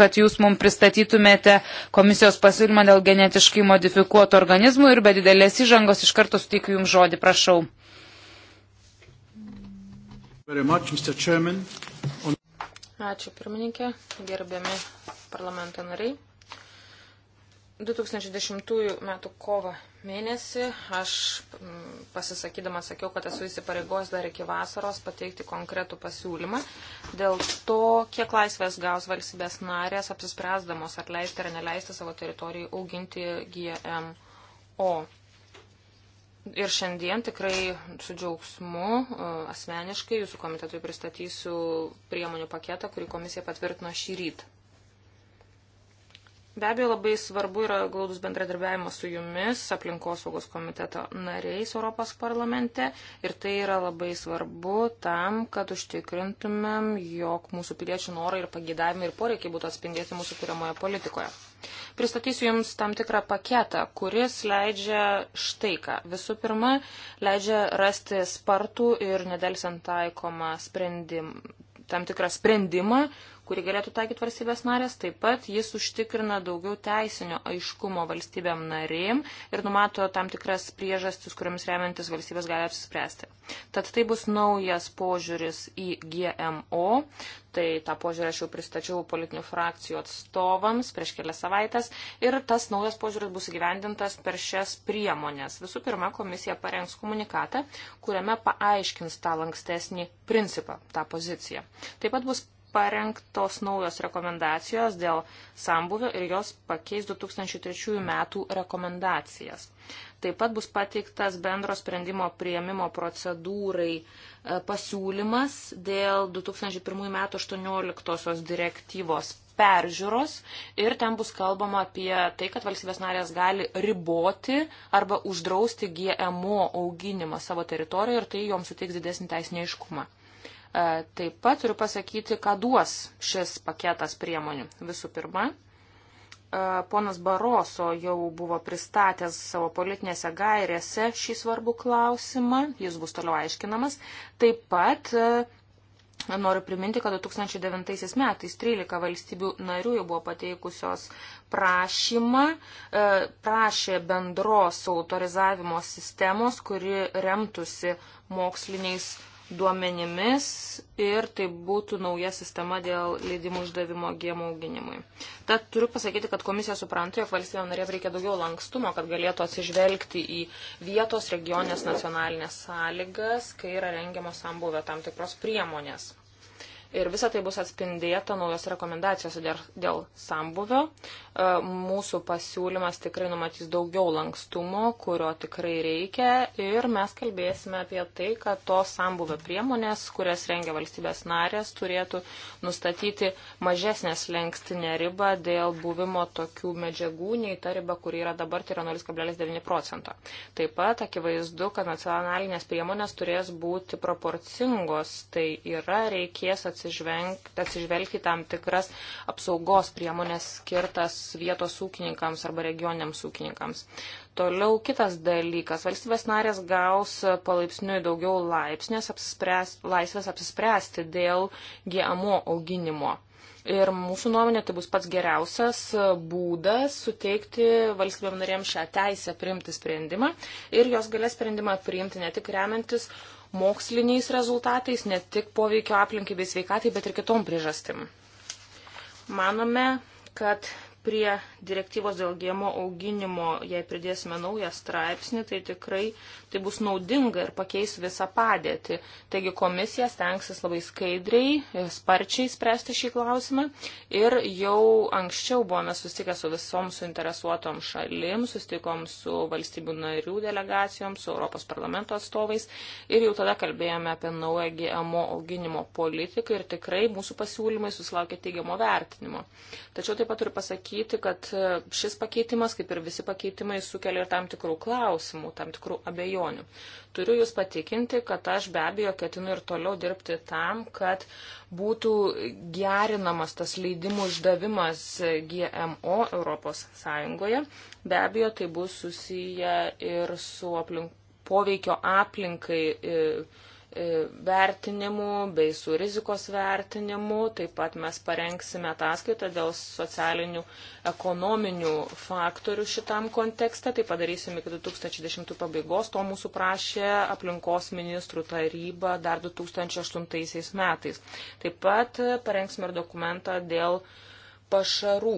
kad jūs mums pristatytumėte komisijos pasiūlymą dėl genetiškai modifikuotų organizmų ir be didelės įžangos iš karto suteikiu jums žodį, prašau. Ačiū pirmininkė, gerbiami parlamento nariai. 2010 m. kovo mėnesį aš mm, pasisakydama sakiau, kad esu įsipareigojęs dar iki vasaros pateikti konkretų pasiūlymą dėl to, kiek laisvės gaus valstybės narės apsispręsdamos ar leisti ar neleisti savo teritorijai auginti GMO. Ir šiandien tikrai su džiaugsmu e, asmeniškai jūsų komitetui pristatysiu priemonių paketą, kurį komisija patvirtino šį rytą. Be abejo, labai svarbu yra glaudus bendradarbiavimas su jumis, aplinkosaugos komiteto nariais Europos parlamente ir tai yra labai svarbu tam, kad užtikrintumėm, jog mūsų piliečių norai ir pagėdavimai ir poreikiai būtų atspindėti mūsų kuriamoje politikoje. Pristatysiu Jums tam tikrą paketą, kuris leidžia štai ką. Visų pirma, leidžia rasti spartų ir nedelsiant taikomą sprendim, tam tikrą sprendimą kurį galėtų taikyti valstybės narės. Taip pat jis užtikrina daugiau teisinio aiškumo valstybėm narėm ir numato tam tikras priežastis, kuriomis remiantis valstybės gali apsispręsti. Tad tai bus naujas požiūris į GMO. Tai tą požiūrį aš jau pristačiau politinių frakcijų atstovams prieš kelias savaitės ir tas naujas požiūris bus įgyvendintas per šias priemonės. Visų pirma, komisija parengs komunikatą, kuriame paaiškins tą lankstesnį principą, tą poziciją. Taip pat bus parengtos naujos rekomendacijos dėl sambuvio ir jos pakeis 2003 metų rekomendacijas. Taip pat bus pateiktas bendro sprendimo prieimimo procedūrai e, pasiūlymas dėl 2001 metų 18 direktyvos peržiūros ir ten bus kalbama apie tai, kad valstybės narės gali riboti arba uždrausti GMO auginimą savo teritorijoje ir tai joms suteiks didesnį teisinį aiškumą. E, taip pat turiu pasakyti, ką duos šis paketas priemonių. Visų pirma, e, ponas Baroso jau buvo pristatęs savo politinėse gairėse šį svarbų klausimą, jis bus toliau aiškinamas. Taip pat e, Noriu priminti, kad 2009 metais 13 valstybių narių jau buvo pateikusios prašymą, prašė bendros autorizavimo sistemos, kuri remtųsi moksliniais duomenimis ir tai būtų nauja sistema dėl leidimų išdavimo gėmų auginimui. Tad turiu pasakyti, kad komisija supranta, jog valstybė narė reikia daugiau lankstumo, kad galėtų atsižvelgti į vietos regionės nacionalinės sąlygas, kai yra rengiamos sambuvę tam tikros priemonės. Ir visa tai bus atspindėta naujos rekomendacijos dėl sambuvio. E, mūsų pasiūlymas tikrai numatys daugiau lankstumo, kurio tikrai reikia. Ir mes kalbėsime apie tai, kad tos sambuvio priemonės, kurias rengia valstybės narės, turėtų nustatyti mažesnę slengstinę ribą dėl buvimo tokių medžiagų nei ta riba, kuri yra dabar, tai yra 0,9 procento. Taip pat akivaizdu, kad nacionalinės priemonės turės būti proporcingos. Tai yra reikės atsitikti atsižvelgti tam tikras apsaugos priemonės skirtas vietos ūkininkams arba regioniniams ūkininkams. Toliau kitas dalykas. Valstybės narės gaus palaipsniui daugiau laipsnės apsispręs, laisvės apsispręsti dėl GMO auginimo. Ir mūsų nuomonė tai bus pats geriausias būdas suteikti valstybėm narėm šią teisę priimti sprendimą ir jos galės sprendimą priimti ne tik remiantis moksliniais rezultatais, ne tik poveikio aplinkai bei sveikatai, bet ir kitom priežastim. Manome, kad prie direktyvos dėl gėmo auginimo, jei pridėsime naują straipsnį, tai tikrai tai bus naudinga ir pakeis visą padėtį. Taigi komisija stengsis labai skaidriai, sparčiai spręsti šį klausimą ir jau anksčiau buvome susitikę su visom suinteresuotom šalim, susitikom su valstybių narių delegacijom, su Europos parlamento atstovais ir jau tada kalbėjome apie naują GMO auginimo politiką ir tikrai mūsų pasiūlymai susilaukė teigiamo vertinimo. Tačiau taip pat turiu pasakyti, pasakyti, kad e, šis pakeitimas, kaip ir visi pakeitimai, sukelia ir tam tikrų klausimų, tam tikrų abejonių. Turiu Jūs patikinti, kad aš be abejo ketinu ir toliau dirbti tam, kad būtų gerinamas tas leidimų išdavimas GMO Europos Sąjungoje. Be abejo, tai bus susiję ir su aplink, poveikio aplinkai. E, E, vertinimu bei su rizikos vertinimu. Taip pat mes parengsime ataskaitą dėl socialinių ekonominių faktorių šitam kontekste. Tai padarysime iki 2010 pabaigos. To mūsų prašė aplinkos ministrų taryba dar 2008 metais. Taip pat parengsime ir dokumentą dėl pašarų.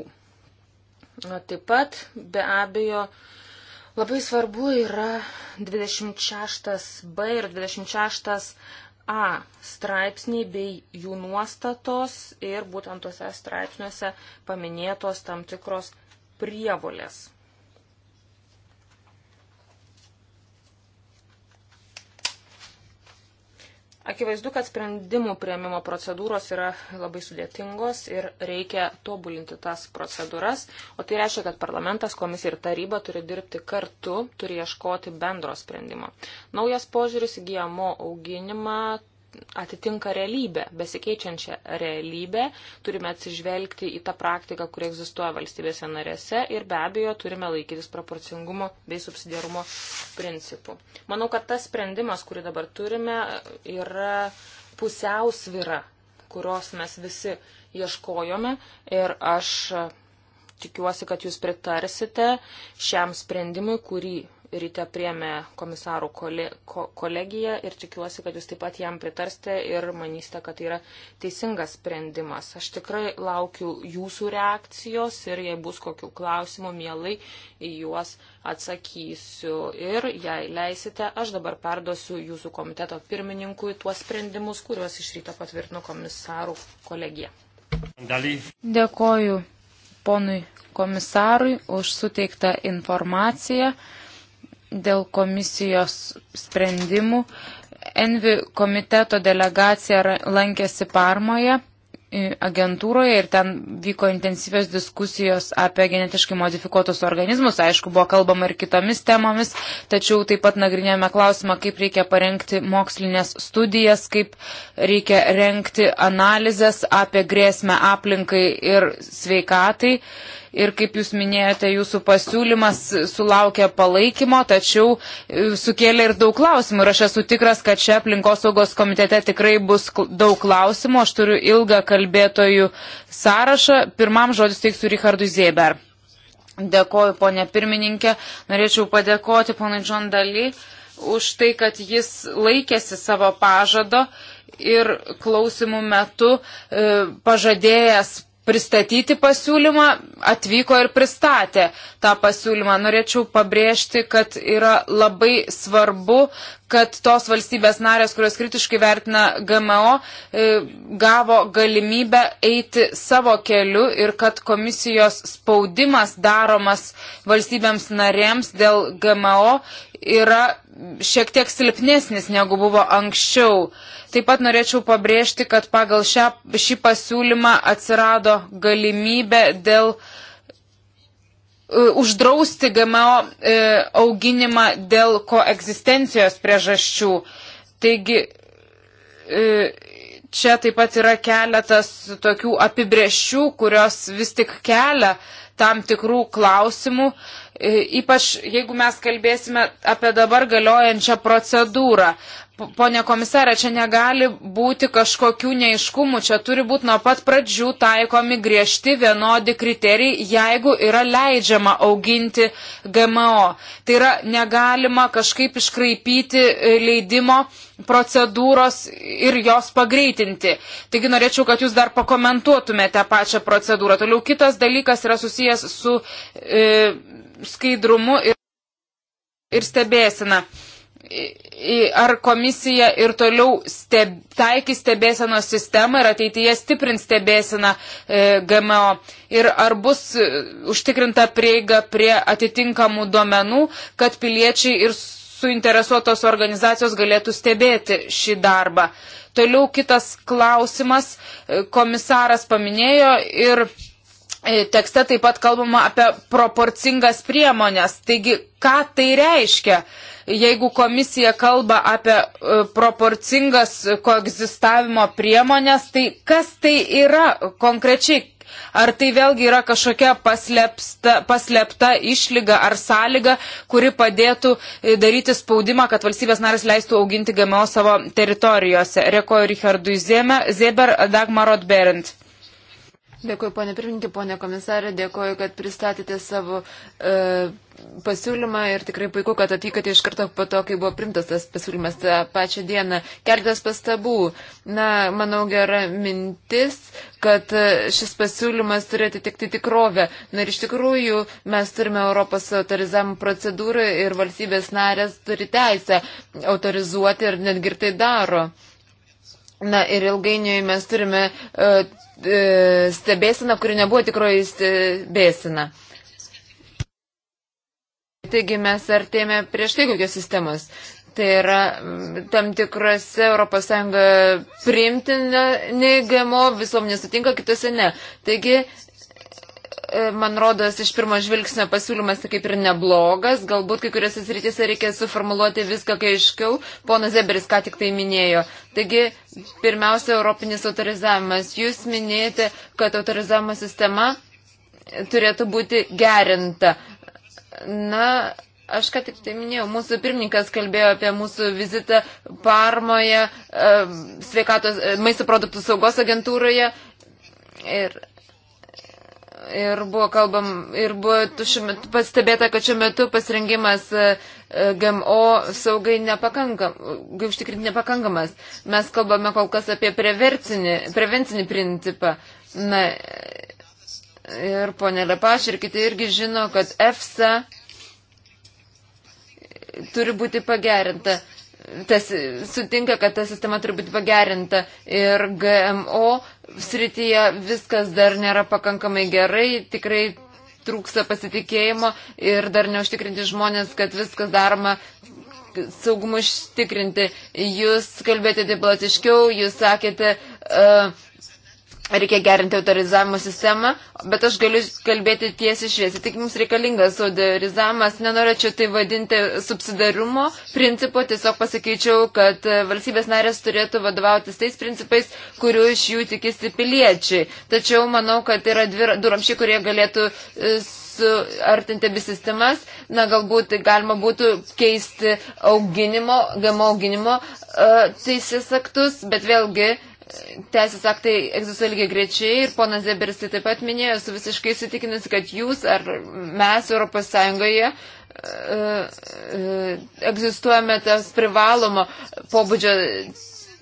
Taip pat be abejo Labai svarbu yra 26b ir 26a straipsniai bei jų nuostatos ir būtent tuose straipsniuose paminėtos tam tikros prievolės. Akivaizdu, kad sprendimų prieimimo procedūros yra labai sudėtingos ir reikia tobulinti tas procedūras, o tai reiškia, kad parlamentas, komisija ir taryba turi dirbti kartu, turi ieškoti bendro sprendimo. Naujas požiūris į GMO auginimą atitinka realybę, besikeičiančią realybę, turime atsižvelgti į tą praktiką, kuri egzistuoja valstybėse narėse ir be abejo turime laikytis proporcingumo bei subsidiarumo principų. Manau, kad tas sprendimas, kurį dabar turime, yra pusiausvyra, kurios mes visi ieškojome ir aš tikiuosi, kad jūs pritarsite šiam sprendimui, kurį ryte priemė komisarų kolegiją ir tikiuosi, kad jūs taip pat jam pritarsite ir manysite, kad tai yra teisingas sprendimas. Aš tikrai laukiu jūsų reakcijos ir jei bus kokių klausimų, mielai į juos atsakysiu. Ir jei leisite, aš dabar perduosiu jūsų komiteto pirmininkui tuos sprendimus, kuriuos iš ryto patvirtino komisarų kolegija. Dėkoju ponui komisarui už suteiktą informaciją dėl komisijos sprendimų. Envi komiteto delegacija lankėsi Parmoje agentūroje ir ten vyko intensyvios diskusijos apie genetiškai modifikuotus organizmus. Aišku, buvo kalbama ir kitomis temomis, tačiau taip pat nagrinėjome klausimą, kaip reikia parengti mokslinės studijas, kaip reikia renkti analizės apie grėsmę aplinkai ir sveikatai ir, kaip jūs minėjote, jūsų pasiūlymas sulaukė palaikymo, tačiau e, sukėlė ir daug klausimų. Ir aš esu tikras, kad čia aplinkosaugos komitete tikrai bus daug klausimų. Aš turiu ilgą kalbėtojų sąrašą. Pirmam žodis teiksiu Richardui Zieber. Dėkoju, ponė pirmininkė. Norėčiau padėkoti ponai John Daly už tai, kad jis laikėsi savo pažado ir klausimų metu e, pažadėjęs pristatyti pasiūlymą, atvyko ir pristatė tą pasiūlymą. Norėčiau pabrėžti, kad yra labai svarbu, kad tos valstybės narės, kurios kritiškai vertina GMO, e, gavo galimybę eiti savo keliu ir kad komisijos spaudimas daromas valstybėms narėms dėl GMO yra šiek tiek silpnesnis negu buvo anksčiau. Taip pat norėčiau pabrėžti, kad pagal šią, šį pasiūlymą atsirado galimybė dėl uh, uždrausti GMO uh, e, auginimą dėl koegzistencijos priežasčių. Taigi uh, čia taip pat yra keletas tokių apibrėžčių, kurios vis tik kelia uh, tam tikrų klausimų, e, ypač jeigu mes kalbėsime apie dabar galiojančią procedūrą. Pone komisarė, čia negali būti kažkokių neiškumų, čia turi būti nuo pat pradžių taikomi griežti vienodi kriterijai, jeigu yra leidžiama auginti GMO. Tai yra negalima kažkaip iškraipyti leidimo procedūros ir jos pagreitinti. Taigi norėčiau, kad jūs dar pakomentuotumėte pačią procedūrą. Toliau kitas dalykas yra susijęs su e, skaidrumu ir, ir stebėsina. E, ar komisija ir toliau steb, taikys stebėsenos sistemą ir ateityje stiprins stebėseną e, GMO ir ar bus e, užtikrinta prieiga prie atitinkamų duomenų, kad piliečiai ir suinteresuotos organizacijos galėtų stebėti šį darbą. Toliau kitas klausimas, e, komisaras paminėjo ir e, tekste taip pat kalbama apie proporcingas priemonės. Taigi, ką tai reiškia? E, jeigu komisija kalba apie e, proporcingas koegzistavimo priemonės, tai kas tai yra konkrečiai? Ar tai vėlgi yra kažkokia paslėpsta, paslėpta išlyga ar sąlyga, kuri padėtų e, daryti spaudimą, kad valstybės narės leistų auginti GMO savo teritorijose? Rekoju Richardui Zėber, Dagmarot Berend. Dėkuoju, ponė pirmininkė, ponė komisarė, dėkuoju, kad pristatėte savo e, pasiūlymą ir tikrai puiku, kad atvykote iš karto po to, kai buvo primtas tas pasiūlymas tą pačią dieną. Keltas pastabų. Na, manau, gera mintis, kad šis pasiūlymas turi atitikti tikrovę. Na ir iš tikrųjų mes turime Europos autorizavimo procedūrą ir valstybės narės turi teisę autorizuoti ir netgi ir tai daro. Na ir ilgainiui mes turime uh, e, e, stebėsiną, kuri nebuvo tikroji stebėsina. Taigi mes artėjame prieš tai kokios sistemos. Tai yra tam tikrose ES priimtina neigiamo, visuomenė sutinka, kitose ne. Taigi E, man rodos, iš pirmo žvilgsnio pasiūlymas tai kaip ir neblogas, galbūt kai kuriuose srityse reikia suformuluoti viską kai aiškiau, ponas Zeberis ką tik tai minėjo. Taigi, pirmiausia, europinis autorizavimas. Jūs minėjote, kad autorizavimo sistema turėtų būti gerinta. Na, aš ką tik tai minėjau, mūsų pirmininkas kalbėjo apie mūsų vizitą Parmoje, e, sveikatos, e, maisto produktų saugos agentūroje. Ir Ir buvo kalbam, ir buvo metu, pastebėta, kad šiuo metu pasirengimas e, e, GMO saugai nepakankam, užtikrinti nepakankamas. Mes kalbame kol kas apie prevencinį, prevencinį principą. Na, ir ponė Lepaš ir kiti irgi žino, kad EFSA turi būti pagerinta tas, sutinka, kad ta sistema turi būti pagerinta ir GMO srityje viskas dar nėra pakankamai gerai, tikrai trūksta pasitikėjimo ir dar neužtikrinti žmonės, kad viskas daroma saugumą ištikrinti. Jūs kalbėjote diplomatiškiau, jūs sakėte, uh, reikia gerinti autorizavimo sistemą, bet aš galiu kalbėti tiesiai šviesiai, tik mums reikalingas autorizavimas, nenorėčiau tai vadinti subsidarumo principu, tiesiog pasakyčiau, kad valstybės narės turėtų vadovautis tais principais, kurių iš jų tikisi piliečiai. Tačiau manau, kad yra du ramšiai, kurie galėtų e, suartinti abi sistemas, na galbūt galima būtų keisti auginimo, gamo auginimo uh, teisės aktus, bet vėlgi teisės aktai egzistuoja lygiai grečiai ir ponas Zebersti taip pat minėjo, esu visiškai įsitikinęs, kad jūs ar mes Europos Sąjungoje e, e, egzistuojame tas privalomo pobūdžio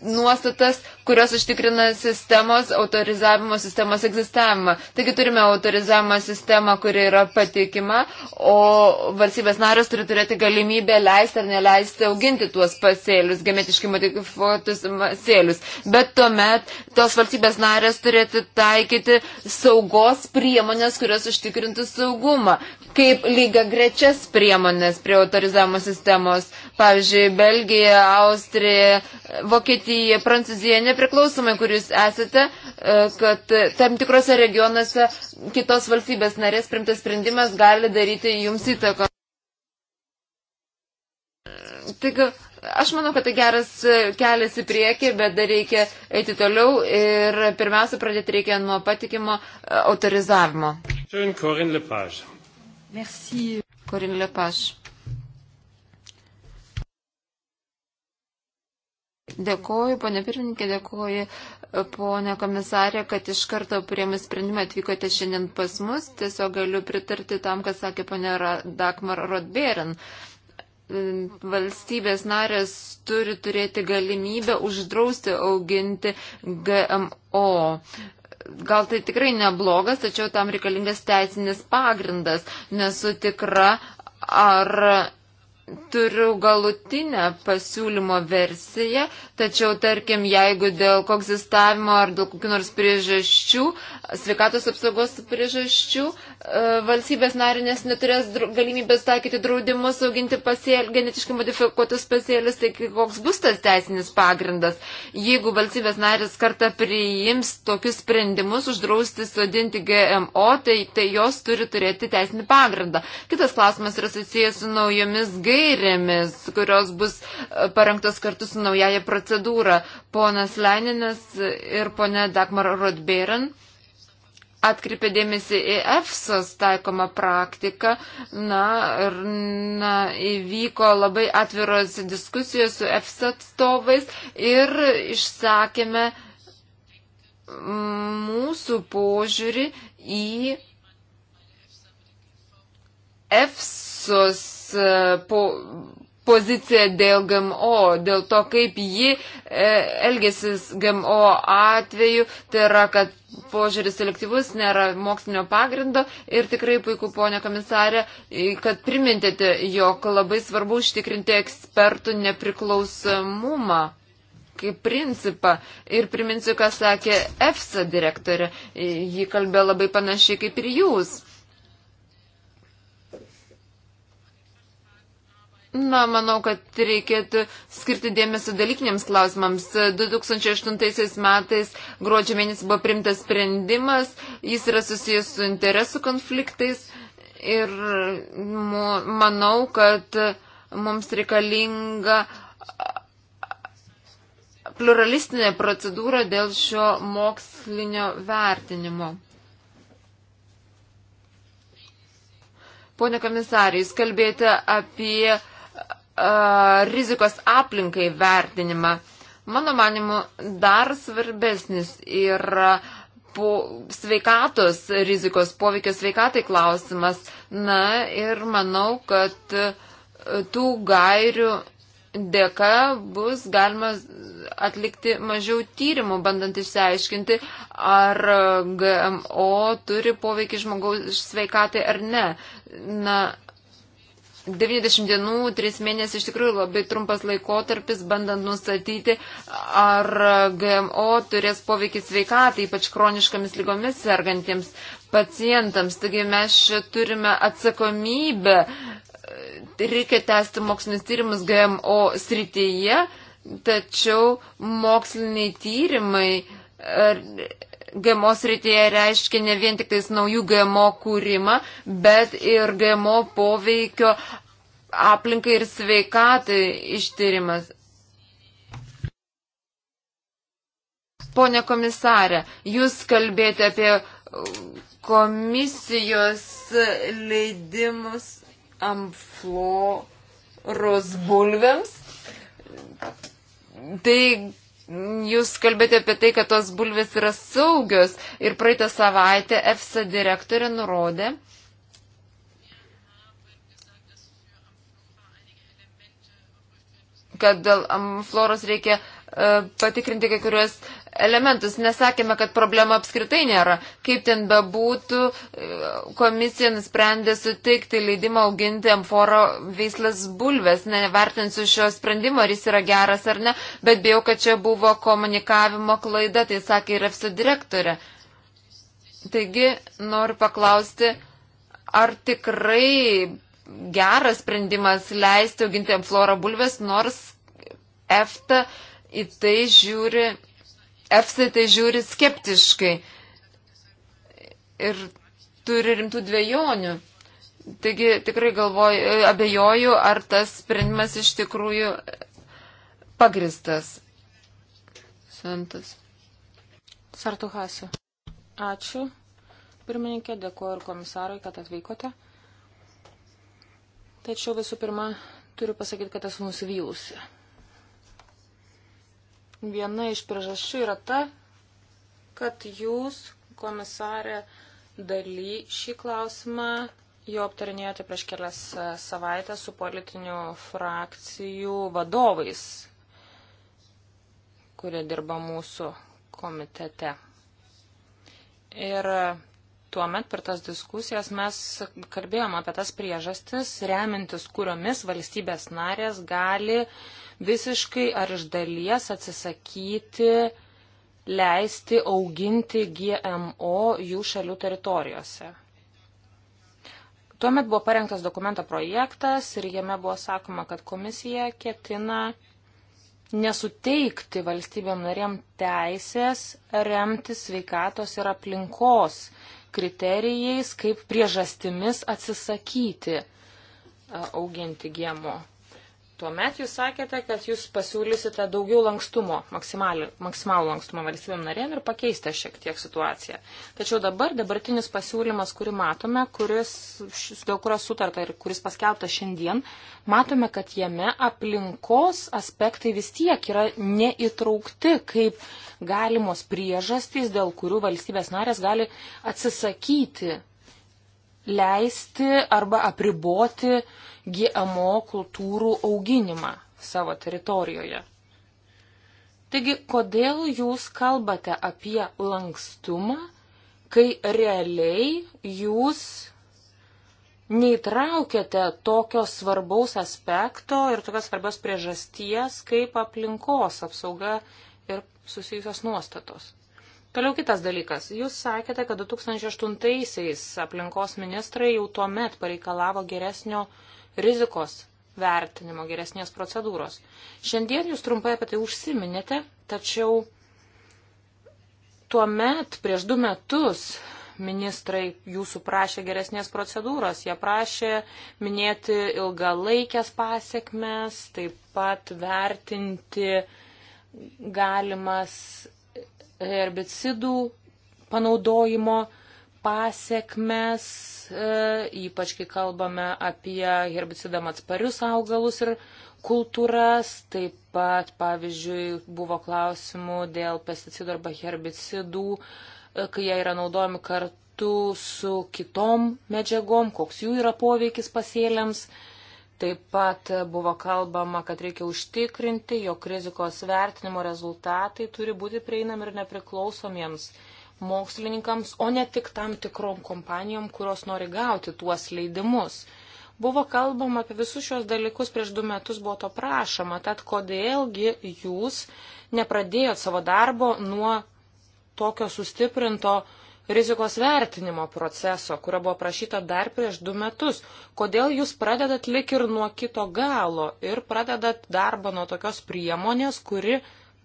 nuostatas, kurios užtikrina sistemos, autorizavimo sistemos egzistavimą. Taigi turime autorizavimo sistemą, kuri yra patikima, o valstybės narės turi turėti galimybę leisti ar neleisti auginti tuos pasėlius, genetiškai modifikuotus pasėlius. Bet tuomet tos valstybės narės turėtų taikyti saugos priemonės, kurios užtikrintų saugumą, kaip lyga grečias priemonės prie autorizavimo sistemos. Pavyzdžiui, Belgija, Austrija, Vokietija, Prancūzija ne nepriklausomai, kur jūs esate, e, kad tam tikrose regionuose kitos valstybės narės primtas sprendimas gali daryti jums įtaką. Taigi, aš manau, kad tai geras kelias į priekį, bet dar reikia eiti toliau ir pirmiausia pradėti reikia nuo patikimo e, autorizavimo. Corinne Lepage. Merci. Corinne Lepage. Dėkoju, ponė pirmininkė, dėkoju, ponė komisarė, kad iš karto priemi sprendimą atvykote šiandien pas mus. Tiesiog galiu pritarti tam, kas sakė ponė Dagmar Rodbėrin. Mm, valstybės narės turi turėti galimybę uždrausti auginti GMO. Gal tai tikrai neblogas, tačiau tam reikalingas teisinis pagrindas. Nesu tikra, ar turiu galutinę pasiūlymo versiją, tačiau tarkim, jeigu dėl koegzistavimo ar dėl kokių nors priežasčių, sveikatos apsaugos priežasčių, e, valstybės narinės neturės galimybės taikyti draudimus auginti pasėlį, genetiškai modifikuotus pasėlius, tai koks bus tas teisinis pagrindas. Jeigu valstybės narės kartą priims tokius sprendimus uždrausti sodinti GMO, tai, tai jos turi turėti teisinį pagrindą. Kitas klausimas yra susijęs su naujomis GMO gairėmis, kurios bus e, parengtos kartu su naujaja procedūra. Ponas Leninas ir ponė Dagmar Rodbėran atkreipė dėmesį į EFSOS taikomą praktiką. Na, ir na, įvyko labai atviros diskusijos su EFSA atstovais ir išsakėme mūsų požiūrį į EFSUS e, po, poziciją dėl GMO, dėl to, kaip ji e, elgėsis GMO atveju, tai yra, kad požiūris selektyvus, nėra mokslinio pagrindo ir tikrai puiku, ponė komisarė, kad primintėte, jog labai svarbu užtikrinti ekspertų nepriklausomumą kaip principą. Ir priminsiu, ką sakė EFSA direktorė, ji kalbė labai panašiai kaip ir jūs. Na, manau, kad reikėtų skirti dėmesio dalykiniams klausimams. 2008 metais gruodžio mėnesį buvo primtas sprendimas, jis yra susijęs su interesų konfliktais ir manau, kad mums reikalinga pluralistinė procedūra dėl šio mokslinio vertinimo. Pone komisarijai, jūs kalbėjote apie rizikos aplinkai vertinimą. Mano manimu, dar svarbesnis yra po sveikatos rizikos, poveikio sveikatai klausimas. Na ir manau, kad e, tų gairių dėka bus galima atlikti mažiau tyrimų, bandant išsiaiškinti, ar GMO turi poveikį žmogaus sveikatai ar ne. Na, 90 dienų, 3 mėnesiai iš tikrųjų labai trumpas laikotarpis, bandant nustatyti, ar GMO turės poveikį sveikatai, ypač kroniškomis lygomis sergantiems pacientams. Taigi mes čia turime atsakomybę, reikia tęsti mokslinis tyrimus GMO srityje, tačiau moksliniai tyrimai GMO srityje reiškia ne vien tik tais naujų GMO kūrimą, bet ir GMO poveikio aplinkai ir sveikatai ištyrimas. Pone komisarė, jūs kalbėjote apie komisijos leidimus amfloros bulvėms. Tai Jūs kalbėte apie tai, kad tos bulvės yra saugios ir praeitą savaitę EFSA direktorė nurodė, kad dėl floros reikia e, patikrinti kai kurios uh, elementus. Nesakėme, kad problema apskritai nėra. Kaip ten bebūtų, komisija nusprendė suteikti leidimą auginti amforo veislas bulves. Nevertinsiu šio sprendimo, ar jis yra geras ar ne, bet bijau, kad čia buvo komunikavimo klaida, tai sakė ir EFSO direktorė. Taigi, noriu paklausti, ar tikrai geras sprendimas leisti auginti amflorą bulves, nors EFTA į tai žiūri EFSA tai žiūri skeptiškai ir turi rimtų dviejonių. Taigi tikrai galvoju, e, abejoju, ar tas sprendimas iš tikrųjų pagristas. Santas. Sartuhasiu. Ačiū. Pirmininkė, dėkuoju ir komisarui, kad atvykote. Tačiau visų pirma, turiu pasakyti, kad esu nusivylusi. Viena iš priežasčių yra ta, kad jūs, komisarė, daly šį klausimą jau aptarinėjote prieš kelias e, savaitės su politinių frakcijų vadovais, kurie dirba mūsų komitete. Ir e, tuomet per tas diskusijas mes kalbėjom apie tas priežastis, remintis kuriomis valstybės narės gali uh, visiškai ar iš dalies atsisakyti leisti auginti GMO jų šalių teritorijose. Tuomet buvo parengtas dokumento projektas ir jame buvo sakoma, kad komisija ketina nesuteikti valstybėm narėm teisės remti sveikatos ir aplinkos kriterijais kaip priežastimis atsisakyti auginti GMO. Tuomet jūs sakėte, kad jūs pasiūlysite daugiau lankstumo, maksimalų lankstumą valstybėm narėm ir pakeistę šiek tiek situaciją. Tačiau dabar dabartinis pasiūlymas, kurį matome, kuris, dėl kurio sutarta ir kuris paskelbta šiandien, matome, kad jame aplinkos aspektai vis tiek yra neįtraukti kaip galimos priežastys, dėl kurių valstybės narės gali atsisakyti leisti arba apriboti GMO kultūrų auginimą savo teritorijoje. Taigi, kodėl jūs kalbate apie lankstumą, kai realiai jūs neįtraukėte tokio svarbaus aspekto ir tokios svarbios priežasties kaip aplinkos apsauga ir susijusios nuostatos? Toliau kitas dalykas. Jūs sakėte, kad 2008-aisiais aplinkos ministrai jau tuo met pareikalavo geresnio rizikos vertinimo, geresnės procedūros. Šiandien jūs trumpai apie tai užsiminėte, tačiau tuo met, prieš du metus, ministrai jūsų prašė geresnės procedūros, jie prašė minėti ilgalaikės pasiekmes, taip pat vertinti galimas herbicidų panaudojimo pasiekmes, e, ypač kai kalbame apie herbicidam atsparius augalus ir kultūras. Taip pat, pavyzdžiui, buvo klausimų dėl pesticidų arba herbicidų, e, kai jie yra naudojami kartu su kitom medžiagom, koks jų yra poveikis pasėliams. Uh, Taip pat buvo kalbama, kad reikia užtikrinti, jog rizikos vertinimo rezultatai turi būti prieinami ir nepriklausomiems mokslininkams, o ne tik tam tikrom kompanijom, kurios nori gauti tuos leidimus. Buvo kalbama apie visus šios dalykus, prieš du metus buvo to prašoma, tad kodėlgi jūs nepradėjot savo darbo nuo tokio sustiprinto uh, rizikos vertinimo proceso, kurio buvo prašyta dar prieš du metus. Kodėl jūs pradedat lik ir nuo kito galo ir pradedat darbą nuo tokios priemonės, kuri,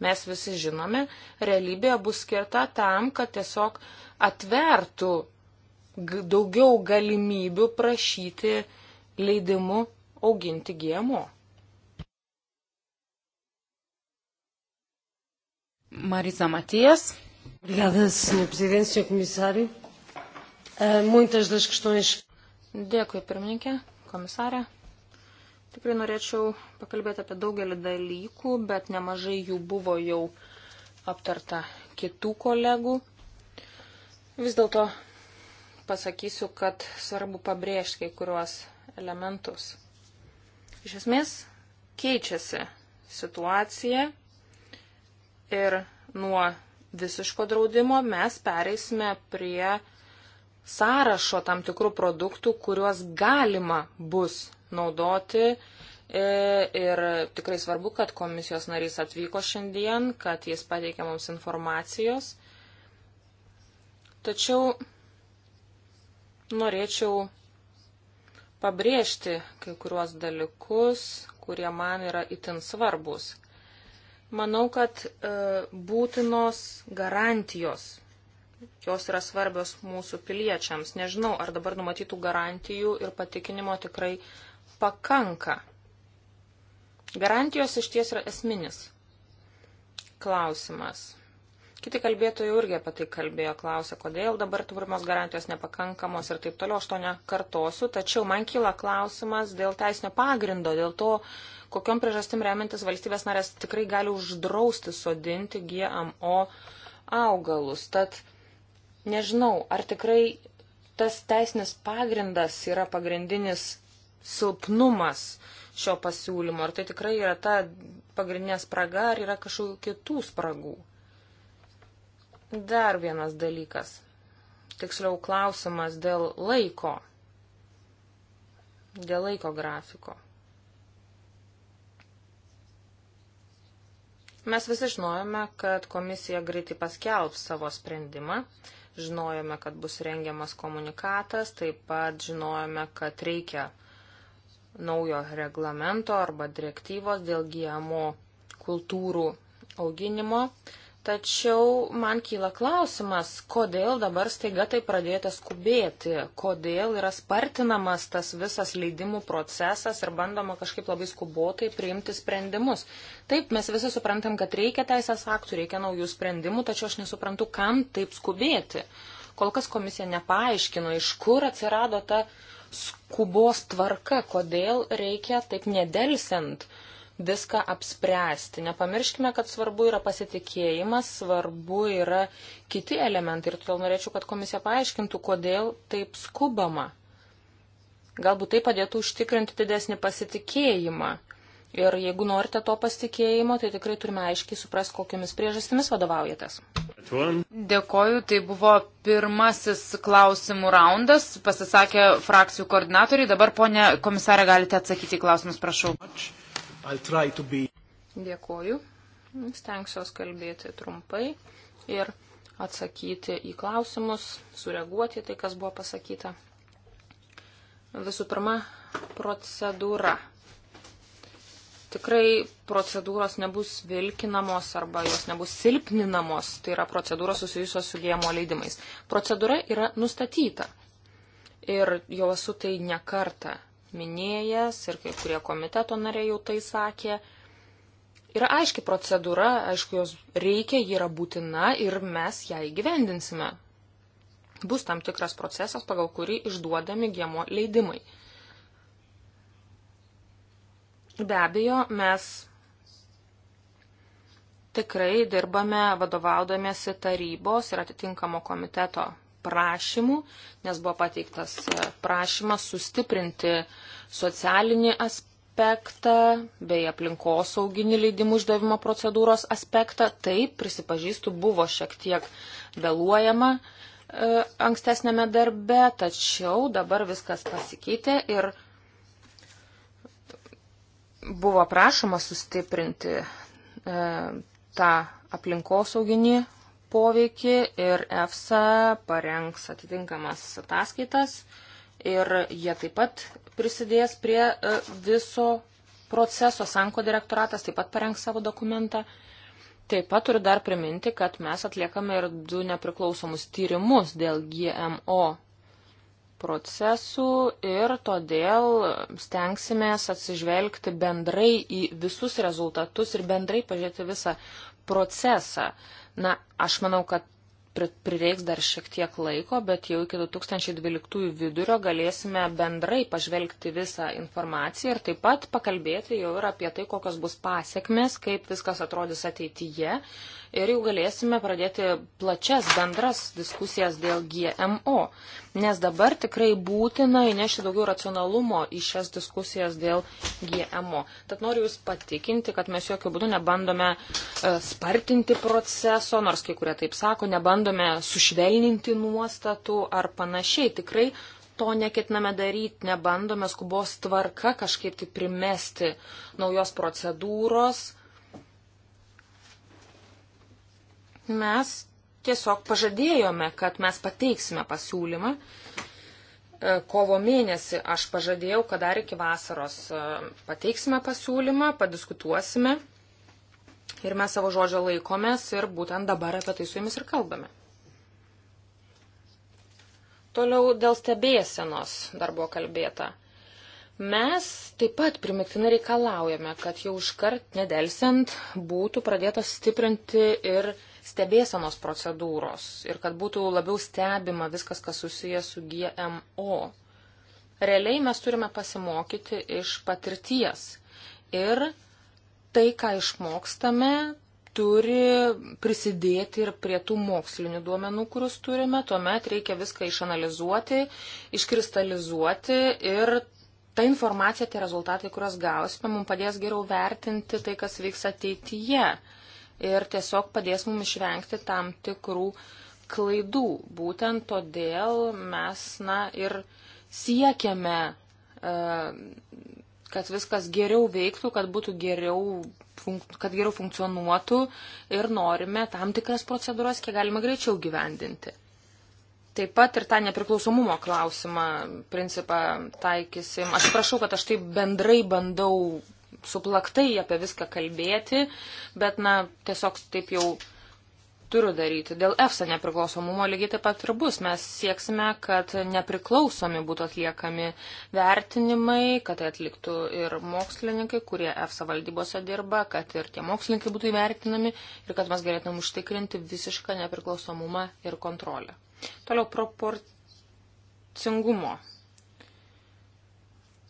mes visi žinome, realybėje bus skirta tam, kad tiesiog atvertų daugiau galimybių prašyti leidimų auginti GMO. Marisa Matijas. Obrigada, Sr. Presidente, Sr. Comissário. Ah, muitas das questões. Dėkui, pirmininkė, komisarė. Tikrai norėčiau pakalbėti apie daugelį dalykų, bet nemažai jų buvo jau aptarta kitų kolegų. Vis dėlto pasakysiu, kad svarbu pabrėžti kai kuriuos elementus. Iš esmės keičiasi situacija ir nuo visiško draudimo mes pereisime prie sąrašo tam tikrų produktų, kuriuos galima bus naudoti. E, ir tikrai svarbu, kad komisijos narys atvyko šiandien, kad jis pateikė mums informacijos. Tačiau norėčiau pabrėžti kai kuriuos dalykus, kurie man yra itin svarbus. Manau, kad e, būtinos garantijos. Jos yra svarbios mūsų piliečiams. Nežinau, ar dabar numatytų garantijų ir patikinimo tikrai pakanka. Garantijos iš ties yra esminis klausimas. Kiti kalbėtojai irgi apie tai kalbėjo, klausė, kodėl dabar turimos garantijos nepakankamos ir taip toliau, aš to nekartosiu, tačiau man kyla klausimas dėl teisinio pagrindo, dėl to, kokiam priežastim remiantis valstybės narės tikrai gali uždrausti sodinti GMO augalus. Tad nežinau, ar tikrai tas teisinis pagrindas yra pagrindinis silpnumas šio pasiūlymo, ar tai tikrai yra ta pagrindinė spraga, ar yra kažkokių kitų spragų. Dar vienas dalykas, tiksliau klausimas dėl laiko, dėl laiko grafiko. Mes visi žinojome, kad komisija greitai paskelbs savo sprendimą, žinojome, kad bus rengiamas komunikatas, taip pat žinojome, kad reikia naujo reglamento arba direktyvos dėl GMO kultūrų auginimo. Tačiau man kyla klausimas, kodėl dabar staiga tai pradėjote skubėti, kodėl yra spartinamas tas visas leidimų procesas ir bandoma kažkaip labai skubotai priimti sprendimus. Taip, mes visi suprantam, kad reikia teisės aktų, reikia naujų sprendimų, tačiau aš nesuprantu, kam taip skubėti. Kol kas komisija nepaaiškino, iš kur atsirado ta skubos tvarka, kodėl reikia taip nedelsiant uh, viską apspręsti. Nepamirškime, kad svarbu yra pasitikėjimas, svarbu yra kiti elementai ir todėl norėčiau, kad komisija paaiškintų, kodėl taip skubama. Galbūt tai padėtų užtikrinti didesnį pasitikėjimą. Ir jeigu norite to pasitikėjimo, tai tikrai turime aiškiai suprasti, kokiamis priežastimis vadovaujatės. Dėkoju, tai buvo pirmasis klausimų raundas, pasisakė frakcijų koordinatoriai, dabar ponė komisarė galite atsakyti į klausimus, prašau. Ačiū. Be... Dėkoju. Stengsiuos kalbėti trumpai ir atsakyti į klausimus, sureaguoti tai, kas buvo pasakyta. Visų pirma, procedūra. Tikrai procedūros nebus vilkinamos arba jos nebus silpninamos, tai yra procedūros susijusios su gėjimo leidimais. Procedūra yra nustatyta. Ir jau esu tai nekarta minėjęs ir kai kurie komiteto nariai jau tai sakė. Yra aiški procedūra, aišku, jos reikia, ji yra būtina ir mes ją įgyvendinsime. Bus tam tikras procesas, pagal kurį išduodami gemo leidimai. Be abejo, mes tikrai dirbame vadovaudamėsi tarybos ir atitinkamo komiteto prašymų, nes buvo pateiktas e, prašymas sustiprinti socialinį aspektą bei aplinkosauginį leidimų išdavimo procedūros aspektą. Taip, prisipažįstu, buvo šiek tiek vėluojama e, ankstesnėme darbe, tačiau dabar viskas pasikeitė ir buvo prašoma sustiprinti e, tą aplinkosauginį poveikį ir EFSA parengs atitinkamas ataskaitas ir jie taip pat prisidės prie e, viso proceso. Sanko direktoratas taip pat parengs savo dokumentą. Taip pat turiu dar priminti, kad mes atliekame ir du nepriklausomus tyrimus dėl GMO procesų ir todėl stengsimės atsižvelgti bendrai į visus rezultatus ir bendrai pažiūrėti visą procesą. Na, aš manau, kad prireiks dar šiek tiek laiko, bet jau iki 2012 vidurio galėsime bendrai pažvelgti visą informaciją ir taip pat pakalbėti jau ir apie tai, kokios bus pasiekmes, kaip viskas atrodys ateityje ir jau galėsime pradėti plačias bendras diskusijas dėl GMO, nes dabar tikrai būtina įnešti daugiau racionalumo į šias diskusijas dėl GMO. Tad noriu Jūs patikinti, kad mes jokių būdų nebandome e, spartinti proceso, nors kai kurie taip sako, nebandome bandome sušvelninti nuostatų ar panašiai. Tikrai to neketiname daryti, nebandome skubos tvarka kažkaip tai primesti naujos procedūros. Mes tiesiog pažadėjome, kad mes pateiksime pasiūlymą. E, kovo mėnesį aš pažadėjau, kad dar iki vasaros e, pateiksime pasiūlymą, padiskutuosime Ir mes savo žodžio laikomės ir būtent dabar apie tai su jumis ir kalbame. Toliau dėl stebėsenos dar buvo kalbėta. Mes taip pat primiktinai reikalaujame, kad jau iškart nedelsiant būtų pradėtos stiprinti ir stebėsenos procedūros ir kad būtų labiau stebima viskas, kas susijęs su GMO. Realiai mes turime pasimokyti iš patirties ir tai, ką išmokstame, turi prisidėti ir prie tų mokslinių duomenų, kuriuos turime. Tuomet reikia viską išanalizuoti, iškristalizuoti ir ta informacija, tie rezultatai, kuriuos gausime, mums padės geriau vertinti tai, kas vyks ateityje. Ir tiesiog padės mums išvengti tam tikrų klaidų. Būtent todėl mes, na, ir siekiame. Uh, e, kad viskas geriau veiktų, kad būtų geriau, kad geriau funkcionuotų ir norime tam tikras procedūras kiek galima greičiau gyvendinti. Taip pat ir tą nepriklausomumo klausimą principą taikysim. Aš prašau, kad aš taip bendrai bandau suplaktai apie viską kalbėti, bet, na, tiesiog taip jau turiu daryti. Dėl EFSA nepriklausomumo lygiai taip pat ir bus. Mes sieksime, kad nepriklausomi būtų atliekami vertinimai, kad tai atliktų ir mokslininkai, kurie EFSA valdybose dirba, kad ir tie mokslininkai būtų įvertinami ir kad mes galėtumėm užtikrinti visišką nepriklausomumą ir kontrolę. Toliau proporcingumo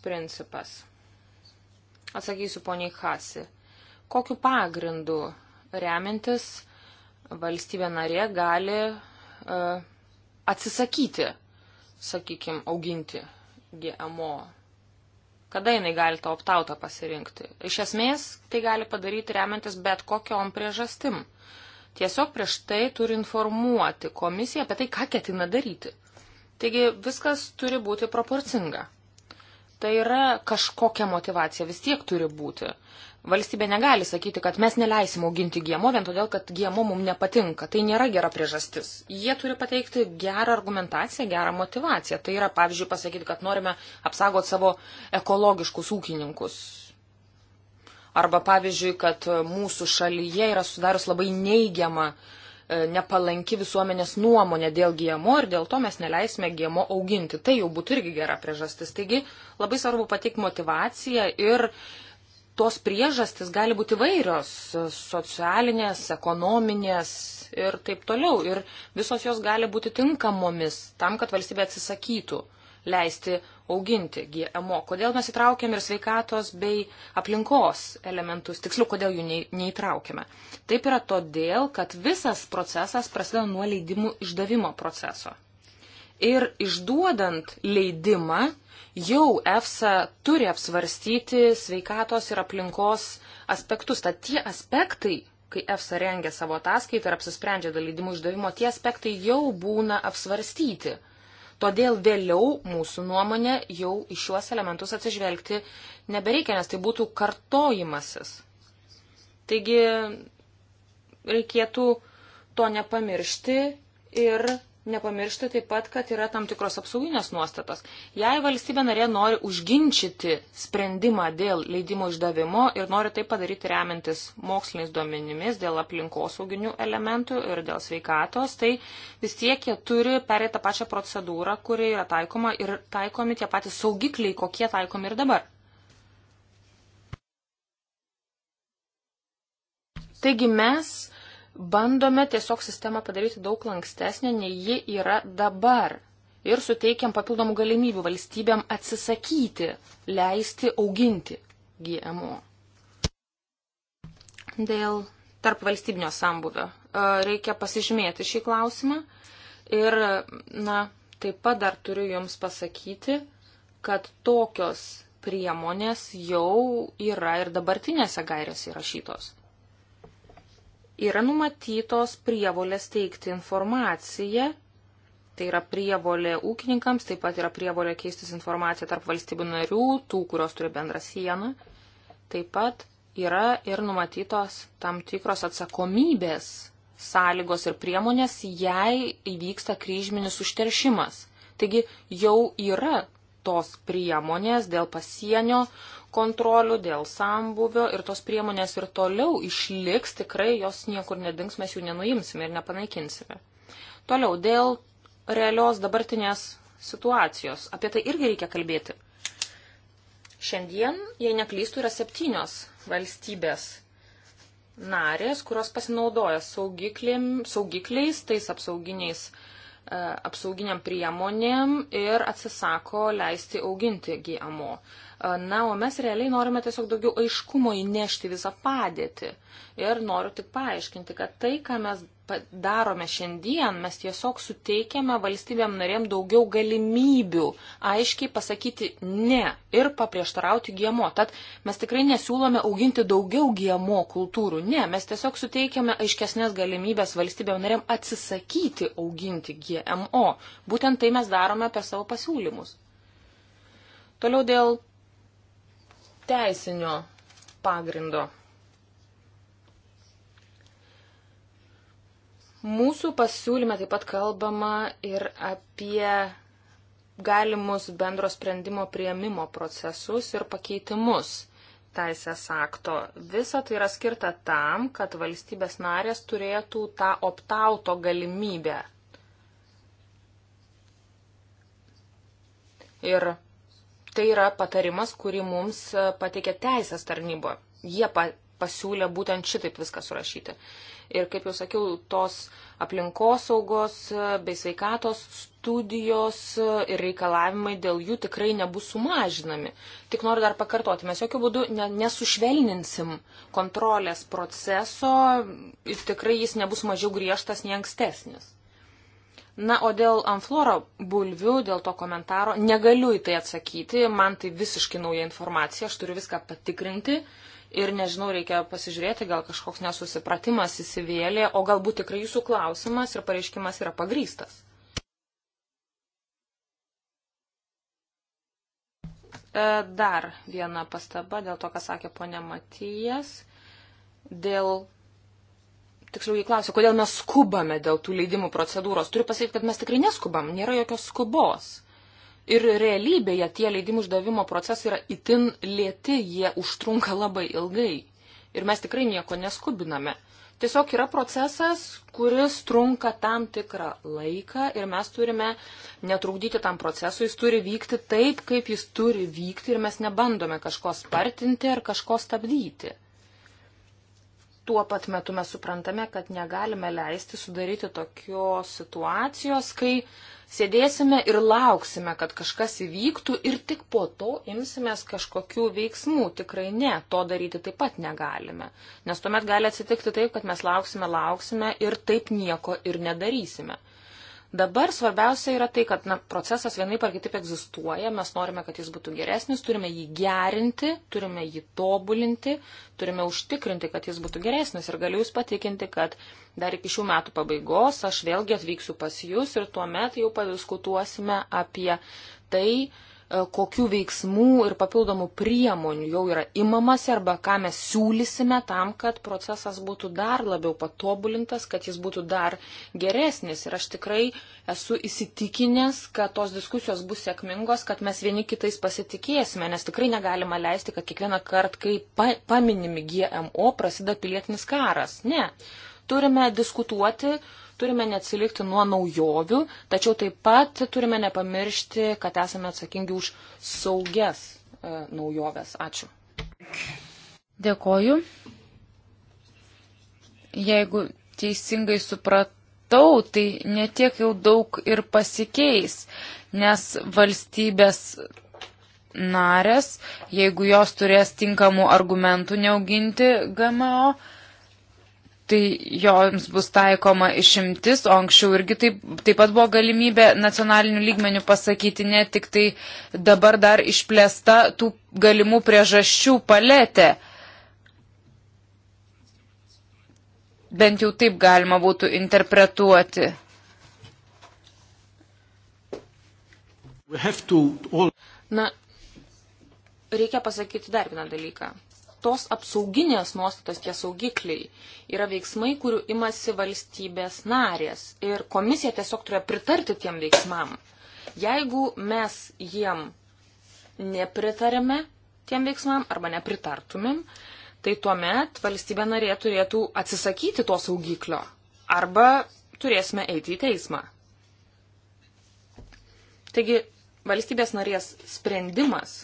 principas. Atsakysiu poniai Hasi. Kokiu pagrindu remintis valstybė narė gali uh, atsisakyti, sakykime, auginti GMO. Kada jinai gali tą optautą pasirinkti? Iš esmės, tai gali padaryti remiantis bet kokiom priežastim. Tiesiog prieš tai turi informuoti komisiją apie tai, ką ketina daryti. Taigi viskas turi būti proporcinga. Tai yra kažkokia motivacija, vis tiek turi būti. Valstybė negali sakyti, kad mes neleisim auginti GMO vien todėl, kad GMO mums nepatinka. Tai nėra gera priežastis. Jie turi pateikti gerą argumentaciją, gerą motivaciją. Tai yra, pavyzdžiui, pasakyti, kad norime apsaugoti savo ekologiškus ūkininkus. Arba, pavyzdžiui, kad mūsų šalyje yra sudarius labai neigiama e, nepalanki visuomenės nuomonė dėl GMO ir dėl to mes neleisime GMO auginti. Tai jau būtų irgi gera priežastis. Taigi labai svarbu pateikti motivaciją ir uh, tos priežastis gali būti vairios - socialinės, ekonominės ir taip toliau. Ir visos jos gali būti tinkamomis tam, kad valstybė atsisakytų leisti auginti GMO. Kodėl mes įtraukėm ir sveikatos bei aplinkos elementus, tiksliau, kodėl jų neįtraukėme. Taip yra todėl, kad visas procesas prasideda nuo leidimų išdavimo proceso. Ir išduodant leidimą, jau EFSA turi apsvarstyti sveikatos ir aplinkos aspektus. Tad tie aspektai, kai EFSA rengia savo ataskaitą ir apsisprendžia dėl leidimų išdavimo, tie aspektai jau būna apsvarstyti. Todėl vėliau mūsų nuomonė jau į šiuos elementus atsižvelgti nebereikia, nes tai būtų kartojimasis. Taigi reikėtų to nepamiršti ir nepamiršti taip pat, kad yra tam tikros apsauginės nuostatos. Jei valstybė narė nori užginčyti sprendimą dėl leidimo išdavimo ir nori tai padaryti remintis moksliniais duomenimis dėl aplinkosauginių elementų ir dėl sveikatos, tai vis tiek jie turi perėti tą pačią procedūrą, kuri yra taikoma ir taikomi tie patys saugikliai, kokie taikomi ir dabar. Taigi mes bandome tiesiog sistemą padaryti daug lankstesnė, nei ji yra dabar. Ir suteikiam papildomų galimybių valstybėm atsisakyti, leisti auginti GMO. Dėl tarp valstybinio sambuvio e, reikia pasižymėti šį klausimą. Ir, na, taip pat dar turiu Jums pasakyti, kad tokios priemonės jau yra ir dabartinėse gairėse įrašytos yra numatytos prievolės teikti informaciją, tai yra prievolė ūkininkams, taip pat yra prievolė keistis informaciją tarp valstybių narių, tų, kurios turi bendrą sieną, taip pat yra ir numatytos tam tikros atsakomybės sąlygos ir priemonės, jei įvyksta kryžminis užteršimas. Taigi jau yra tos priemonės dėl pasienio kontrolių, dėl sambuvio ir tos priemonės ir toliau išliks, tikrai jos niekur nedings, mes jų nenuimsime ir nepanaikinsime. Toliau, dėl realios dabartinės situacijos, apie tai irgi reikia kalbėti. Šiandien, jei neklystų, yra septynios valstybės narės, kurios pasinaudoja saugikliais, tais apsauginiais e, apsauginiam priemonėm ir atsisako leisti auginti GMO. Na, o mes realiai norime tiesiog daugiau aiškumo įnešti visą padėtį. Ir noriu tik paaiškinti, kad tai, ką mes darome šiandien, mes tiesiog suteikėme valstybėm narėm daugiau galimybių aiškiai pasakyti ne ir paprieštarauti GMO. Tad mes tikrai nesiūlome auginti daugiau GMO kultūrų. Ne, mes tiesiog suteikėme aiškesnės galimybės valstybėm narėm atsisakyti auginti GMO. Būtent tai mes darome per savo pasiūlymus. Toliau dėl teisinio pagrindo. Mūsų pasiūlyme taip pat kalbama ir apie galimus bendro sprendimo prieimimo procesus ir pakeitimus teisės akto. Visa tai yra skirta tam, kad valstybės narės turėtų tą optauto galimybę. Ir tai yra patarimas, kurį mums e, pateikė teisės tarnybo. Jie pa, pasiūlė būtent šitaip viską surašyti. Ir kaip jau sakiau, tos aplinkosaugos e, bei sveikatos studijos e, ir reikalavimai dėl jų tikrai nebus sumažinami. Tik noriu dar pakartoti, mes jokių būdų nesušvelninsim kontrolės proceso ir tikrai jis nebus mažiau griežtas nei ankstesnis. Na, o dėl amfloro bulvių, dėl to komentaro, negaliu į tai atsakyti, man tai visiškai nauja informacija, aš turiu viską patikrinti ir nežinau, reikia pasižiūrėti, gal kažkoks nesusipratimas įsivėlė, o galbūt tikrai jūsų klausimas ir pareiškimas yra pagrystas. E, dar viena pastaba dėl to, ką sakė ponė Matijas, dėl tiksliau jį klausiu, kodėl mes skubame dėl tų leidimų procedūros. Turiu pasakyti, kad mes tikrai neskubam, nėra jokios skubos. Ir realybėje tie leidimų išdavimo procesai yra itin lėti, jie užtrunka labai ilgai. Ir mes tikrai nieko neskubiname. Tiesiog yra procesas, kuris trunka tam tikrą laiką ir mes turime netrukdyti tam procesui, jis turi vykti taip, kaip jis turi vykti ir mes nebandome kažko spartinti ar kažko stabdyti tuo pat metu mes suprantame, kad negalime leisti sudaryti tokios situacijos, kai sėdėsime ir lauksime, kad kažkas įvyktų ir tik po to imsimės kažkokių veiksmų. Tikrai ne, to daryti taip pat negalime. Nes tuomet gali atsitikti taip, kad mes lauksime, lauksime ir taip nieko ir nedarysime. Dabar svarbiausia yra tai, kad na, procesas vienaip ar kitaip egzistuoja, mes norime, kad jis būtų geresnis, turime jį gerinti, turime jį tobulinti, turime užtikrinti, kad jis būtų geresnis ir galiu Jūs patikinti, kad dar iki šių metų pabaigos aš vėlgi atvyksiu pas Jūs ir tuomet jau padiskutuosime apie tai, E, kokių veiksmų ir papildomų priemonių jau yra imamas arba ką mes siūlysime tam, kad procesas būtų dar labiau patobulintas, kad jis būtų dar geresnis. Ir aš tikrai esu įsitikinęs, kad tos diskusijos bus sėkmingos, kad mes vieni kitais pasitikėsime, nes tikrai negalima leisti, kad kiekvieną kartą, kai pa paminimi GMO, prasideda pilietinis karas. Ne. Turime diskutuoti Turime neatsilikti nuo naujovių, tačiau taip pat turime nepamiršti, kad esame atsakingi už saugias e, naujoves. Ačiū. Dėkoju. Jeigu teisingai supratau, tai netiek jau daug ir pasikeis, nes valstybės narės, jeigu jos turės tinkamų argumentų neauginti GMO, tai joms bus taikoma išimtis, o anksčiau irgi taip, taip pat buvo galimybė nacionalinių lygmenių pasakyti, ne tik tai dabar dar išplėsta tų galimų priežasčių paletė. Bent jau taip galima būtų interpretuoti. Na, reikia pasakyti dar vieną dalyką tos apsauginės nuostatos, tie saugikliai, yra veiksmai, kurių imasi valstybės narės. Ir komisija tiesiog turėjo pritarti tiem veiksmam. Jeigu mes jiem nepritarėme tiem veiksmam arba nepritartumėm, tai tuomet valstybė narė turėtų atsisakyti to saugiklio arba turėsime eiti į teismą. Taigi valstybės narės sprendimas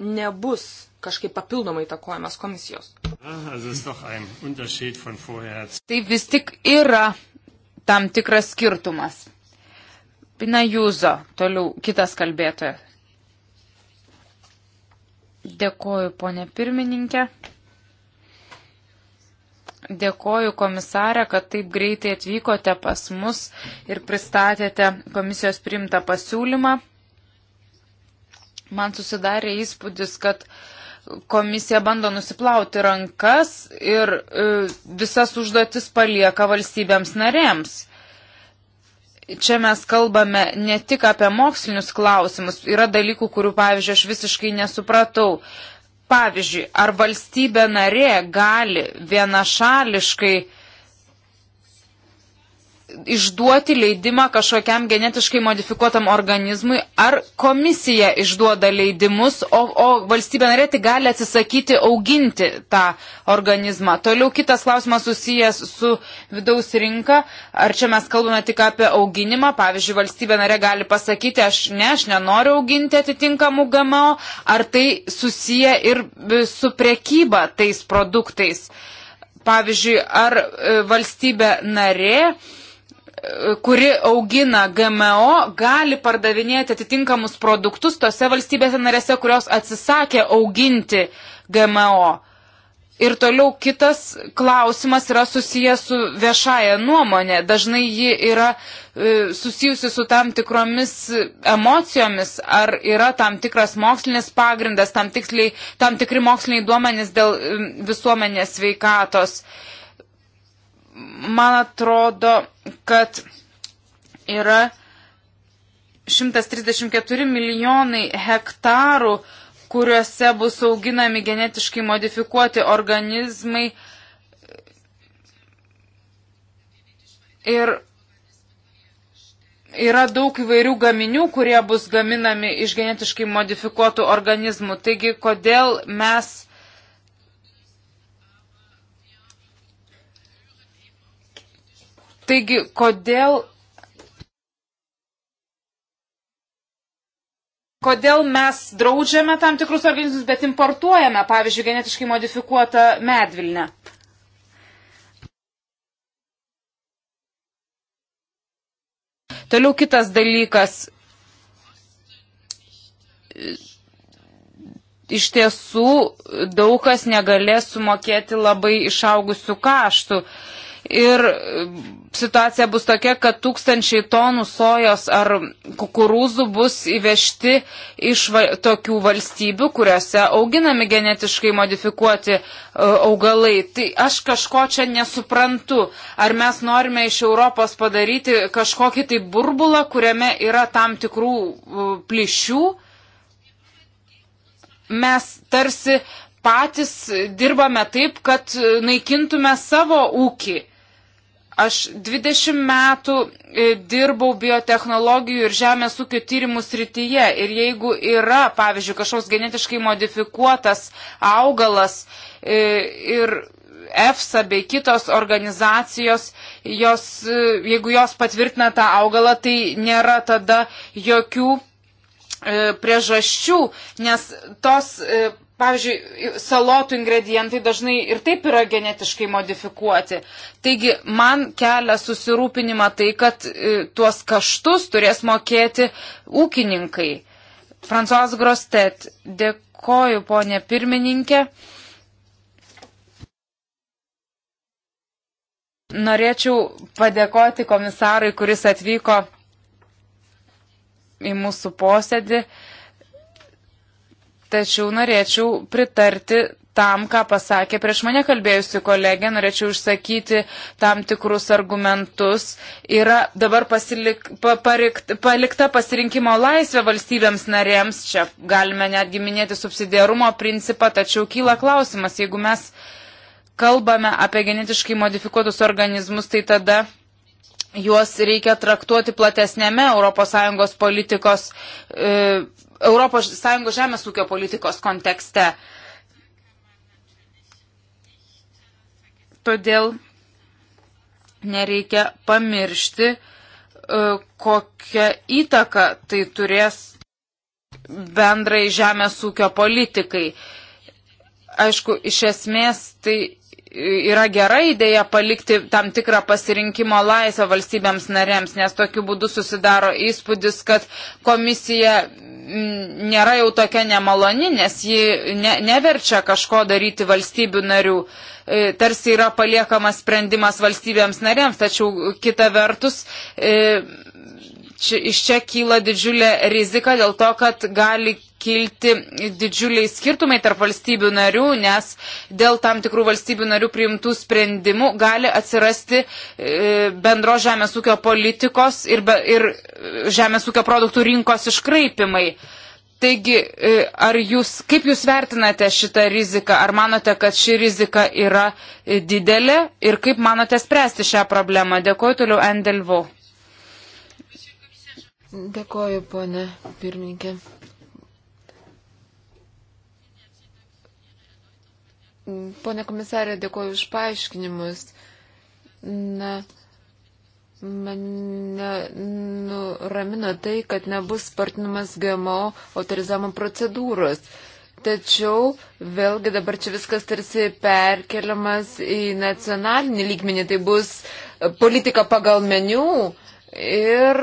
nebus kažkaip papildomai takojamas komisijos. Tai vis tik yra tam tikras skirtumas. Pina Jūzo, toliau kitas kalbėtojas. Dėkoju, ponė pirmininkė. Dėkoju komisarė, kad taip greitai atvykote pas mus ir pristatėte komisijos primtą pasiūlymą. Man susidarė įspūdis, kad uh, komisija bando nusiplauti rankas ir e, visas užduotis palieka valstybėms narėms. Čia mes kalbame ne tik apie mokslinius klausimus, yra dalykų, kurių, pavyzdžiui, aš visiškai nesupratau. Pavyzdžiui, ar valstybė narė gali vienašališkai uh, išduoti leidimą kažkokiam genetiškai modifikuotam organizmui, ar komisija išduoda leidimus, o, o valstybė narė tik gali atsisakyti auginti tą organizmą. Toliau kitas klausimas susijęs su vidaus rinka, ar čia mes kalbame tik apie auginimą, pavyzdžiui, valstybė narė gali pasakyti, aš ne, aš nenoriu auginti atitinkamų GMO, ar tai susiję ir su prekyba tais produktais. Pavyzdžiui, ar e, valstybė narė kuri augina GMO, gali pardavinėti atitinkamus produktus tose valstybėse narėse, kurios atsisakė auginti GMO. Ir toliau kitas klausimas yra susijęs su viešaja nuomonė. Dažnai ji yra e, susijusi su tam tikromis emocijomis, ar yra tam tikras mokslinis pagrindas, tam, tiksliai, tam tikri moksliniai duomenys dėl e, visuomenės veikatos. E, man atrodo, kad yra 134 milijonai hektarų, kuriuose bus auginami genetiškai modifikuoti organizmai. Ir yra daug įvairių gaminių, kurie bus gaminami iš genetiškai modifikuotų organizmų. Taigi, kodėl mes Taigi, kodėl kodėl mes draudžiame tam tikrus organizmus, bet importuojame, pavyzdžiui, genetiškai modifikuotą medvilnę. Toliau kitas dalykas. Iš tiesų, daugas negalės sumokėti labai išaugusių kaštų. Uh, ir situacija bus tokia, kad tūkstančiai tonų sojos ar kukurūzų bus įvežti iš va, tokių valstybių, kuriuose auginami genetiškai modifikuoti uh, augalai. Tai aš kažko čia nesuprantu. Ar mes norime iš Europos padaryti kažkokį tai burbulą, kuriame yra tam tikrų uh, plyšių? Mes tarsi patys dirbame taip, kad naikintume savo ūkį. Aš 20 metų e, dirbau biotehnologijų ir žemės ūkio tyrimų srityje ir jeigu yra, pavyzdžiui, kažkoks genetiškai modifikuotas augalas e, ir EFSA bei kitos organizacijos, jos, e, jeigu jos patvirtina tą augalą, tai nėra tada jokių priežasčių, nes tos Pavyzdžiui, salotų ingredientai dažnai ir taip yra genetiškai modifikuoti. Taigi, man kelia susirūpinimą tai, kad e, tuos kaštus turės mokėti ūkininkai. Fransuas Grostet, dėkoju, ponė pirmininkė. Norėčiau padėkoti komisarui, kuris atvyko į mūsų posėdį. Uh, tačiau norėčiau pritarti tam, ką pasakė prieš mane kalbėjusi kolegė, norėčiau išsakyti tam tikrus argumentus. Yra dabar pasilik, pa, parikt, palikta pasirinkimo laisvė valstybėms narėms, čia galime netgi minėti subsidiarumo principą, tačiau kyla klausimas, jeigu mes kalbame apie genetiškai modifikuotus organizmus, tai tada juos reikia traktuoti platesnėme ES politikos. E, Europos Sąjungos žemės ūkio politikos kontekste. Todėl nereikia pamiršti, e, kokią įtaką tai turės bendrai žemės ūkio politikai. Aišku, iš esmės tai yra gera idėja palikti tam tikrą pasirinkimo laisvę valstybėms narėms, nes tokiu būdu susidaro įspūdis, kad komisija nėra jau tokia nemaloni, nes ji ne, neverčia kažko daryti valstybių narių. E, tarsi yra paliekamas sprendimas valstybėms narėms, tačiau kita vertus e, čia, iš čia kyla didžiulė rizika dėl to, kad gali kilti didžiuliai skirtumai tarp valstybių narių, nes dėl tam tikrų valstybių narių priimtų sprendimų gali atsirasti e, bendro žemės ūkio politikos ir, be, ir e, žemės ūkio produktų rinkos iškraipimai. Taigi, e, ar jūs, kaip jūs vertinate šitą riziką? Ar manote, kad ši rizika yra didelė ir kaip manote spręsti šią problemą? Dėkuoju toliau Endelvo. Dėkuoju, ponė pirmininkė. Pone komisarė, dėkoju už paaiškinimus. Na, mane nuramina tai, kad nebus spartinamas GMO autorizavimo procedūros. Tačiau vėlgi dabar čia viskas tarsi perkeliamas į nacionalinį lygmenį. Tai bus politika pagal meniu ir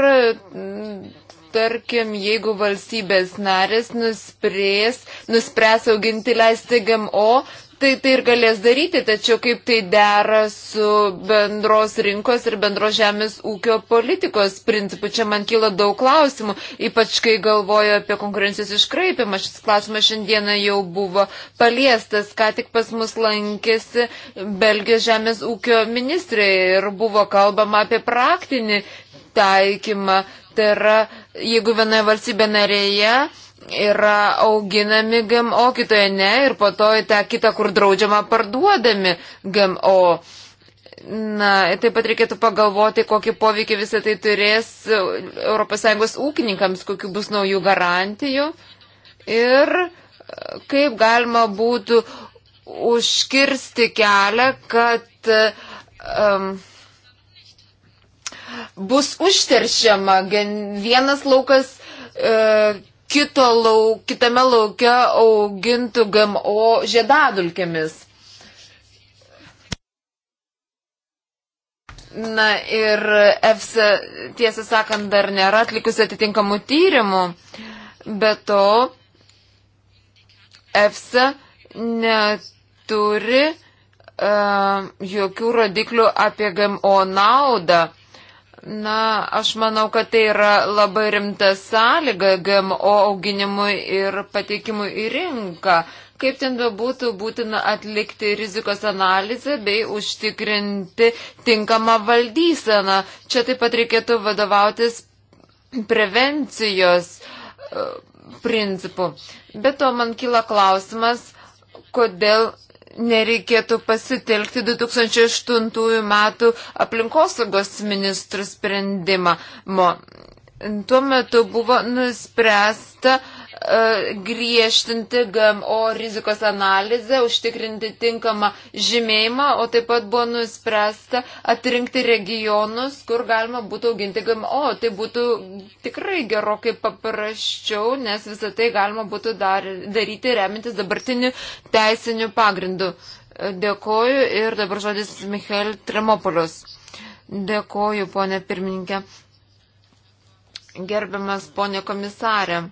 tarkim, jeigu valstybės narės nuspręs, nuspręs auginti leisti GMO, tai, tai ir galės daryti, tačiau kaip tai dera su bendros rinkos ir bendros žemės ūkio politikos principu. Čia man kyla daug klausimų, ypač kai galvoju apie konkurencijos iškraipimą. Šis klausimas šiandieną jau buvo paliestas, ką tik pas mus lankėsi Belgijos žemės ūkio ministrai ir buvo kalbama apie praktinį taikymą. Tai yra, jeigu vienoje valstybė narėje yra auginami GMO, kitoje ne ir po to į tą kitą, kur draudžiama parduodami GMO. Na, taip pat reikėtų pagalvoti, kokį poveikį visą tai turės ES ūkininkams, kokiu bus naujų garantijų ir kaip galima būtų užkirsti kelią, kad um, bus užteršiama vienas laukas, uh, kito lauk, kitame laukia augintų GMO žiedadulkėmis. Na ir EFSA, tiesą sakant, dar nėra atlikusi atitinkamų tyrimų, bet to EFSA neturi uh, jokių rodiklių apie GMO naudą. Na, aš manau, kad tai yra labai rimta sąlyga GMO auginimui ir pateikimui į rinką. Kaip ten bebūtų, būtina atlikti rizikos analizę bei užtikrinti tinkamą valdyseną. Čia taip pat reikėtų vadovautis prevencijos e, principu. Bet to man kyla klausimas, kodėl nereikėtų pasitelkti 2008 metų aplinkosaugos ministrų sprendimą. Tuo metu buvo nuspręsta griežtinti GMO rizikos analizę, užtikrinti tinkamą žymėjimą, o taip pat buvo nuspręsta atrinkti regionus, kur galima būtų auginti GMO. Tai būtų tikrai gerokai paprasčiau, nes visą tai galima būtų dar, daryti remintis dabartiniu teisiniu pagrindu. Dėkoju ir dabar žodis Michael Tremopolis. Dėkoju, ponė pirmininkė. Gerbiamas ponė komisarė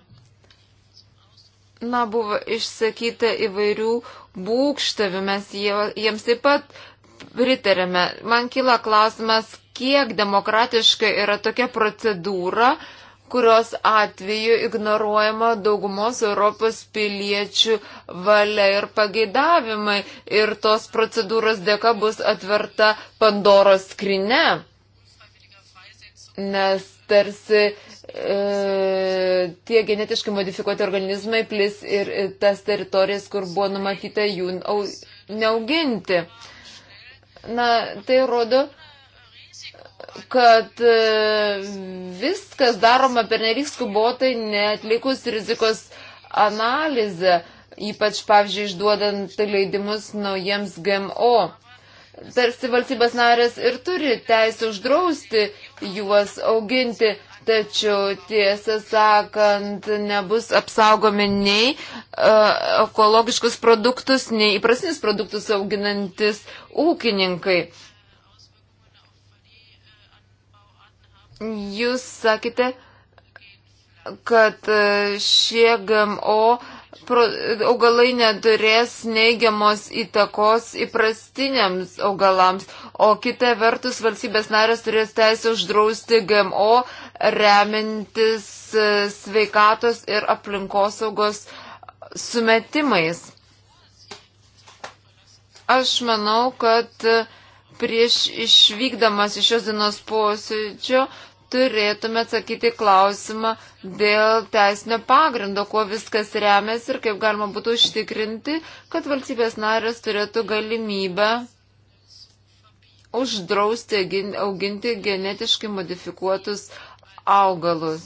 Na, buvo išsakyta įvairių būkštavių, mes jiems taip pat pritarėme. Man kila klausimas, kiek demokratiška yra tokia procedūra, kurios atveju ignoruojama daugumos Europos piliečių valia ir pageidavimai ir tos procedūros dėka bus atverta Pandoros skrinė. Nes tarsi E, tie genetiškai modifikuoti organizmai plis ir tas teritorijas, kur buvo numatyta jų neauginti. Na, tai rodo, kad e, viskas daroma pernelyg skubotai, netlikus rizikos analizę, ypač, pavyzdžiui, išduodant leidimus naujiems GMO tarsi valstybės narės ir turi teisę uždrausti juos auginti, tačiau tiesą sakant nebus apsaugomi nei uh, ekologiškus produktus, nei įprasinius produktus auginantis ūkininkai. Jūs sakėte, kad šie GMO uh, augalai neturės neigiamos įtakos įprastiniams augalams, o kita vertus valstybės narės turės teisę uždrausti GMO remintis e, sveikatos ir aplinkosaugos sumetimais. Aš manau, kad e, prieš išvykdamas iš šios dienos posėdžio turėtume atsakyti klausimą dėl teisinio pagrindo, kuo viskas remiasi ir kaip galima būtų užtikrinti, kad valstybės narės turėtų galimybę uždrausti auginti genetiškai modifikuotus augalus.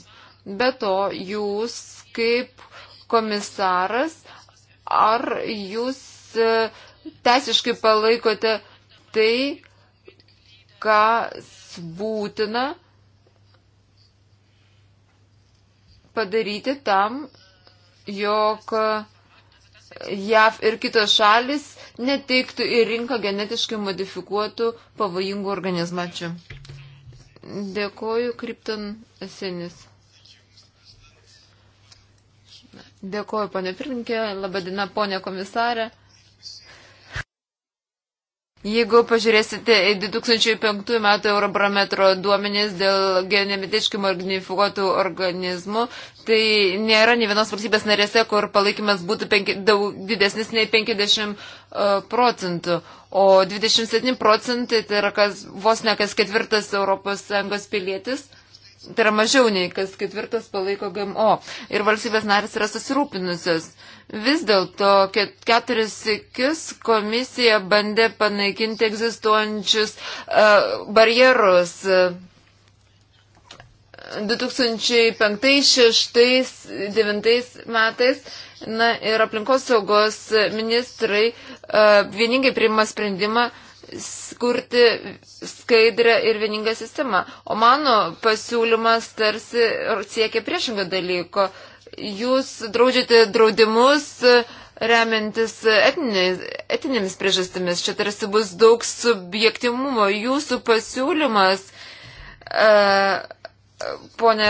Be to, jūs kaip komisaras, ar jūs e, teisiškai palaikote tai, kas būtina, padaryti tam, jog JAV ir kitos šalis neteiktų į rinką genetiškai modifikuotų pavojingų organizmų. Ačiū. Dėkoju, Krypton Asinis. Dėkoju, ponė Pirinkė, labadiena, ponė komisarė. Jeigu pažiūrėsite į 2005 metų Eurobarometro duomenys dėl genetiškai modifikuotų organizmų, tai nėra ne vienos valstybės narėse, kur palaikymas būtų penki, daug didesnis nei 50 e, procentų, o 27 procentai tai yra kas, vos ne kas ketvirtas ES pilietis tai yra mažiau nei kas ketvirtas palaiko GMO. Ir valstybės narės yra susirūpinusios. Vis dėlto keturis sikis komisija bandė panaikinti egzistuojančius uh, barjerus. 2005-2009 uh, metais na, ir aplinkosaugos ministrai uh, vieningai priima sprendimą uh, skurti skaidrę ir vieningą sistemą. O mano pasiūlymas tarsi siekia priešingą dalyko. Jūs draudžiate draudimus remiantis etinėmis priežastimis. Čia tarsi bus daug subjektimumo. Jūsų pasiūlymas, e, ponė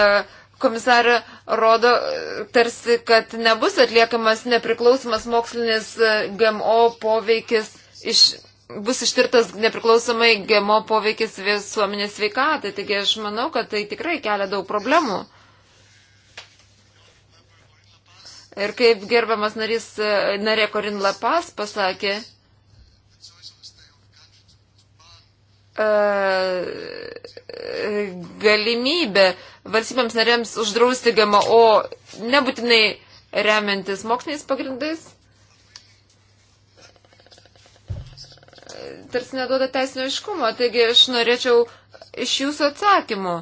komisarė, rodo tarsi, kad nebus atliekamas nepriklausomas mokslinis e, GMO poveikis iš bus ištirtas nepriklausomai GMO poveikis visuomenės sveikatai. Taigi aš manau, kad tai tikrai kelia daug problemų. Ir kaip gerbiamas narys, e, narė Korin Lapas pasakė, e, galimybė valstybėms narėms uždrausti GMO nebūtinai remiantis moksliniais pagrindais, tarsi neduoda teisinio iškumo. Taigi aš norėčiau iš jūsų atsakymų.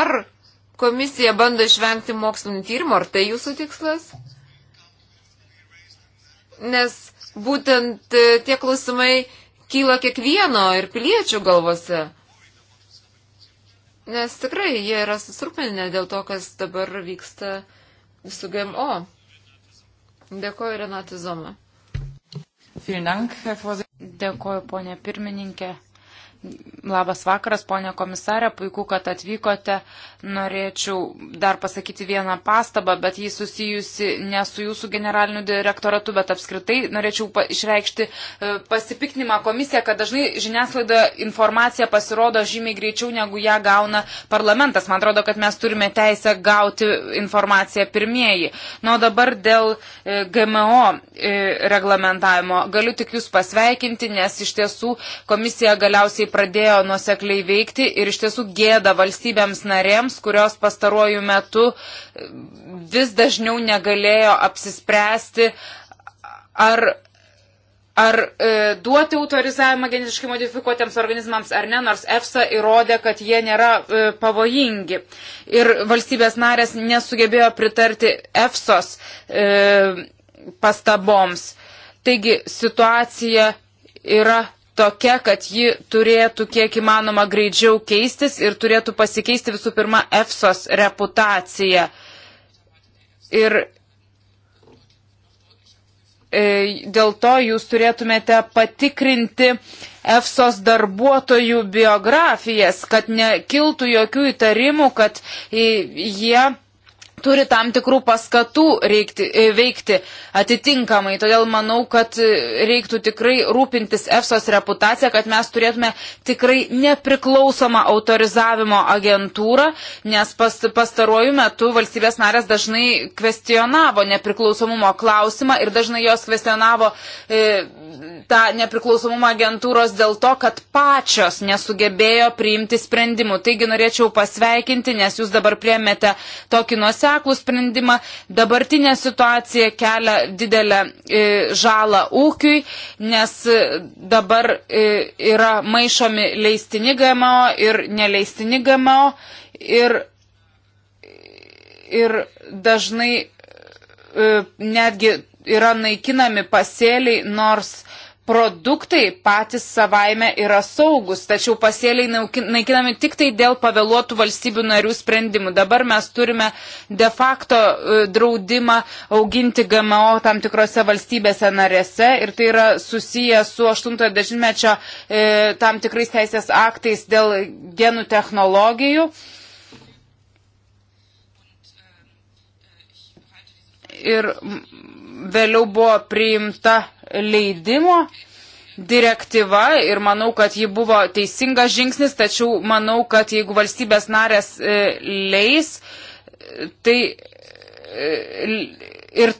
Ar komisija bando išvengti mokslinio tyrimo, ar tai jūsų tikslas? Nes būtent e, tie klausimai kyla kiekvieno ir piliečių galvose. Nes tikrai jie yra susirūpinę dėl to, kas dabar vyksta su GMO. Dėkoju Renatui Zomą. Dėkuoju, ponė pirmininkė. Labas vakaras, ponė komisarė, puiku, kad atvykote. Norėčiau dar pasakyti vieną pastabą, bet jį susijusi ne su jūsų generaliniu direktoratu, bet apskritai norėčiau pa išreikšti e, pasipiknimą komisiją, kad dažnai žiniasklaida informacija pasirodo žymiai greičiau, negu ją gauna parlamentas. Man atrodo, kad mes turime teisę gauti informaciją pirmieji. Na, o dabar dėl e, GMO e, reglamentavimo. Galiu tik jūs pasveikinti, nes iš tiesų komisija galiausiai pradėjo nusekliai veikti ir iš tiesų gėda valstybėms narėms, kurios pastaruoju metu e, vis dažniau negalėjo apsispręsti, ar ar e, duoti autorizavimą genetiškai modifikuotiems organizmams ar ne, nors EFSA įrodė, kad jie nėra e, pavojingi. Ir valstybės narės nesugebėjo pritarti EFSOS e, pastaboms. Taigi situacija yra tokia, kad ji turėtų kiek įmanoma greičiau keistis ir turėtų pasikeisti visų pirma EFSOS reputacija. Ir e, dėl to jūs turėtumėte patikrinti EFSOS darbuotojų biografijas, kad nekiltų jokių įtarimų, kad e, jie turi tam tikrų paskatų reikti, e, veikti atitinkamai. Todėl manau, kad e, reiktų tikrai rūpintis EFSOS reputaciją, kad mes turėtume tikrai nepriklausomą autorizavimo agentūrą, nes pas, pastaruoju metu valstybės narės dažnai kvestionavo nepriklausomumo klausimą ir dažnai jos kvestionavo. E, tą nepriklausomumą agentūros dėl to, kad pačios nesugebėjo priimti sprendimų. Taigi norėčiau pasveikinti, nes jūs dabar priemėte tokį nuoseklų sprendimą. Dabartinė situacija kelia didelę e, žalą ūkiui, nes e, dabar e, yra maišomi leistini GMO ir neleistini GMO. Ir, ir dažnai e, netgi yra naikinami pasėliai, nors produktai patys savaime yra saugus, tačiau pasėliai naikinami tik tai dėl pavėluotų valstybių narių sprendimų. Dabar mes turime de facto e, draudimą auginti GMO tam tikrose valstybėse narėse ir tai yra susiję su 80-mečio e, tam tikrais teisės aktais dėl genų technologijų. Ir vėliau buvo priimta leidimo direktyva ir manau, kad ji buvo teisingas žingsnis, tačiau manau, kad jeigu valstybės narės e, leis, tai e, ir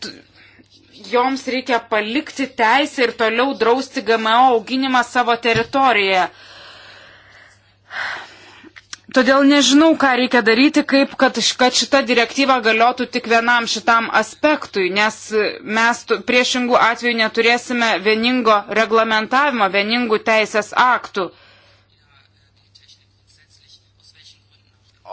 joms reikia palikti teisę ir toliau drausti GMO auginimą savo teritorijoje. Todėl nežinau, ką reikia daryti, kaip, kad, kad šita direktyva galiotų tik vienam šitam aspektui, nes mes priešingų atveju neturėsime vieningo reglamentavimo, vieningų teisės aktų.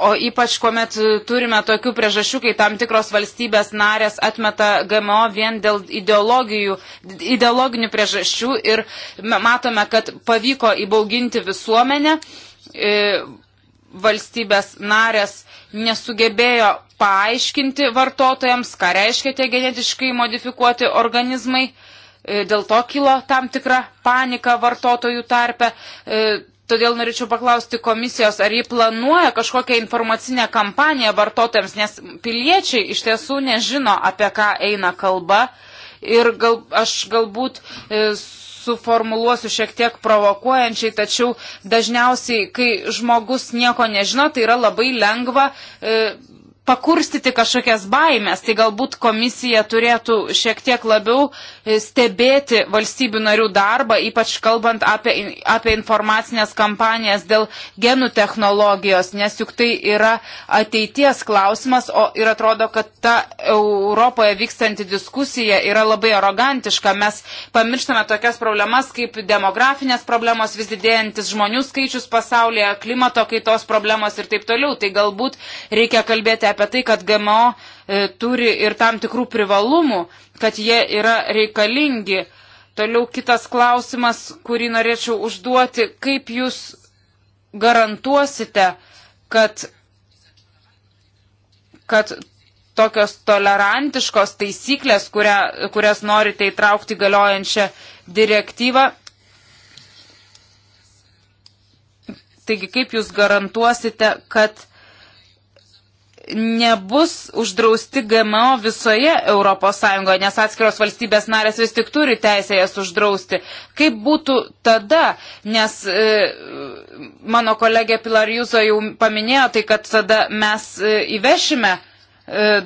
O ypač, kuomet turime tokių priežasčių, kai tam tikros valstybės narės atmeta GMO vien dėl ideologinių priežasčių ir matome, kad pavyko įbauginti visuomenę e, valstybės narės nesugebėjo paaiškinti vartotojams, ką reiškia tie genetiškai modifikuoti organizmai. E, dėl to kilo tam tikra panika vartotojų tarpe. E, todėl norėčiau paklausti komisijos, ar jį planuoja kažkokią informacinę kampaniją vartotojams, nes piliečiai iš tiesų nežino, apie ką eina kalba. Ir gal, aš galbūt e, suformuluosiu šiek tiek provokuojančiai, tačiau dažniausiai, kai žmogus nieko nežino, tai yra labai lengva e, pakurstyti kažkokias baimės, tai galbūt komisija turėtų šiek tiek labiau e, stebėti valstybių narių darbą, ypač kalbant apie, apie informacinės kampanijas dėl genų technologijos, nes juk tai yra ateities klausimas, o ir atrodo, kad ta Europoje vykstanti diskusija yra labai arogantiška. Mes pamirštame tokias problemas kaip demografinės problemos, vis didėjantis žmonių skaičius pasaulyje, klimato kaitos problemos ir taip toliau. Tai galbūt reikia kalbėti apie apie tai, kad GMO e, turi ir tam tikrų privalumų, kad jie yra reikalingi. Toliau kitas klausimas, kurį norėčiau užduoti, kaip jūs garantuosite, kad, kad tokios tolerantiškos taisyklės, kurią, kurias norite įtraukti galiojančią direktyvą. Taigi, kaip jūs garantuosite, kad nebus uždrausti GMO visoje ES, nes atskiros valstybės narės vis tik turi teisę jas uždrausti. Kaip būtų tada, nes e, mano kolegė Pilar Jūzo jau paminėjo, tai kad tada mes e, įvešime e,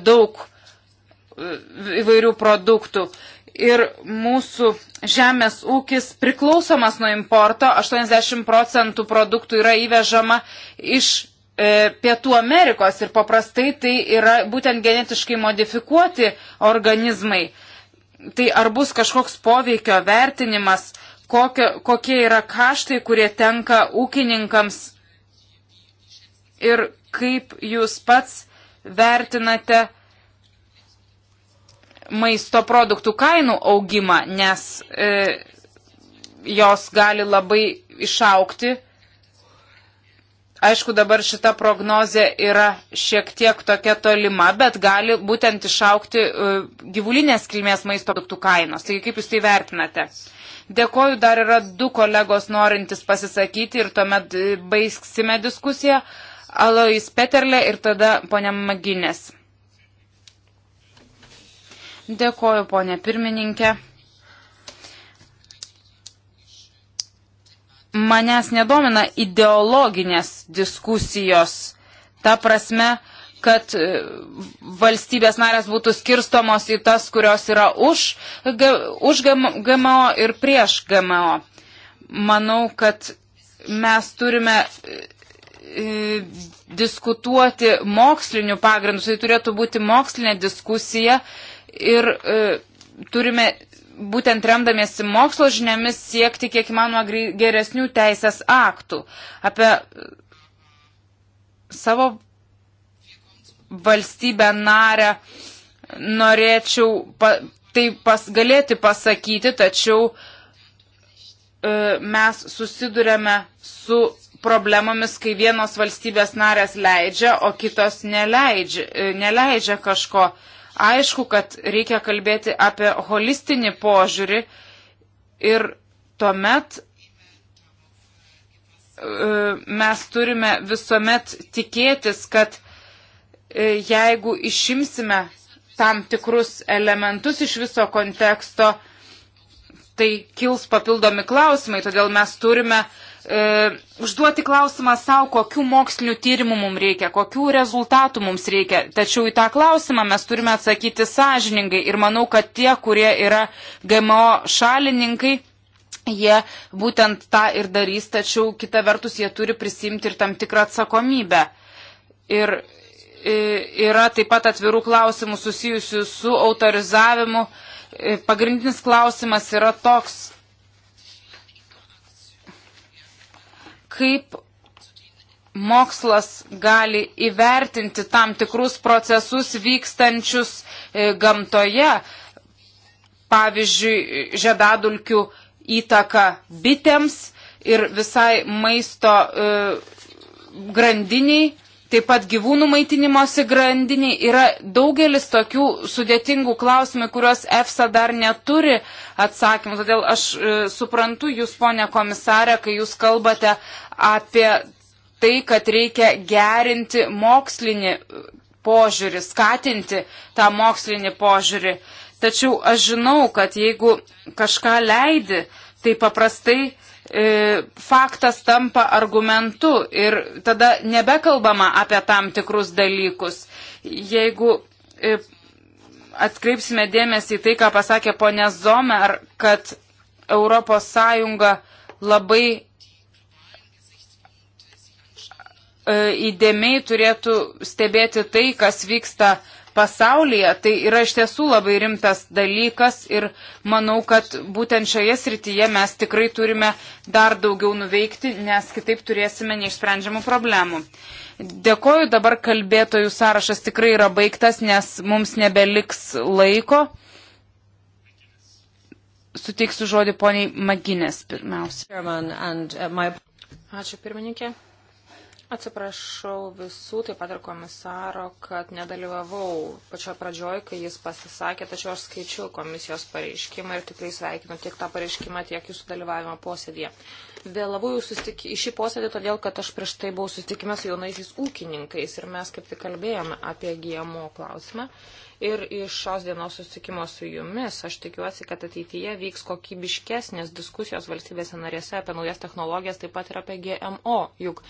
daug e, įvairių produktų. Ir mūsų žemės ūkis priklausomas nuo importo, 80 procentų produktų yra įvežama iš E, Pietų Amerikos ir paprastai tai yra būtent genetiškai modifikuoti organizmai. Tai ar bus kažkoks poveikio vertinimas, kokio, kokie yra kaštai, kurie tenka ūkininkams ir kaip jūs pats vertinate maisto produktų kainų augimą, nes e, jos gali labai išaukti Aišku, dabar šita prognozė yra šiek tiek tokia tolima, bet gali būtent išaukti e, gyvulinės kilmės maisto produktų kainos. Taigi, kaip Jūs tai vertinate? Dėkoju, dar yra du kolegos norintis pasisakyti ir tuomet e, baigsime diskusiją. Alois Peterle ir tada ponia Maginės. Dėkoju, ponia pirmininkė. manęs nedomina ideologinės diskusijos. Ta prasme, kad e, valstybės narės būtų skirstomos į tas, kurios yra už, už GMO ir prieš GMO. Manau, kad mes turime e, diskutuoti mokslinių pagrindų, tai turėtų būti mokslinė diskusija ir e, turime būtent remdamiesi mokslo žiniomis siekti kiek įmanoma geresnių teisės aktų. Apie e, savo valstybę narę norėčiau pa, tai pas, galėti pasakyti, tačiau e, mes susidurėme su problemomis, kai vienos valstybės narės leidžia, o kitos neleidžia, e, neleidžia kažko. E, Aišku, kad reikia kalbėti apie holistinį požiūrį ir tuomet e, mes turime visuomet tikėtis, kad e, jeigu išimsime tam tikrus elementus iš viso konteksto, tai kils papildomi klausimai, todėl mes turime uh, e, užduoti klausimą savo, kokių mokslinių tyrimų mums reikia, kokių rezultatų mums reikia. Tačiau į tą klausimą mes turime atsakyti sąžiningai ir manau, kad tie, kurie yra GMO šalininkai, jie būtent tą ir darys, tačiau kita vertus jie turi prisimti ir tam tikrą atsakomybę. Ir yra taip pat atvirų klausimų susijusių su autorizavimu. E, pagrindinis klausimas yra toks, kaip mokslas gali įvertinti tam tikrus procesus vykstančius e, gamtoje, pavyzdžiui, žiedadulkių įtaka bitėms ir visai maisto e, grandiniai taip pat gyvūnų maitinimosi grandiniai, yra daugelis tokių sudėtingų klausimų, kuriuos EFSA dar neturi atsakymų. Todėl aš e, suprantu jūs, ponė komisarė, kai jūs kalbate apie tai, kad reikia gerinti mokslinį požiūrį, skatinti tą mokslinį požiūrį. Tačiau aš žinau, kad jeigu kažką leidi, tai paprastai E, faktas tampa argumentu ir tada nebekalbama apie tam tikrus dalykus. Jeigu e, atkreipsime dėmesį į tai, ką pasakė ponė Zomer, kad ES labai e, įdėmiai turėtų stebėti tai, kas vyksta pasaulyje, tai yra iš tiesų labai rimtas dalykas ir manau, kad būtent šioje srityje mes tikrai turime dar daugiau nuveikti, nes kitaip turėsime neišsprendžiamų problemų. Dėkoju, dabar kalbėtojų sąrašas tikrai yra baigtas, nes mums nebeliks laiko. Suteiksiu žodį poniai Maginės pirmiausia. Uh, Ačiū pirmininkė. Atsiprašau visų, taip pat ir komisaro, kad nedalyvavau pačioje pradžioje, kai jis pasisakė, tačiau aš skaičiau komisijos pareiškimą ir tikrai sveikinu tiek tą pareiškimą, tiek jūsų dalyvavimą posėdėje. Vėlavau jūs sustik... į šį posėdį, todėl kad aš prieš tai buvau susitikime su jaunaisiais ūkininkais ir mes kaip tik kalbėjome apie GMO klausimą. Ir iš šios dienos susitikimo su jumis aš tikiuosi, kad ateityje vyks kokybiškesnės diskusijos valstybėse narėse apie naujas technologijas, taip pat ir apie GMO. Juk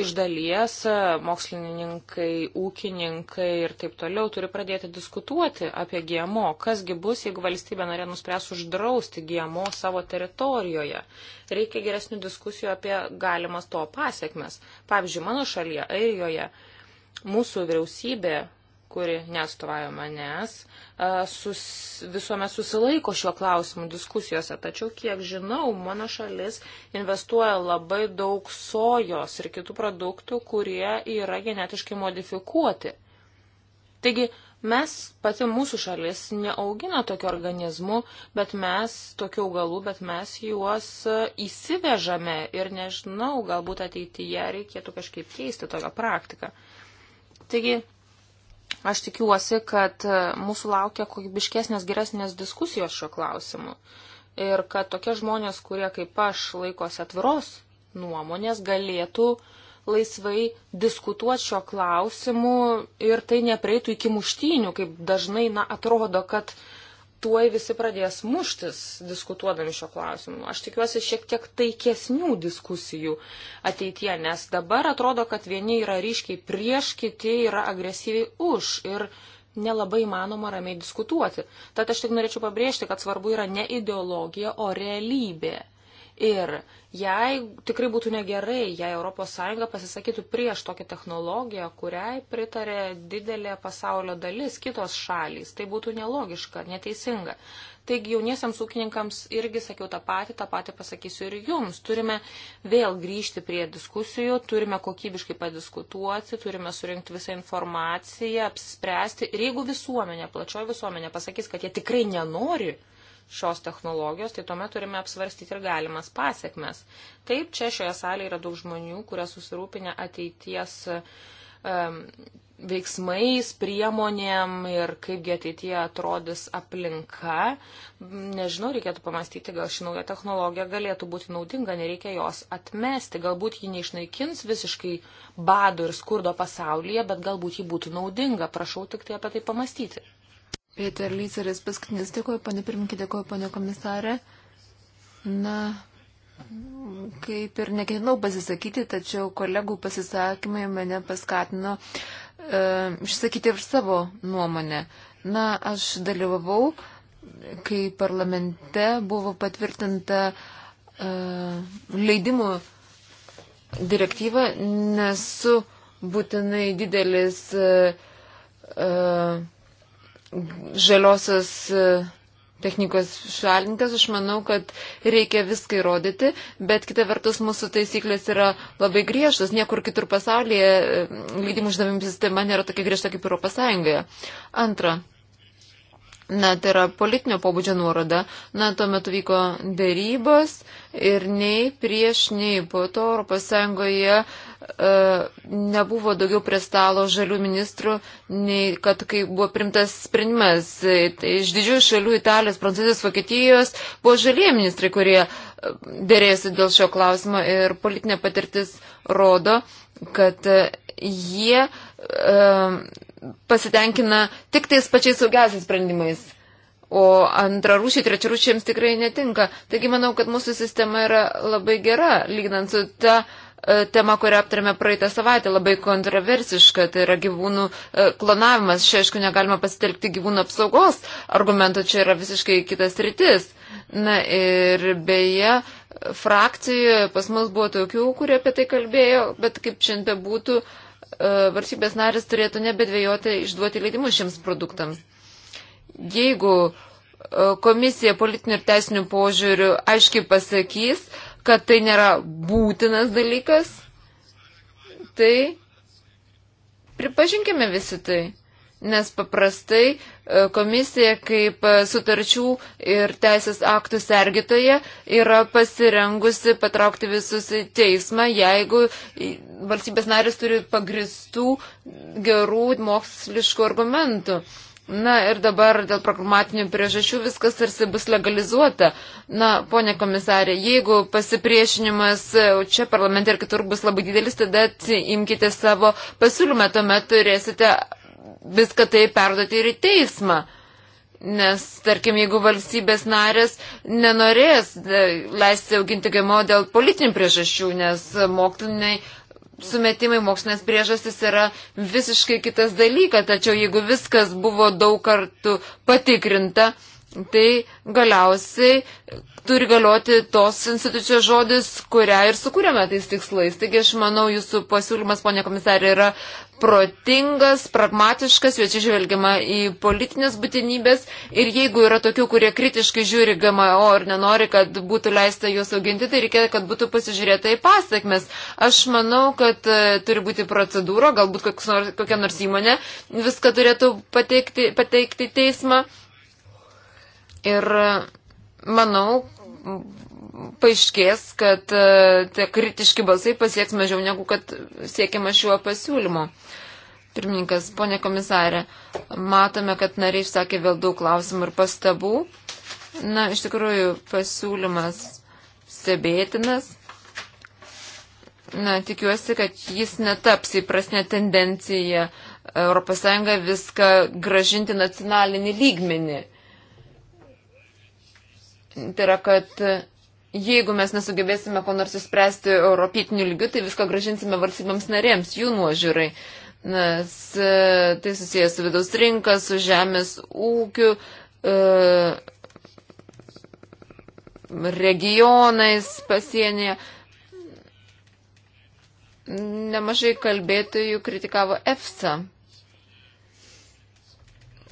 iš dalies e, mokslininkai, ūkininkai ir taip toliau turi pradėti diskutuoti apie GMO, kasgi bus, jeigu valstybė norė nuspręs uždrausti GMO savo teritorijoje. Reikia geresnių diskusijų apie galimas to pasiekmes. Pavyzdžiui, mano šalyje, Airijoje, mūsų vyriausybė kuri neatstovauja manęs, sus, visuomet susilaiko šiuo klausimu diskusijose, tačiau, kiek žinau, mano šalis investuoja labai daug sojos ir kitų produktų, kurie yra genetiškai modifikuoti. Taigi, mes pati mūsų šalis neaugina tokių organizmų, bet mes tokių augalų, bet mes juos įsivežame ir nežinau, galbūt ateityje reikėtų kažkaip keisti tokią praktiką. Taigi, Aš tikiuosi, kad e, mūsų laukia kokybiškesnės, geresnės diskusijos šiuo klausimu. Ir kad tokie žmonės, kurie kaip aš laikosi atviros nuomonės, galėtų laisvai diskutuoti šio klausimu ir tai nepreitų iki muštynių, kaip dažnai na, atrodo, kad uh, tuoj visi pradės muštis diskutuodami šio klausimu. Aš tikiuosi šiek tiek taikesnių diskusijų ateitie, nes dabar atrodo, kad vieni yra ryškiai prieš, kiti yra agresyviai už ir nelabai manoma ramiai diskutuoti. Tad aš tik norėčiau pabrėžti, kad svarbu yra ne ideologija, o realybė. Ir jei tikrai būtų negerai, jei ES pasisakytų prieš tokią technologiją, kuriai pritarė didelė pasaulio dalis kitos šalys, tai būtų nelogiška, neteisinga. Taigi jauniesiams ūkininkams irgi sakiau tą patį, tą patį pasakysiu ir jums. Turime vėl grįžti prie diskusijų, turime kokybiškai padiskutuoti, turime surinkti visą informaciją, apsispręsti. Ir jeigu visuomenė, plačioji visuomenė pasakys, kad jie tikrai nenori, šios technologijos, tai tuomet turime apsvarstyti ir galimas pasiekmes. Taip, čia šioje salėje yra daug žmonių, kurie susirūpinę ateities um, veiksmais, priemonėm ir kaipgi ateityje atrodys aplinka. Nežinau, reikėtų pamastyti, gal ši nauja technologija galėtų būti naudinga, nereikia jos atmesti. Galbūt ji neišnaikins visiškai bado ir skurdo pasaulyje, bet galbūt ji būtų naudinga. Prašau tik tai apie tai pamastyti. Pieter Lyceris paskutinis. Dėkuoju, pane pirminkė, dėkuoju, pane komisarė. Na, kaip ir neketinau pasisakyti, tačiau kolegų pasisakymai mane paskatino e, išsakyti ir savo nuomonę. Na, aš dalyvavau, kai parlamente buvo patvirtinta e, leidimų direktyva, nesu būtinai didelis. E, e, žaliosios e, technikos šalinkas, aš manau, kad reikia viską įrodyti, bet kita vertus mūsų taisyklės yra labai griežtos, niekur kitur pasaulyje e, leidimų išdavimų sistema nėra tokia griežta kaip Europos Sąjungoje. Antra, Na, tai yra politinio pobūdžio nuoroda. Na, tuo metu vyko dėrybos ir nei prieš, nei po to ES e, nebuvo daugiau prie stalo žalių ministrų, nei kad kai buvo primtas sprendimas. E, tai iš didžiųjų šalių Italijos, Prancūzijos, Vokietijos buvo žalieji ministrai, kurie e, dėrėjosi dėl šio klausimo ir politinė patirtis rodo, kad e, jie. E, pasitenkina tik tais pačiais saugiausiais sprendimais. O antrarūšiai, trečiarūšiams tikrai netinka. Taigi manau, kad mūsų sistema yra labai gera, lygnant su ta e, tema, kurią aptarėme praeitą savaitę, labai kontroversiška, tai yra gyvūnų e, klonavimas. Šia, aišku, negalima pasitelkti gyvūnų apsaugos argumento, čia yra visiškai kitas rytis. Na ir beje, frakcijoje pas mus buvo tokių, kurie apie tai kalbėjo, bet kaip šiandien būtų, uh, E, valstybės narės turėtų nebedvėjoti išduoti leidimus šiems produktams. Jeigu e, komisija politinių ir teisinių požiūrių aiškiai pasakys, kad tai nėra būtinas dalykas, tai pripažinkime visi tai nes paprastai e, komisija kaip e, sutarčių ir teisės aktų sergitoje yra pasirengusi patraukti visus į teismą, jeigu valstybės narės turi pagristų gerų moksliškų argumentų. Na ir dabar dėl programatinių priežasčių viskas tarsi bus legalizuota. Na, ponė komisarė, jeigu pasipriešinimas e, čia parlamente ir kitur bus labai didelis, tada imkite savo pasiūlymą, tuomet turėsite viską tai perduoti ir į teismą. Nes, tarkim, jeigu valstybės narės nenorės e, leisti auginti GMO dėl politinių priežasčių, nes moksliniai sumetimai, mokslinės priežastys yra visiškai kitas dalykas, tačiau jeigu viskas buvo daug kartų patikrinta, tai galiausiai turi galioti tos institucijos žodis, kurią ir sukūrėme tais tikslais. Taigi aš manau, jūsų pasiūlymas, ponė komisarė, yra protingas, pragmatiškas, jo atsižvelgiama į politinės būtinybės ir jeigu yra tokių, kurie kritiškai žiūri GMO ir nenori, kad būtų leista juos auginti, tai reikia, kad būtų pasižiūrėta į pasiekmes. Aš manau, kad e, turi būti procedūra, galbūt nors, kokia nors įmonė viską turėtų pateikti, pateikti teismą. Ir e, manau, paaiškės, kad e, tie kritiški balsai pasieks mažiau negu kad siekiama šiuo pasiūlymu. Pirmininkas, ponė komisarė, matome, kad nariai išsakė vėl daug klausimų ir pastabų. Na, iš tikrųjų, pasiūlymas stebėtinas. Na, tikiuosi, kad jis netaps įprasnė tendencija ES viską gražinti nacionalinį lygmenį. Tai yra, kad jeigu mes nesugebėsime ko nors įspręsti europytiniu lygiu, tai viską gražinsime valstybėms narėms, jų nuožiūrai. Nes e, tai susijęs su vidaus rinka, su žemės ūkiu, e, regionais pasienyje. Nemažai kalbėtojų kritikavo EFSA.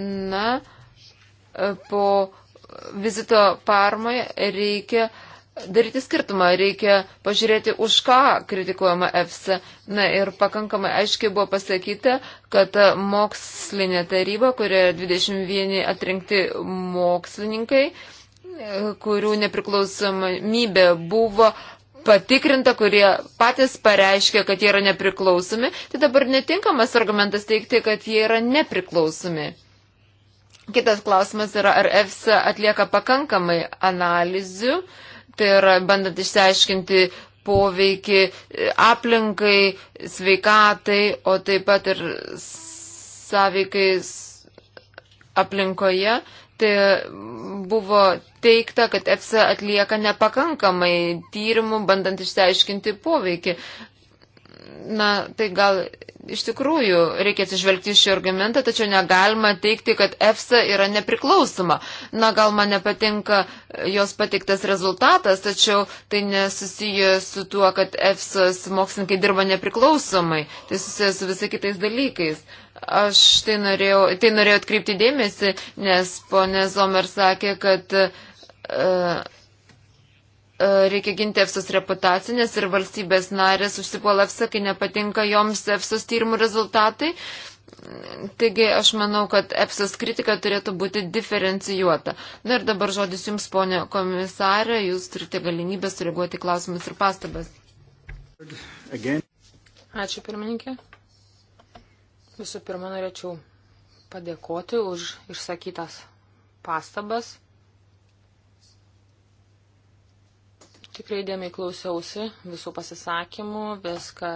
Na, po vizito Parmoje reikia uh, daryti skirtumą, reikia pažiūrėti, už ką kritikuojama EFSA. Na ir pakankamai aiškiai buvo pasakyta, kad mokslinė taryba, kurioje 21 atrinkti mokslininkai, kurių nepriklausomybė buvo patikrinta, kurie patys pareiškia, kad jie yra nepriklausomi, tai dabar netinkamas argumentas teikti, kad jie yra nepriklausomi. Kitas klausimas yra, ar EFSA atlieka pakankamai analizių, uh, tai yra bandant išsiaiškinti poveikį aplinkai, sveikatai, o taip pat ir sąveikai aplinkoje. Tai buvo teikta, kad EFSA atlieka nepakankamai tyrimų, bandant išsiaiškinti poveikį. Na, tai gal iš tikrųjų reikia atsižvelgti šį argumentą, tačiau negalima teikti, kad EFSA yra nepriklausoma. Na, gal man nepatinka jos pateiktas rezultatas, tačiau tai nesusiję su tuo, kad EFSA mokslininkai dirba nepriklausomai. Tai susiję su visai kitais dalykais. Aš tai norėjau, tai norėjau atkreipti dėmesį, nes ponė Zomer sakė, kad. Uh, E, reikia ginti EFSUS reputacinės ir valstybės narės užsipuola EFSA, kai nepatinka joms EFSUS tyrimų rezultatai. Taigi aš manau, kad EFSUS kritika turėtų būti diferencijuota. Na ir dabar žodis jums, ponė komisarė, jūs turite galimybę sureaguoti klausimus ir pastabas. Ačiū pirmininkė. Visų pirma, norėčiau padėkoti už išsakytas pastabas. Tikrai dėmiai klausiausi visų pasisakymų, viską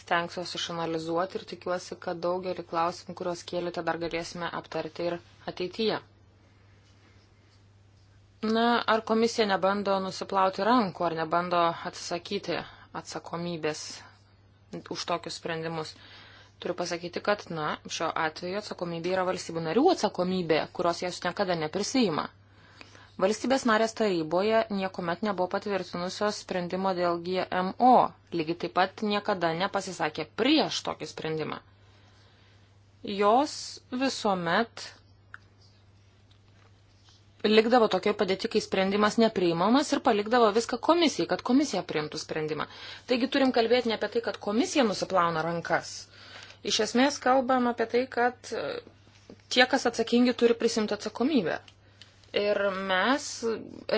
stengsiuosi išanalizuoti ir tikiuosi, kad daugelį klausimų, kuriuos kėlėte, dar galėsime aptarti ir ateityje. Na, ar komisija nebando nusiplauti rankų, ar nebando atsisakyti atsakomybės už tokius sprendimus? Turiu pasakyti, kad, na, šiuo atveju atsakomybė yra valstybių narių atsakomybė, kurios jas niekada neprisijima. Valstybės narės taryboje niekuomet nebuvo patvirtinusios sprendimo dėl GMO, lygiai taip pat niekada nepasisakė prieš tokį sprendimą. Jos visuomet likdavo tokioje padėti, kai sprendimas nepriimamas ir palikdavo viską komisijai, kad komisija priimtų sprendimą. Taigi turim kalbėti ne apie tai, kad komisija nusiplauna rankas. Iš esmės kalbam apie tai, kad tie, kas atsakingi, turi prisimti atsakomybę. Ir mes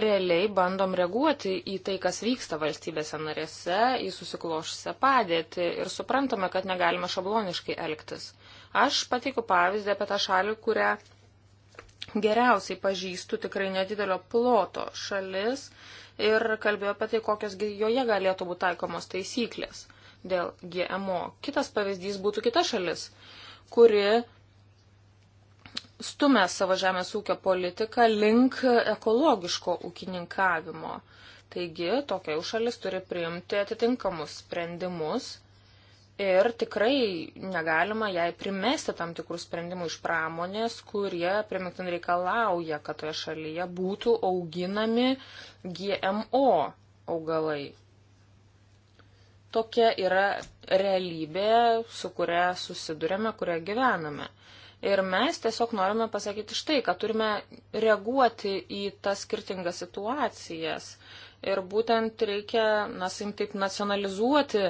realiai bandom reaguoti į tai, kas vyksta valstybėse narėse, į susiklošusią padėtį ir suprantame, kad negalime šabloniškai elgtis. Aš pateikiu pavyzdį apie tą šalį, kurią geriausiai pažįstu, tikrai nedidelio ploto šalis ir kalbėjau apie tai, kokios joje galėtų būti taikomos taisyklės dėl GMO. Kitas pavyzdys būtų kita šalis, kuri stumia savo žemės ūkio politiką link ekologiško ūkininkavimo. Taigi tokia jau šalis turi priimti atitinkamus sprendimus ir tikrai negalima jai primesti tam tikrų sprendimų iš pramonės, kurie primiktin reikalauja, kad toje šalyje būtų auginami GMO augalai. Tokia yra realybė, su kuria susidurėme, kuria gyvename. Ir mes tiesiog norime pasakyti štai, kad turime reaguoti į tas skirtingas situacijas. Ir būtent reikia, na, saim taip, nacionalizuoti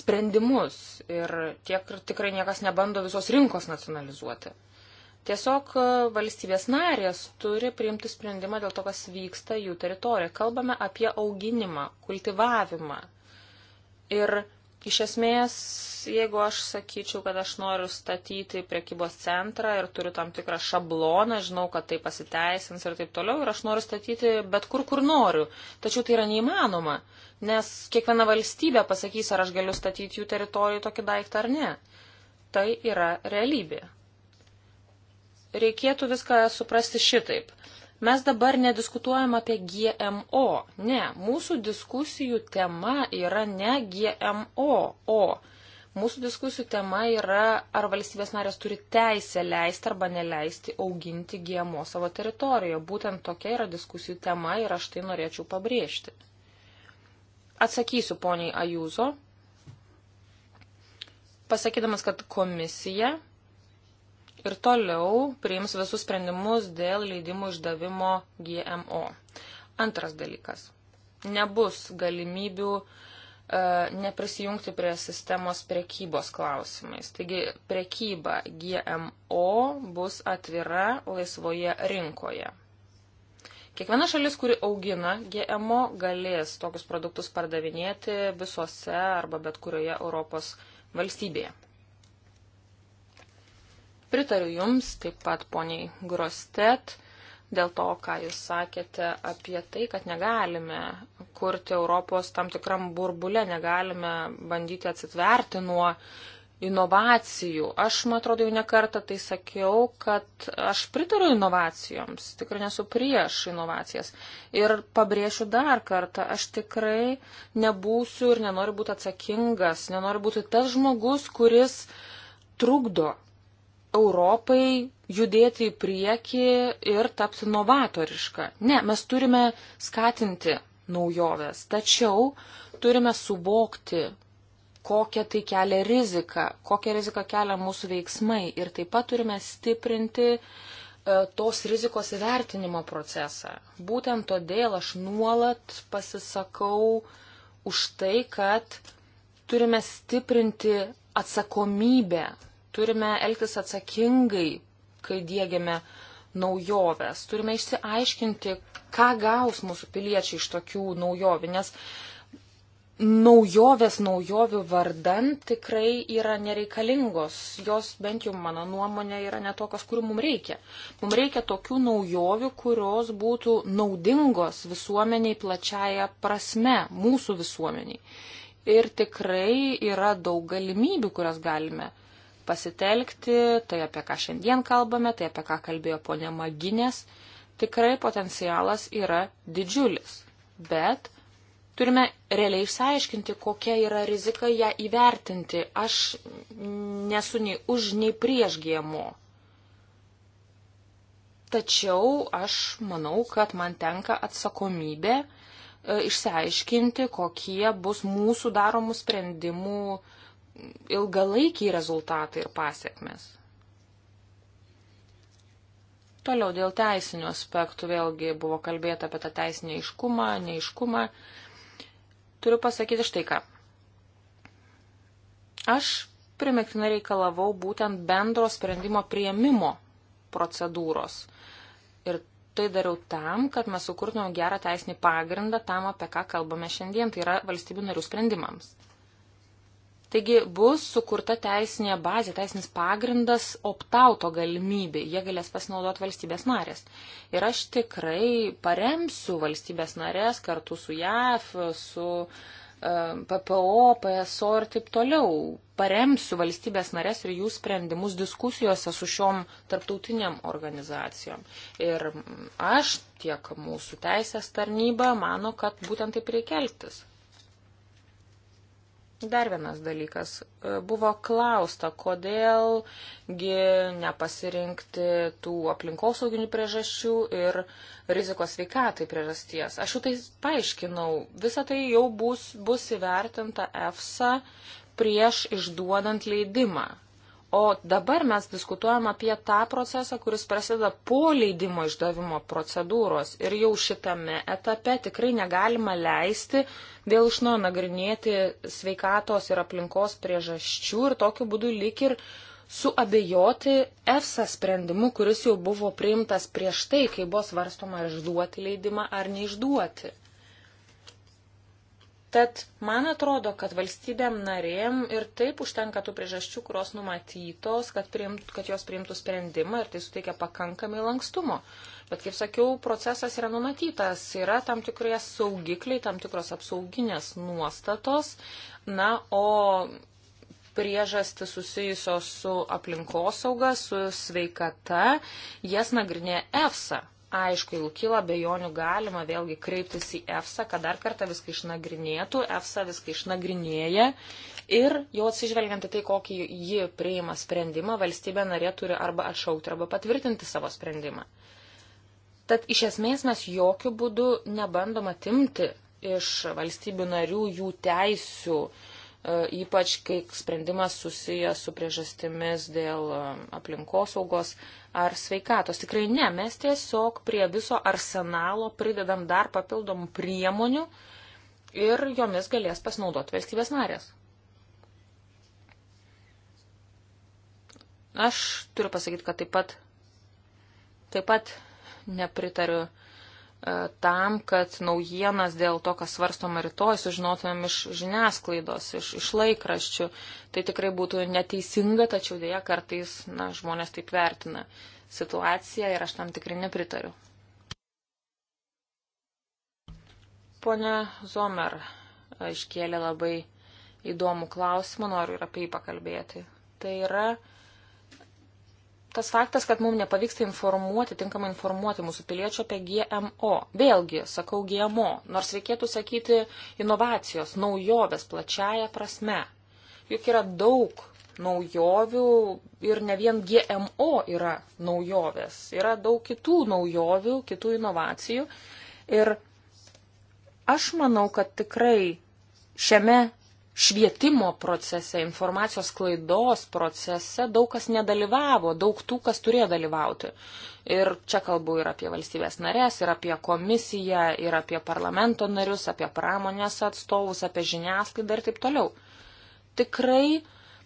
sprendimus. Ir tiek tikrai niekas nebando visos rinkos nacionalizuoti. Tiesiog e, valstybės narės turi priimti sprendimą dėl to, kas vyksta jų teritorijoje. Kalbame apie auginimą, kultivavimą. Ir Iš esmės, jeigu aš sakyčiau, kad aš noriu statyti priekybos centrą ir turiu tam tikrą šabloną, žinau, kad tai pasiteisins ir taip toliau, ir aš noriu statyti bet kur, kur noriu. Tačiau tai yra neįmanoma, nes kiekviena valstybė pasakys, ar aš galiu statyti jų teritorijų tokį daiktą ar ne. Tai yra realybė. Reikėtų viską suprasti šitaip. Mes dabar nediskutuojam apie GMO. Ne, mūsų diskusijų tema yra ne GMO, o mūsų diskusijų tema yra, ar valstybės narės turi teisę leisti arba neleisti auginti GMO savo teritorijoje. Būtent tokia yra diskusijų tema ir aš tai norėčiau pabrėžti. Atsakysiu poniai Ajuzo, pasakydamas, kad komisija ir toliau priims visus sprendimus dėl leidimų išdavimo GMO. Antras dalykas. Nebus galimybių e, neprisijungti prie sistemos prekybos klausimais. Taigi prekyba GMO bus atvira laisvoje rinkoje. Kiekviena šalis, kuri augina GMO, galės tokius produktus pardavinėti visose arba bet kurioje Europos valstybėje. Pritariu Jums, taip pat poniai Grostet, dėl to, ką Jūs sakėte apie tai, kad negalime kurti Europos tam tikram burbule, negalime bandyti atsitverti nuo inovacijų. Aš, man atrodo, jau nekartą tai sakiau, kad aš pritariu inovacijoms, tikrai nesu prieš inovacijas. Ir pabrėšiu dar kartą, aš tikrai nebūsiu ir nenoriu būti atsakingas, nenoriu būti tas žmogus, kuris trukdo Europai judėti į priekį ir tapti novatorišką. Ne, mes turime skatinti naujoves, tačiau turime suvokti, kokią tai kelia riziką, kokią riziką kelia mūsų veiksmai ir taip pat turime stiprinti e, tos rizikos įvertinimo procesą. Būtent todėl aš nuolat pasisakau už tai, kad turime stiprinti atsakomybę Turime elgtis atsakingai, kai dėgiame naujoves. Turime išsiaiškinti, ką gaus mūsų piliečiai iš tokių naujovių, nes naujovės naujovių vardan tikrai yra nereikalingos. Jos bent jau mano nuomonė yra netokios, kurių mums reikia. Mums reikia tokių naujovių, kurios būtų naudingos visuomeniai plačiaja prasme, mūsų visuomeniai. Ir tikrai yra daug galimybių, kurias galime pasitelkti, tai apie ką šiandien kalbame, tai apie ką kalbėjo ponė Maginės, tikrai potencialas yra didžiulis. Bet turime realiai išsiaiškinti, kokia yra rizika ją įvertinti. Aš nesu nei už, nei prieš GMO. Tačiau aš manau, kad man tenka atsakomybė e, išsiaiškinti, kokie bus mūsų daromų sprendimų uh, ilgalaikiai rezultatai ir pasiekmes. Toliau dėl teisinių aspektų vėlgi buvo kalbėta apie tą teisinį aiškumą, neiškumą. Turiu pasakyti štai ką. Aš primiktinai reikalavau būtent bendro sprendimo prieimimo procedūros. Ir tai dariau tam, kad mes sukurtumėm gerą teisinį pagrindą tam, apie ką kalbame šiandien, tai yra valstybių narių sprendimams. Taigi bus sukurta teisinė bazė, teisinis pagrindas optauto galimybė. Jie galės pasinaudoti valstybės narės. Ir aš tikrai paremsiu valstybės narės kartu su JAF, su PPO, PSO ir taip toliau. Paremsiu valstybės narės ir jų sprendimus diskusijose su šiom tarptautiniam organizacijom. Ir aš tiek mūsų teisės tarnyba mano, kad būtent taip reikia elgtis. Dar vienas dalykas. E, buvo klausta, kodėlgi nepasirinkti tų aplinkosauginių priežasčių ir rizikos veikatai priežasties. Aš jau tai paaiškinau. Visa tai jau bus, bus įvertinta EFSA prieš išduodant leidimą. O dabar mes diskutuojam apie tą procesą, kuris prasideda po leidimo išdavimo procedūros. Ir jau šitame etape tikrai negalima leisti vėl iš naujo nagrinėti sveikatos ir aplinkos priežasčių ir tokiu būdu lik ir suabejoti EFSA sprendimu, kuris jau buvo priimtas prieš tai, kai buvo svarstoma ar išduoti leidimą ar neišduoti. Tad man atrodo, kad valstybėm narėm ir taip užtenka tų priežasčių, kurios numatytos, kad, priimt, kad jos priimtų sprendimą ir tai suteikia pakankamai lankstumo. Bet, kaip sakiau, procesas yra numatytas, yra tam tikrie saugikliai, tam tikros apsauginės nuostatos, na, o priežastis susijusios su aplinkosauga, su sveikata, jas nagrinė EFSA aišku, jeigu kyla bejonių, galima vėlgi kreiptis į EFSA, kad dar kartą viską išnagrinėtų, EFSA viską išnagrinėja ir jau atsižvelgiant į tai, kokį ji priima sprendimą, valstybė narė turi arba atšaukti, arba patvirtinti savo sprendimą. Tad iš esmės mes jokių būdų nebandom atimti iš valstybių narių jų teisių uh, E, ypač kai sprendimas susijęs su priežastimis dėl e, aplinkosaugos ar sveikatos. Tikrai ne, mes tiesiog prie viso arsenalo pridedam dar papildomų priemonių ir jomis galės pasinaudoti valstybės narės. Aš turiu pasakyti, kad taip pat, taip pat nepritariu E, tam, kad naujienas dėl to, kas svarstoma rytoj, sužinotumėm iš žiniasklaidos, iš, iš laikraščių. Tai tikrai būtų neteisinga, tačiau dėja kartais na, žmonės taip vertina situaciją ir aš tam tikrai nepritariu. Pone Zomer iškėlė labai įdomų klausimą, noriu ir apie jį pakalbėti. Tai yra tas faktas, kad mums nepavyksta informuoti, tinkamai informuoti mūsų piliečių apie GMO. Vėlgi, sakau GMO, nors reikėtų sakyti inovacijos, naujovės plačiaja prasme. Juk yra daug naujovių ir ne vien GMO yra naujovės, yra daug kitų naujovių, kitų inovacijų. Ir aš manau, kad tikrai šiame švietimo procese, informacijos klaidos procese daug kas nedalyvavo, daug tų, kas turėjo dalyvauti. Ir čia kalbu ir apie valstybės narės, ir apie komisiją, ir apie parlamento narius, apie pramonės atstovus, apie žiniasklaidą ir taip toliau. Tikrai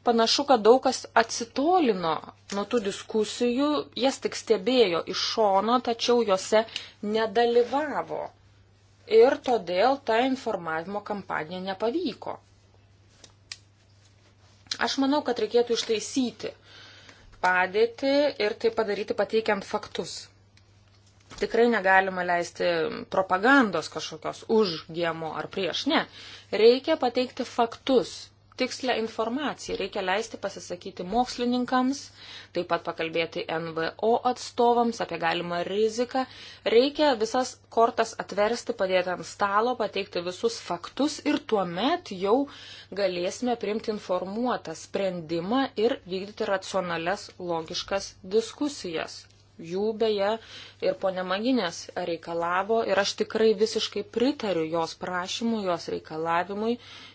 panašu, kad daug kas atsitolino nuo tų diskusijų, jas tik stebėjo iš šono, tačiau juose nedalyvavo. Ir todėl ta informavimo kampanija nepavyko. Aš manau, kad reikėtų ištaisyti padėtį ir tai padaryti pateikiant faktus. Tikrai negalima leisti propagandos kažkokios už GMO ar prieš, ne. Reikia pateikti faktus tikslę informaciją. Reikia leisti pasisakyti mokslininkams, taip pat pakalbėti NVO atstovams apie galimą riziką. Reikia visas kortas atversti, padėti ant stalo, pateikti visus faktus ir tuomet jau galėsime priimti informuotą sprendimą ir vykdyti racionales, logiškas diskusijas. Jų beje ir ponia Maginės reikalavo ir aš tikrai visiškai pritariu jos prašymui, jos reikalavimui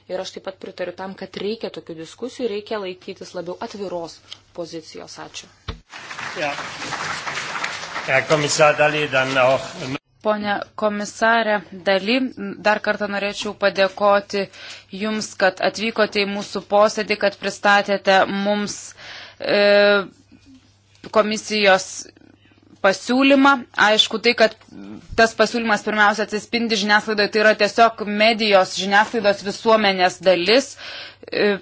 ir aš taip pat pritariu tam, kad reikia tokių diskusijų, reikia laikytis labiau atviros pozicijos. Ačiū. Ja. Ja, komisar, dalį, Pone komisarė Dali, dar kartą norėčiau padėkoti Jums, kad atvykote į mūsų posėdį, kad pristatėte mums e, komisijos pasiūlymą. Aišku, tai, kad tas pasiūlymas pirmiausia atsispindi žiniasklaidoje, tai yra tiesiog medijos žiniasklaidos visuomenės dalis. E,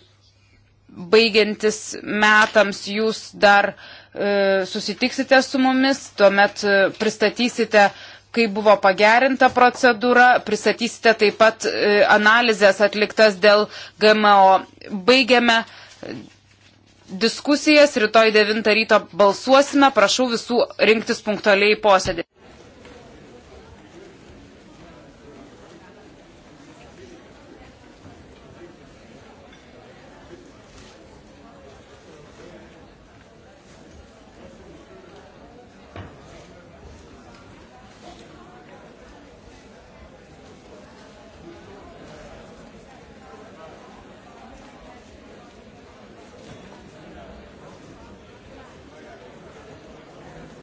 baigiantis metams jūs dar e, susitiksite su mumis, tuomet e, pristatysite kaip buvo pagerinta procedūra, pristatysite taip pat analizės atliktas dėl GMO. Baigiame diskusijas, rytoj 9 ryto balsuosime, prašau visų rinktis punktualiai posėdį.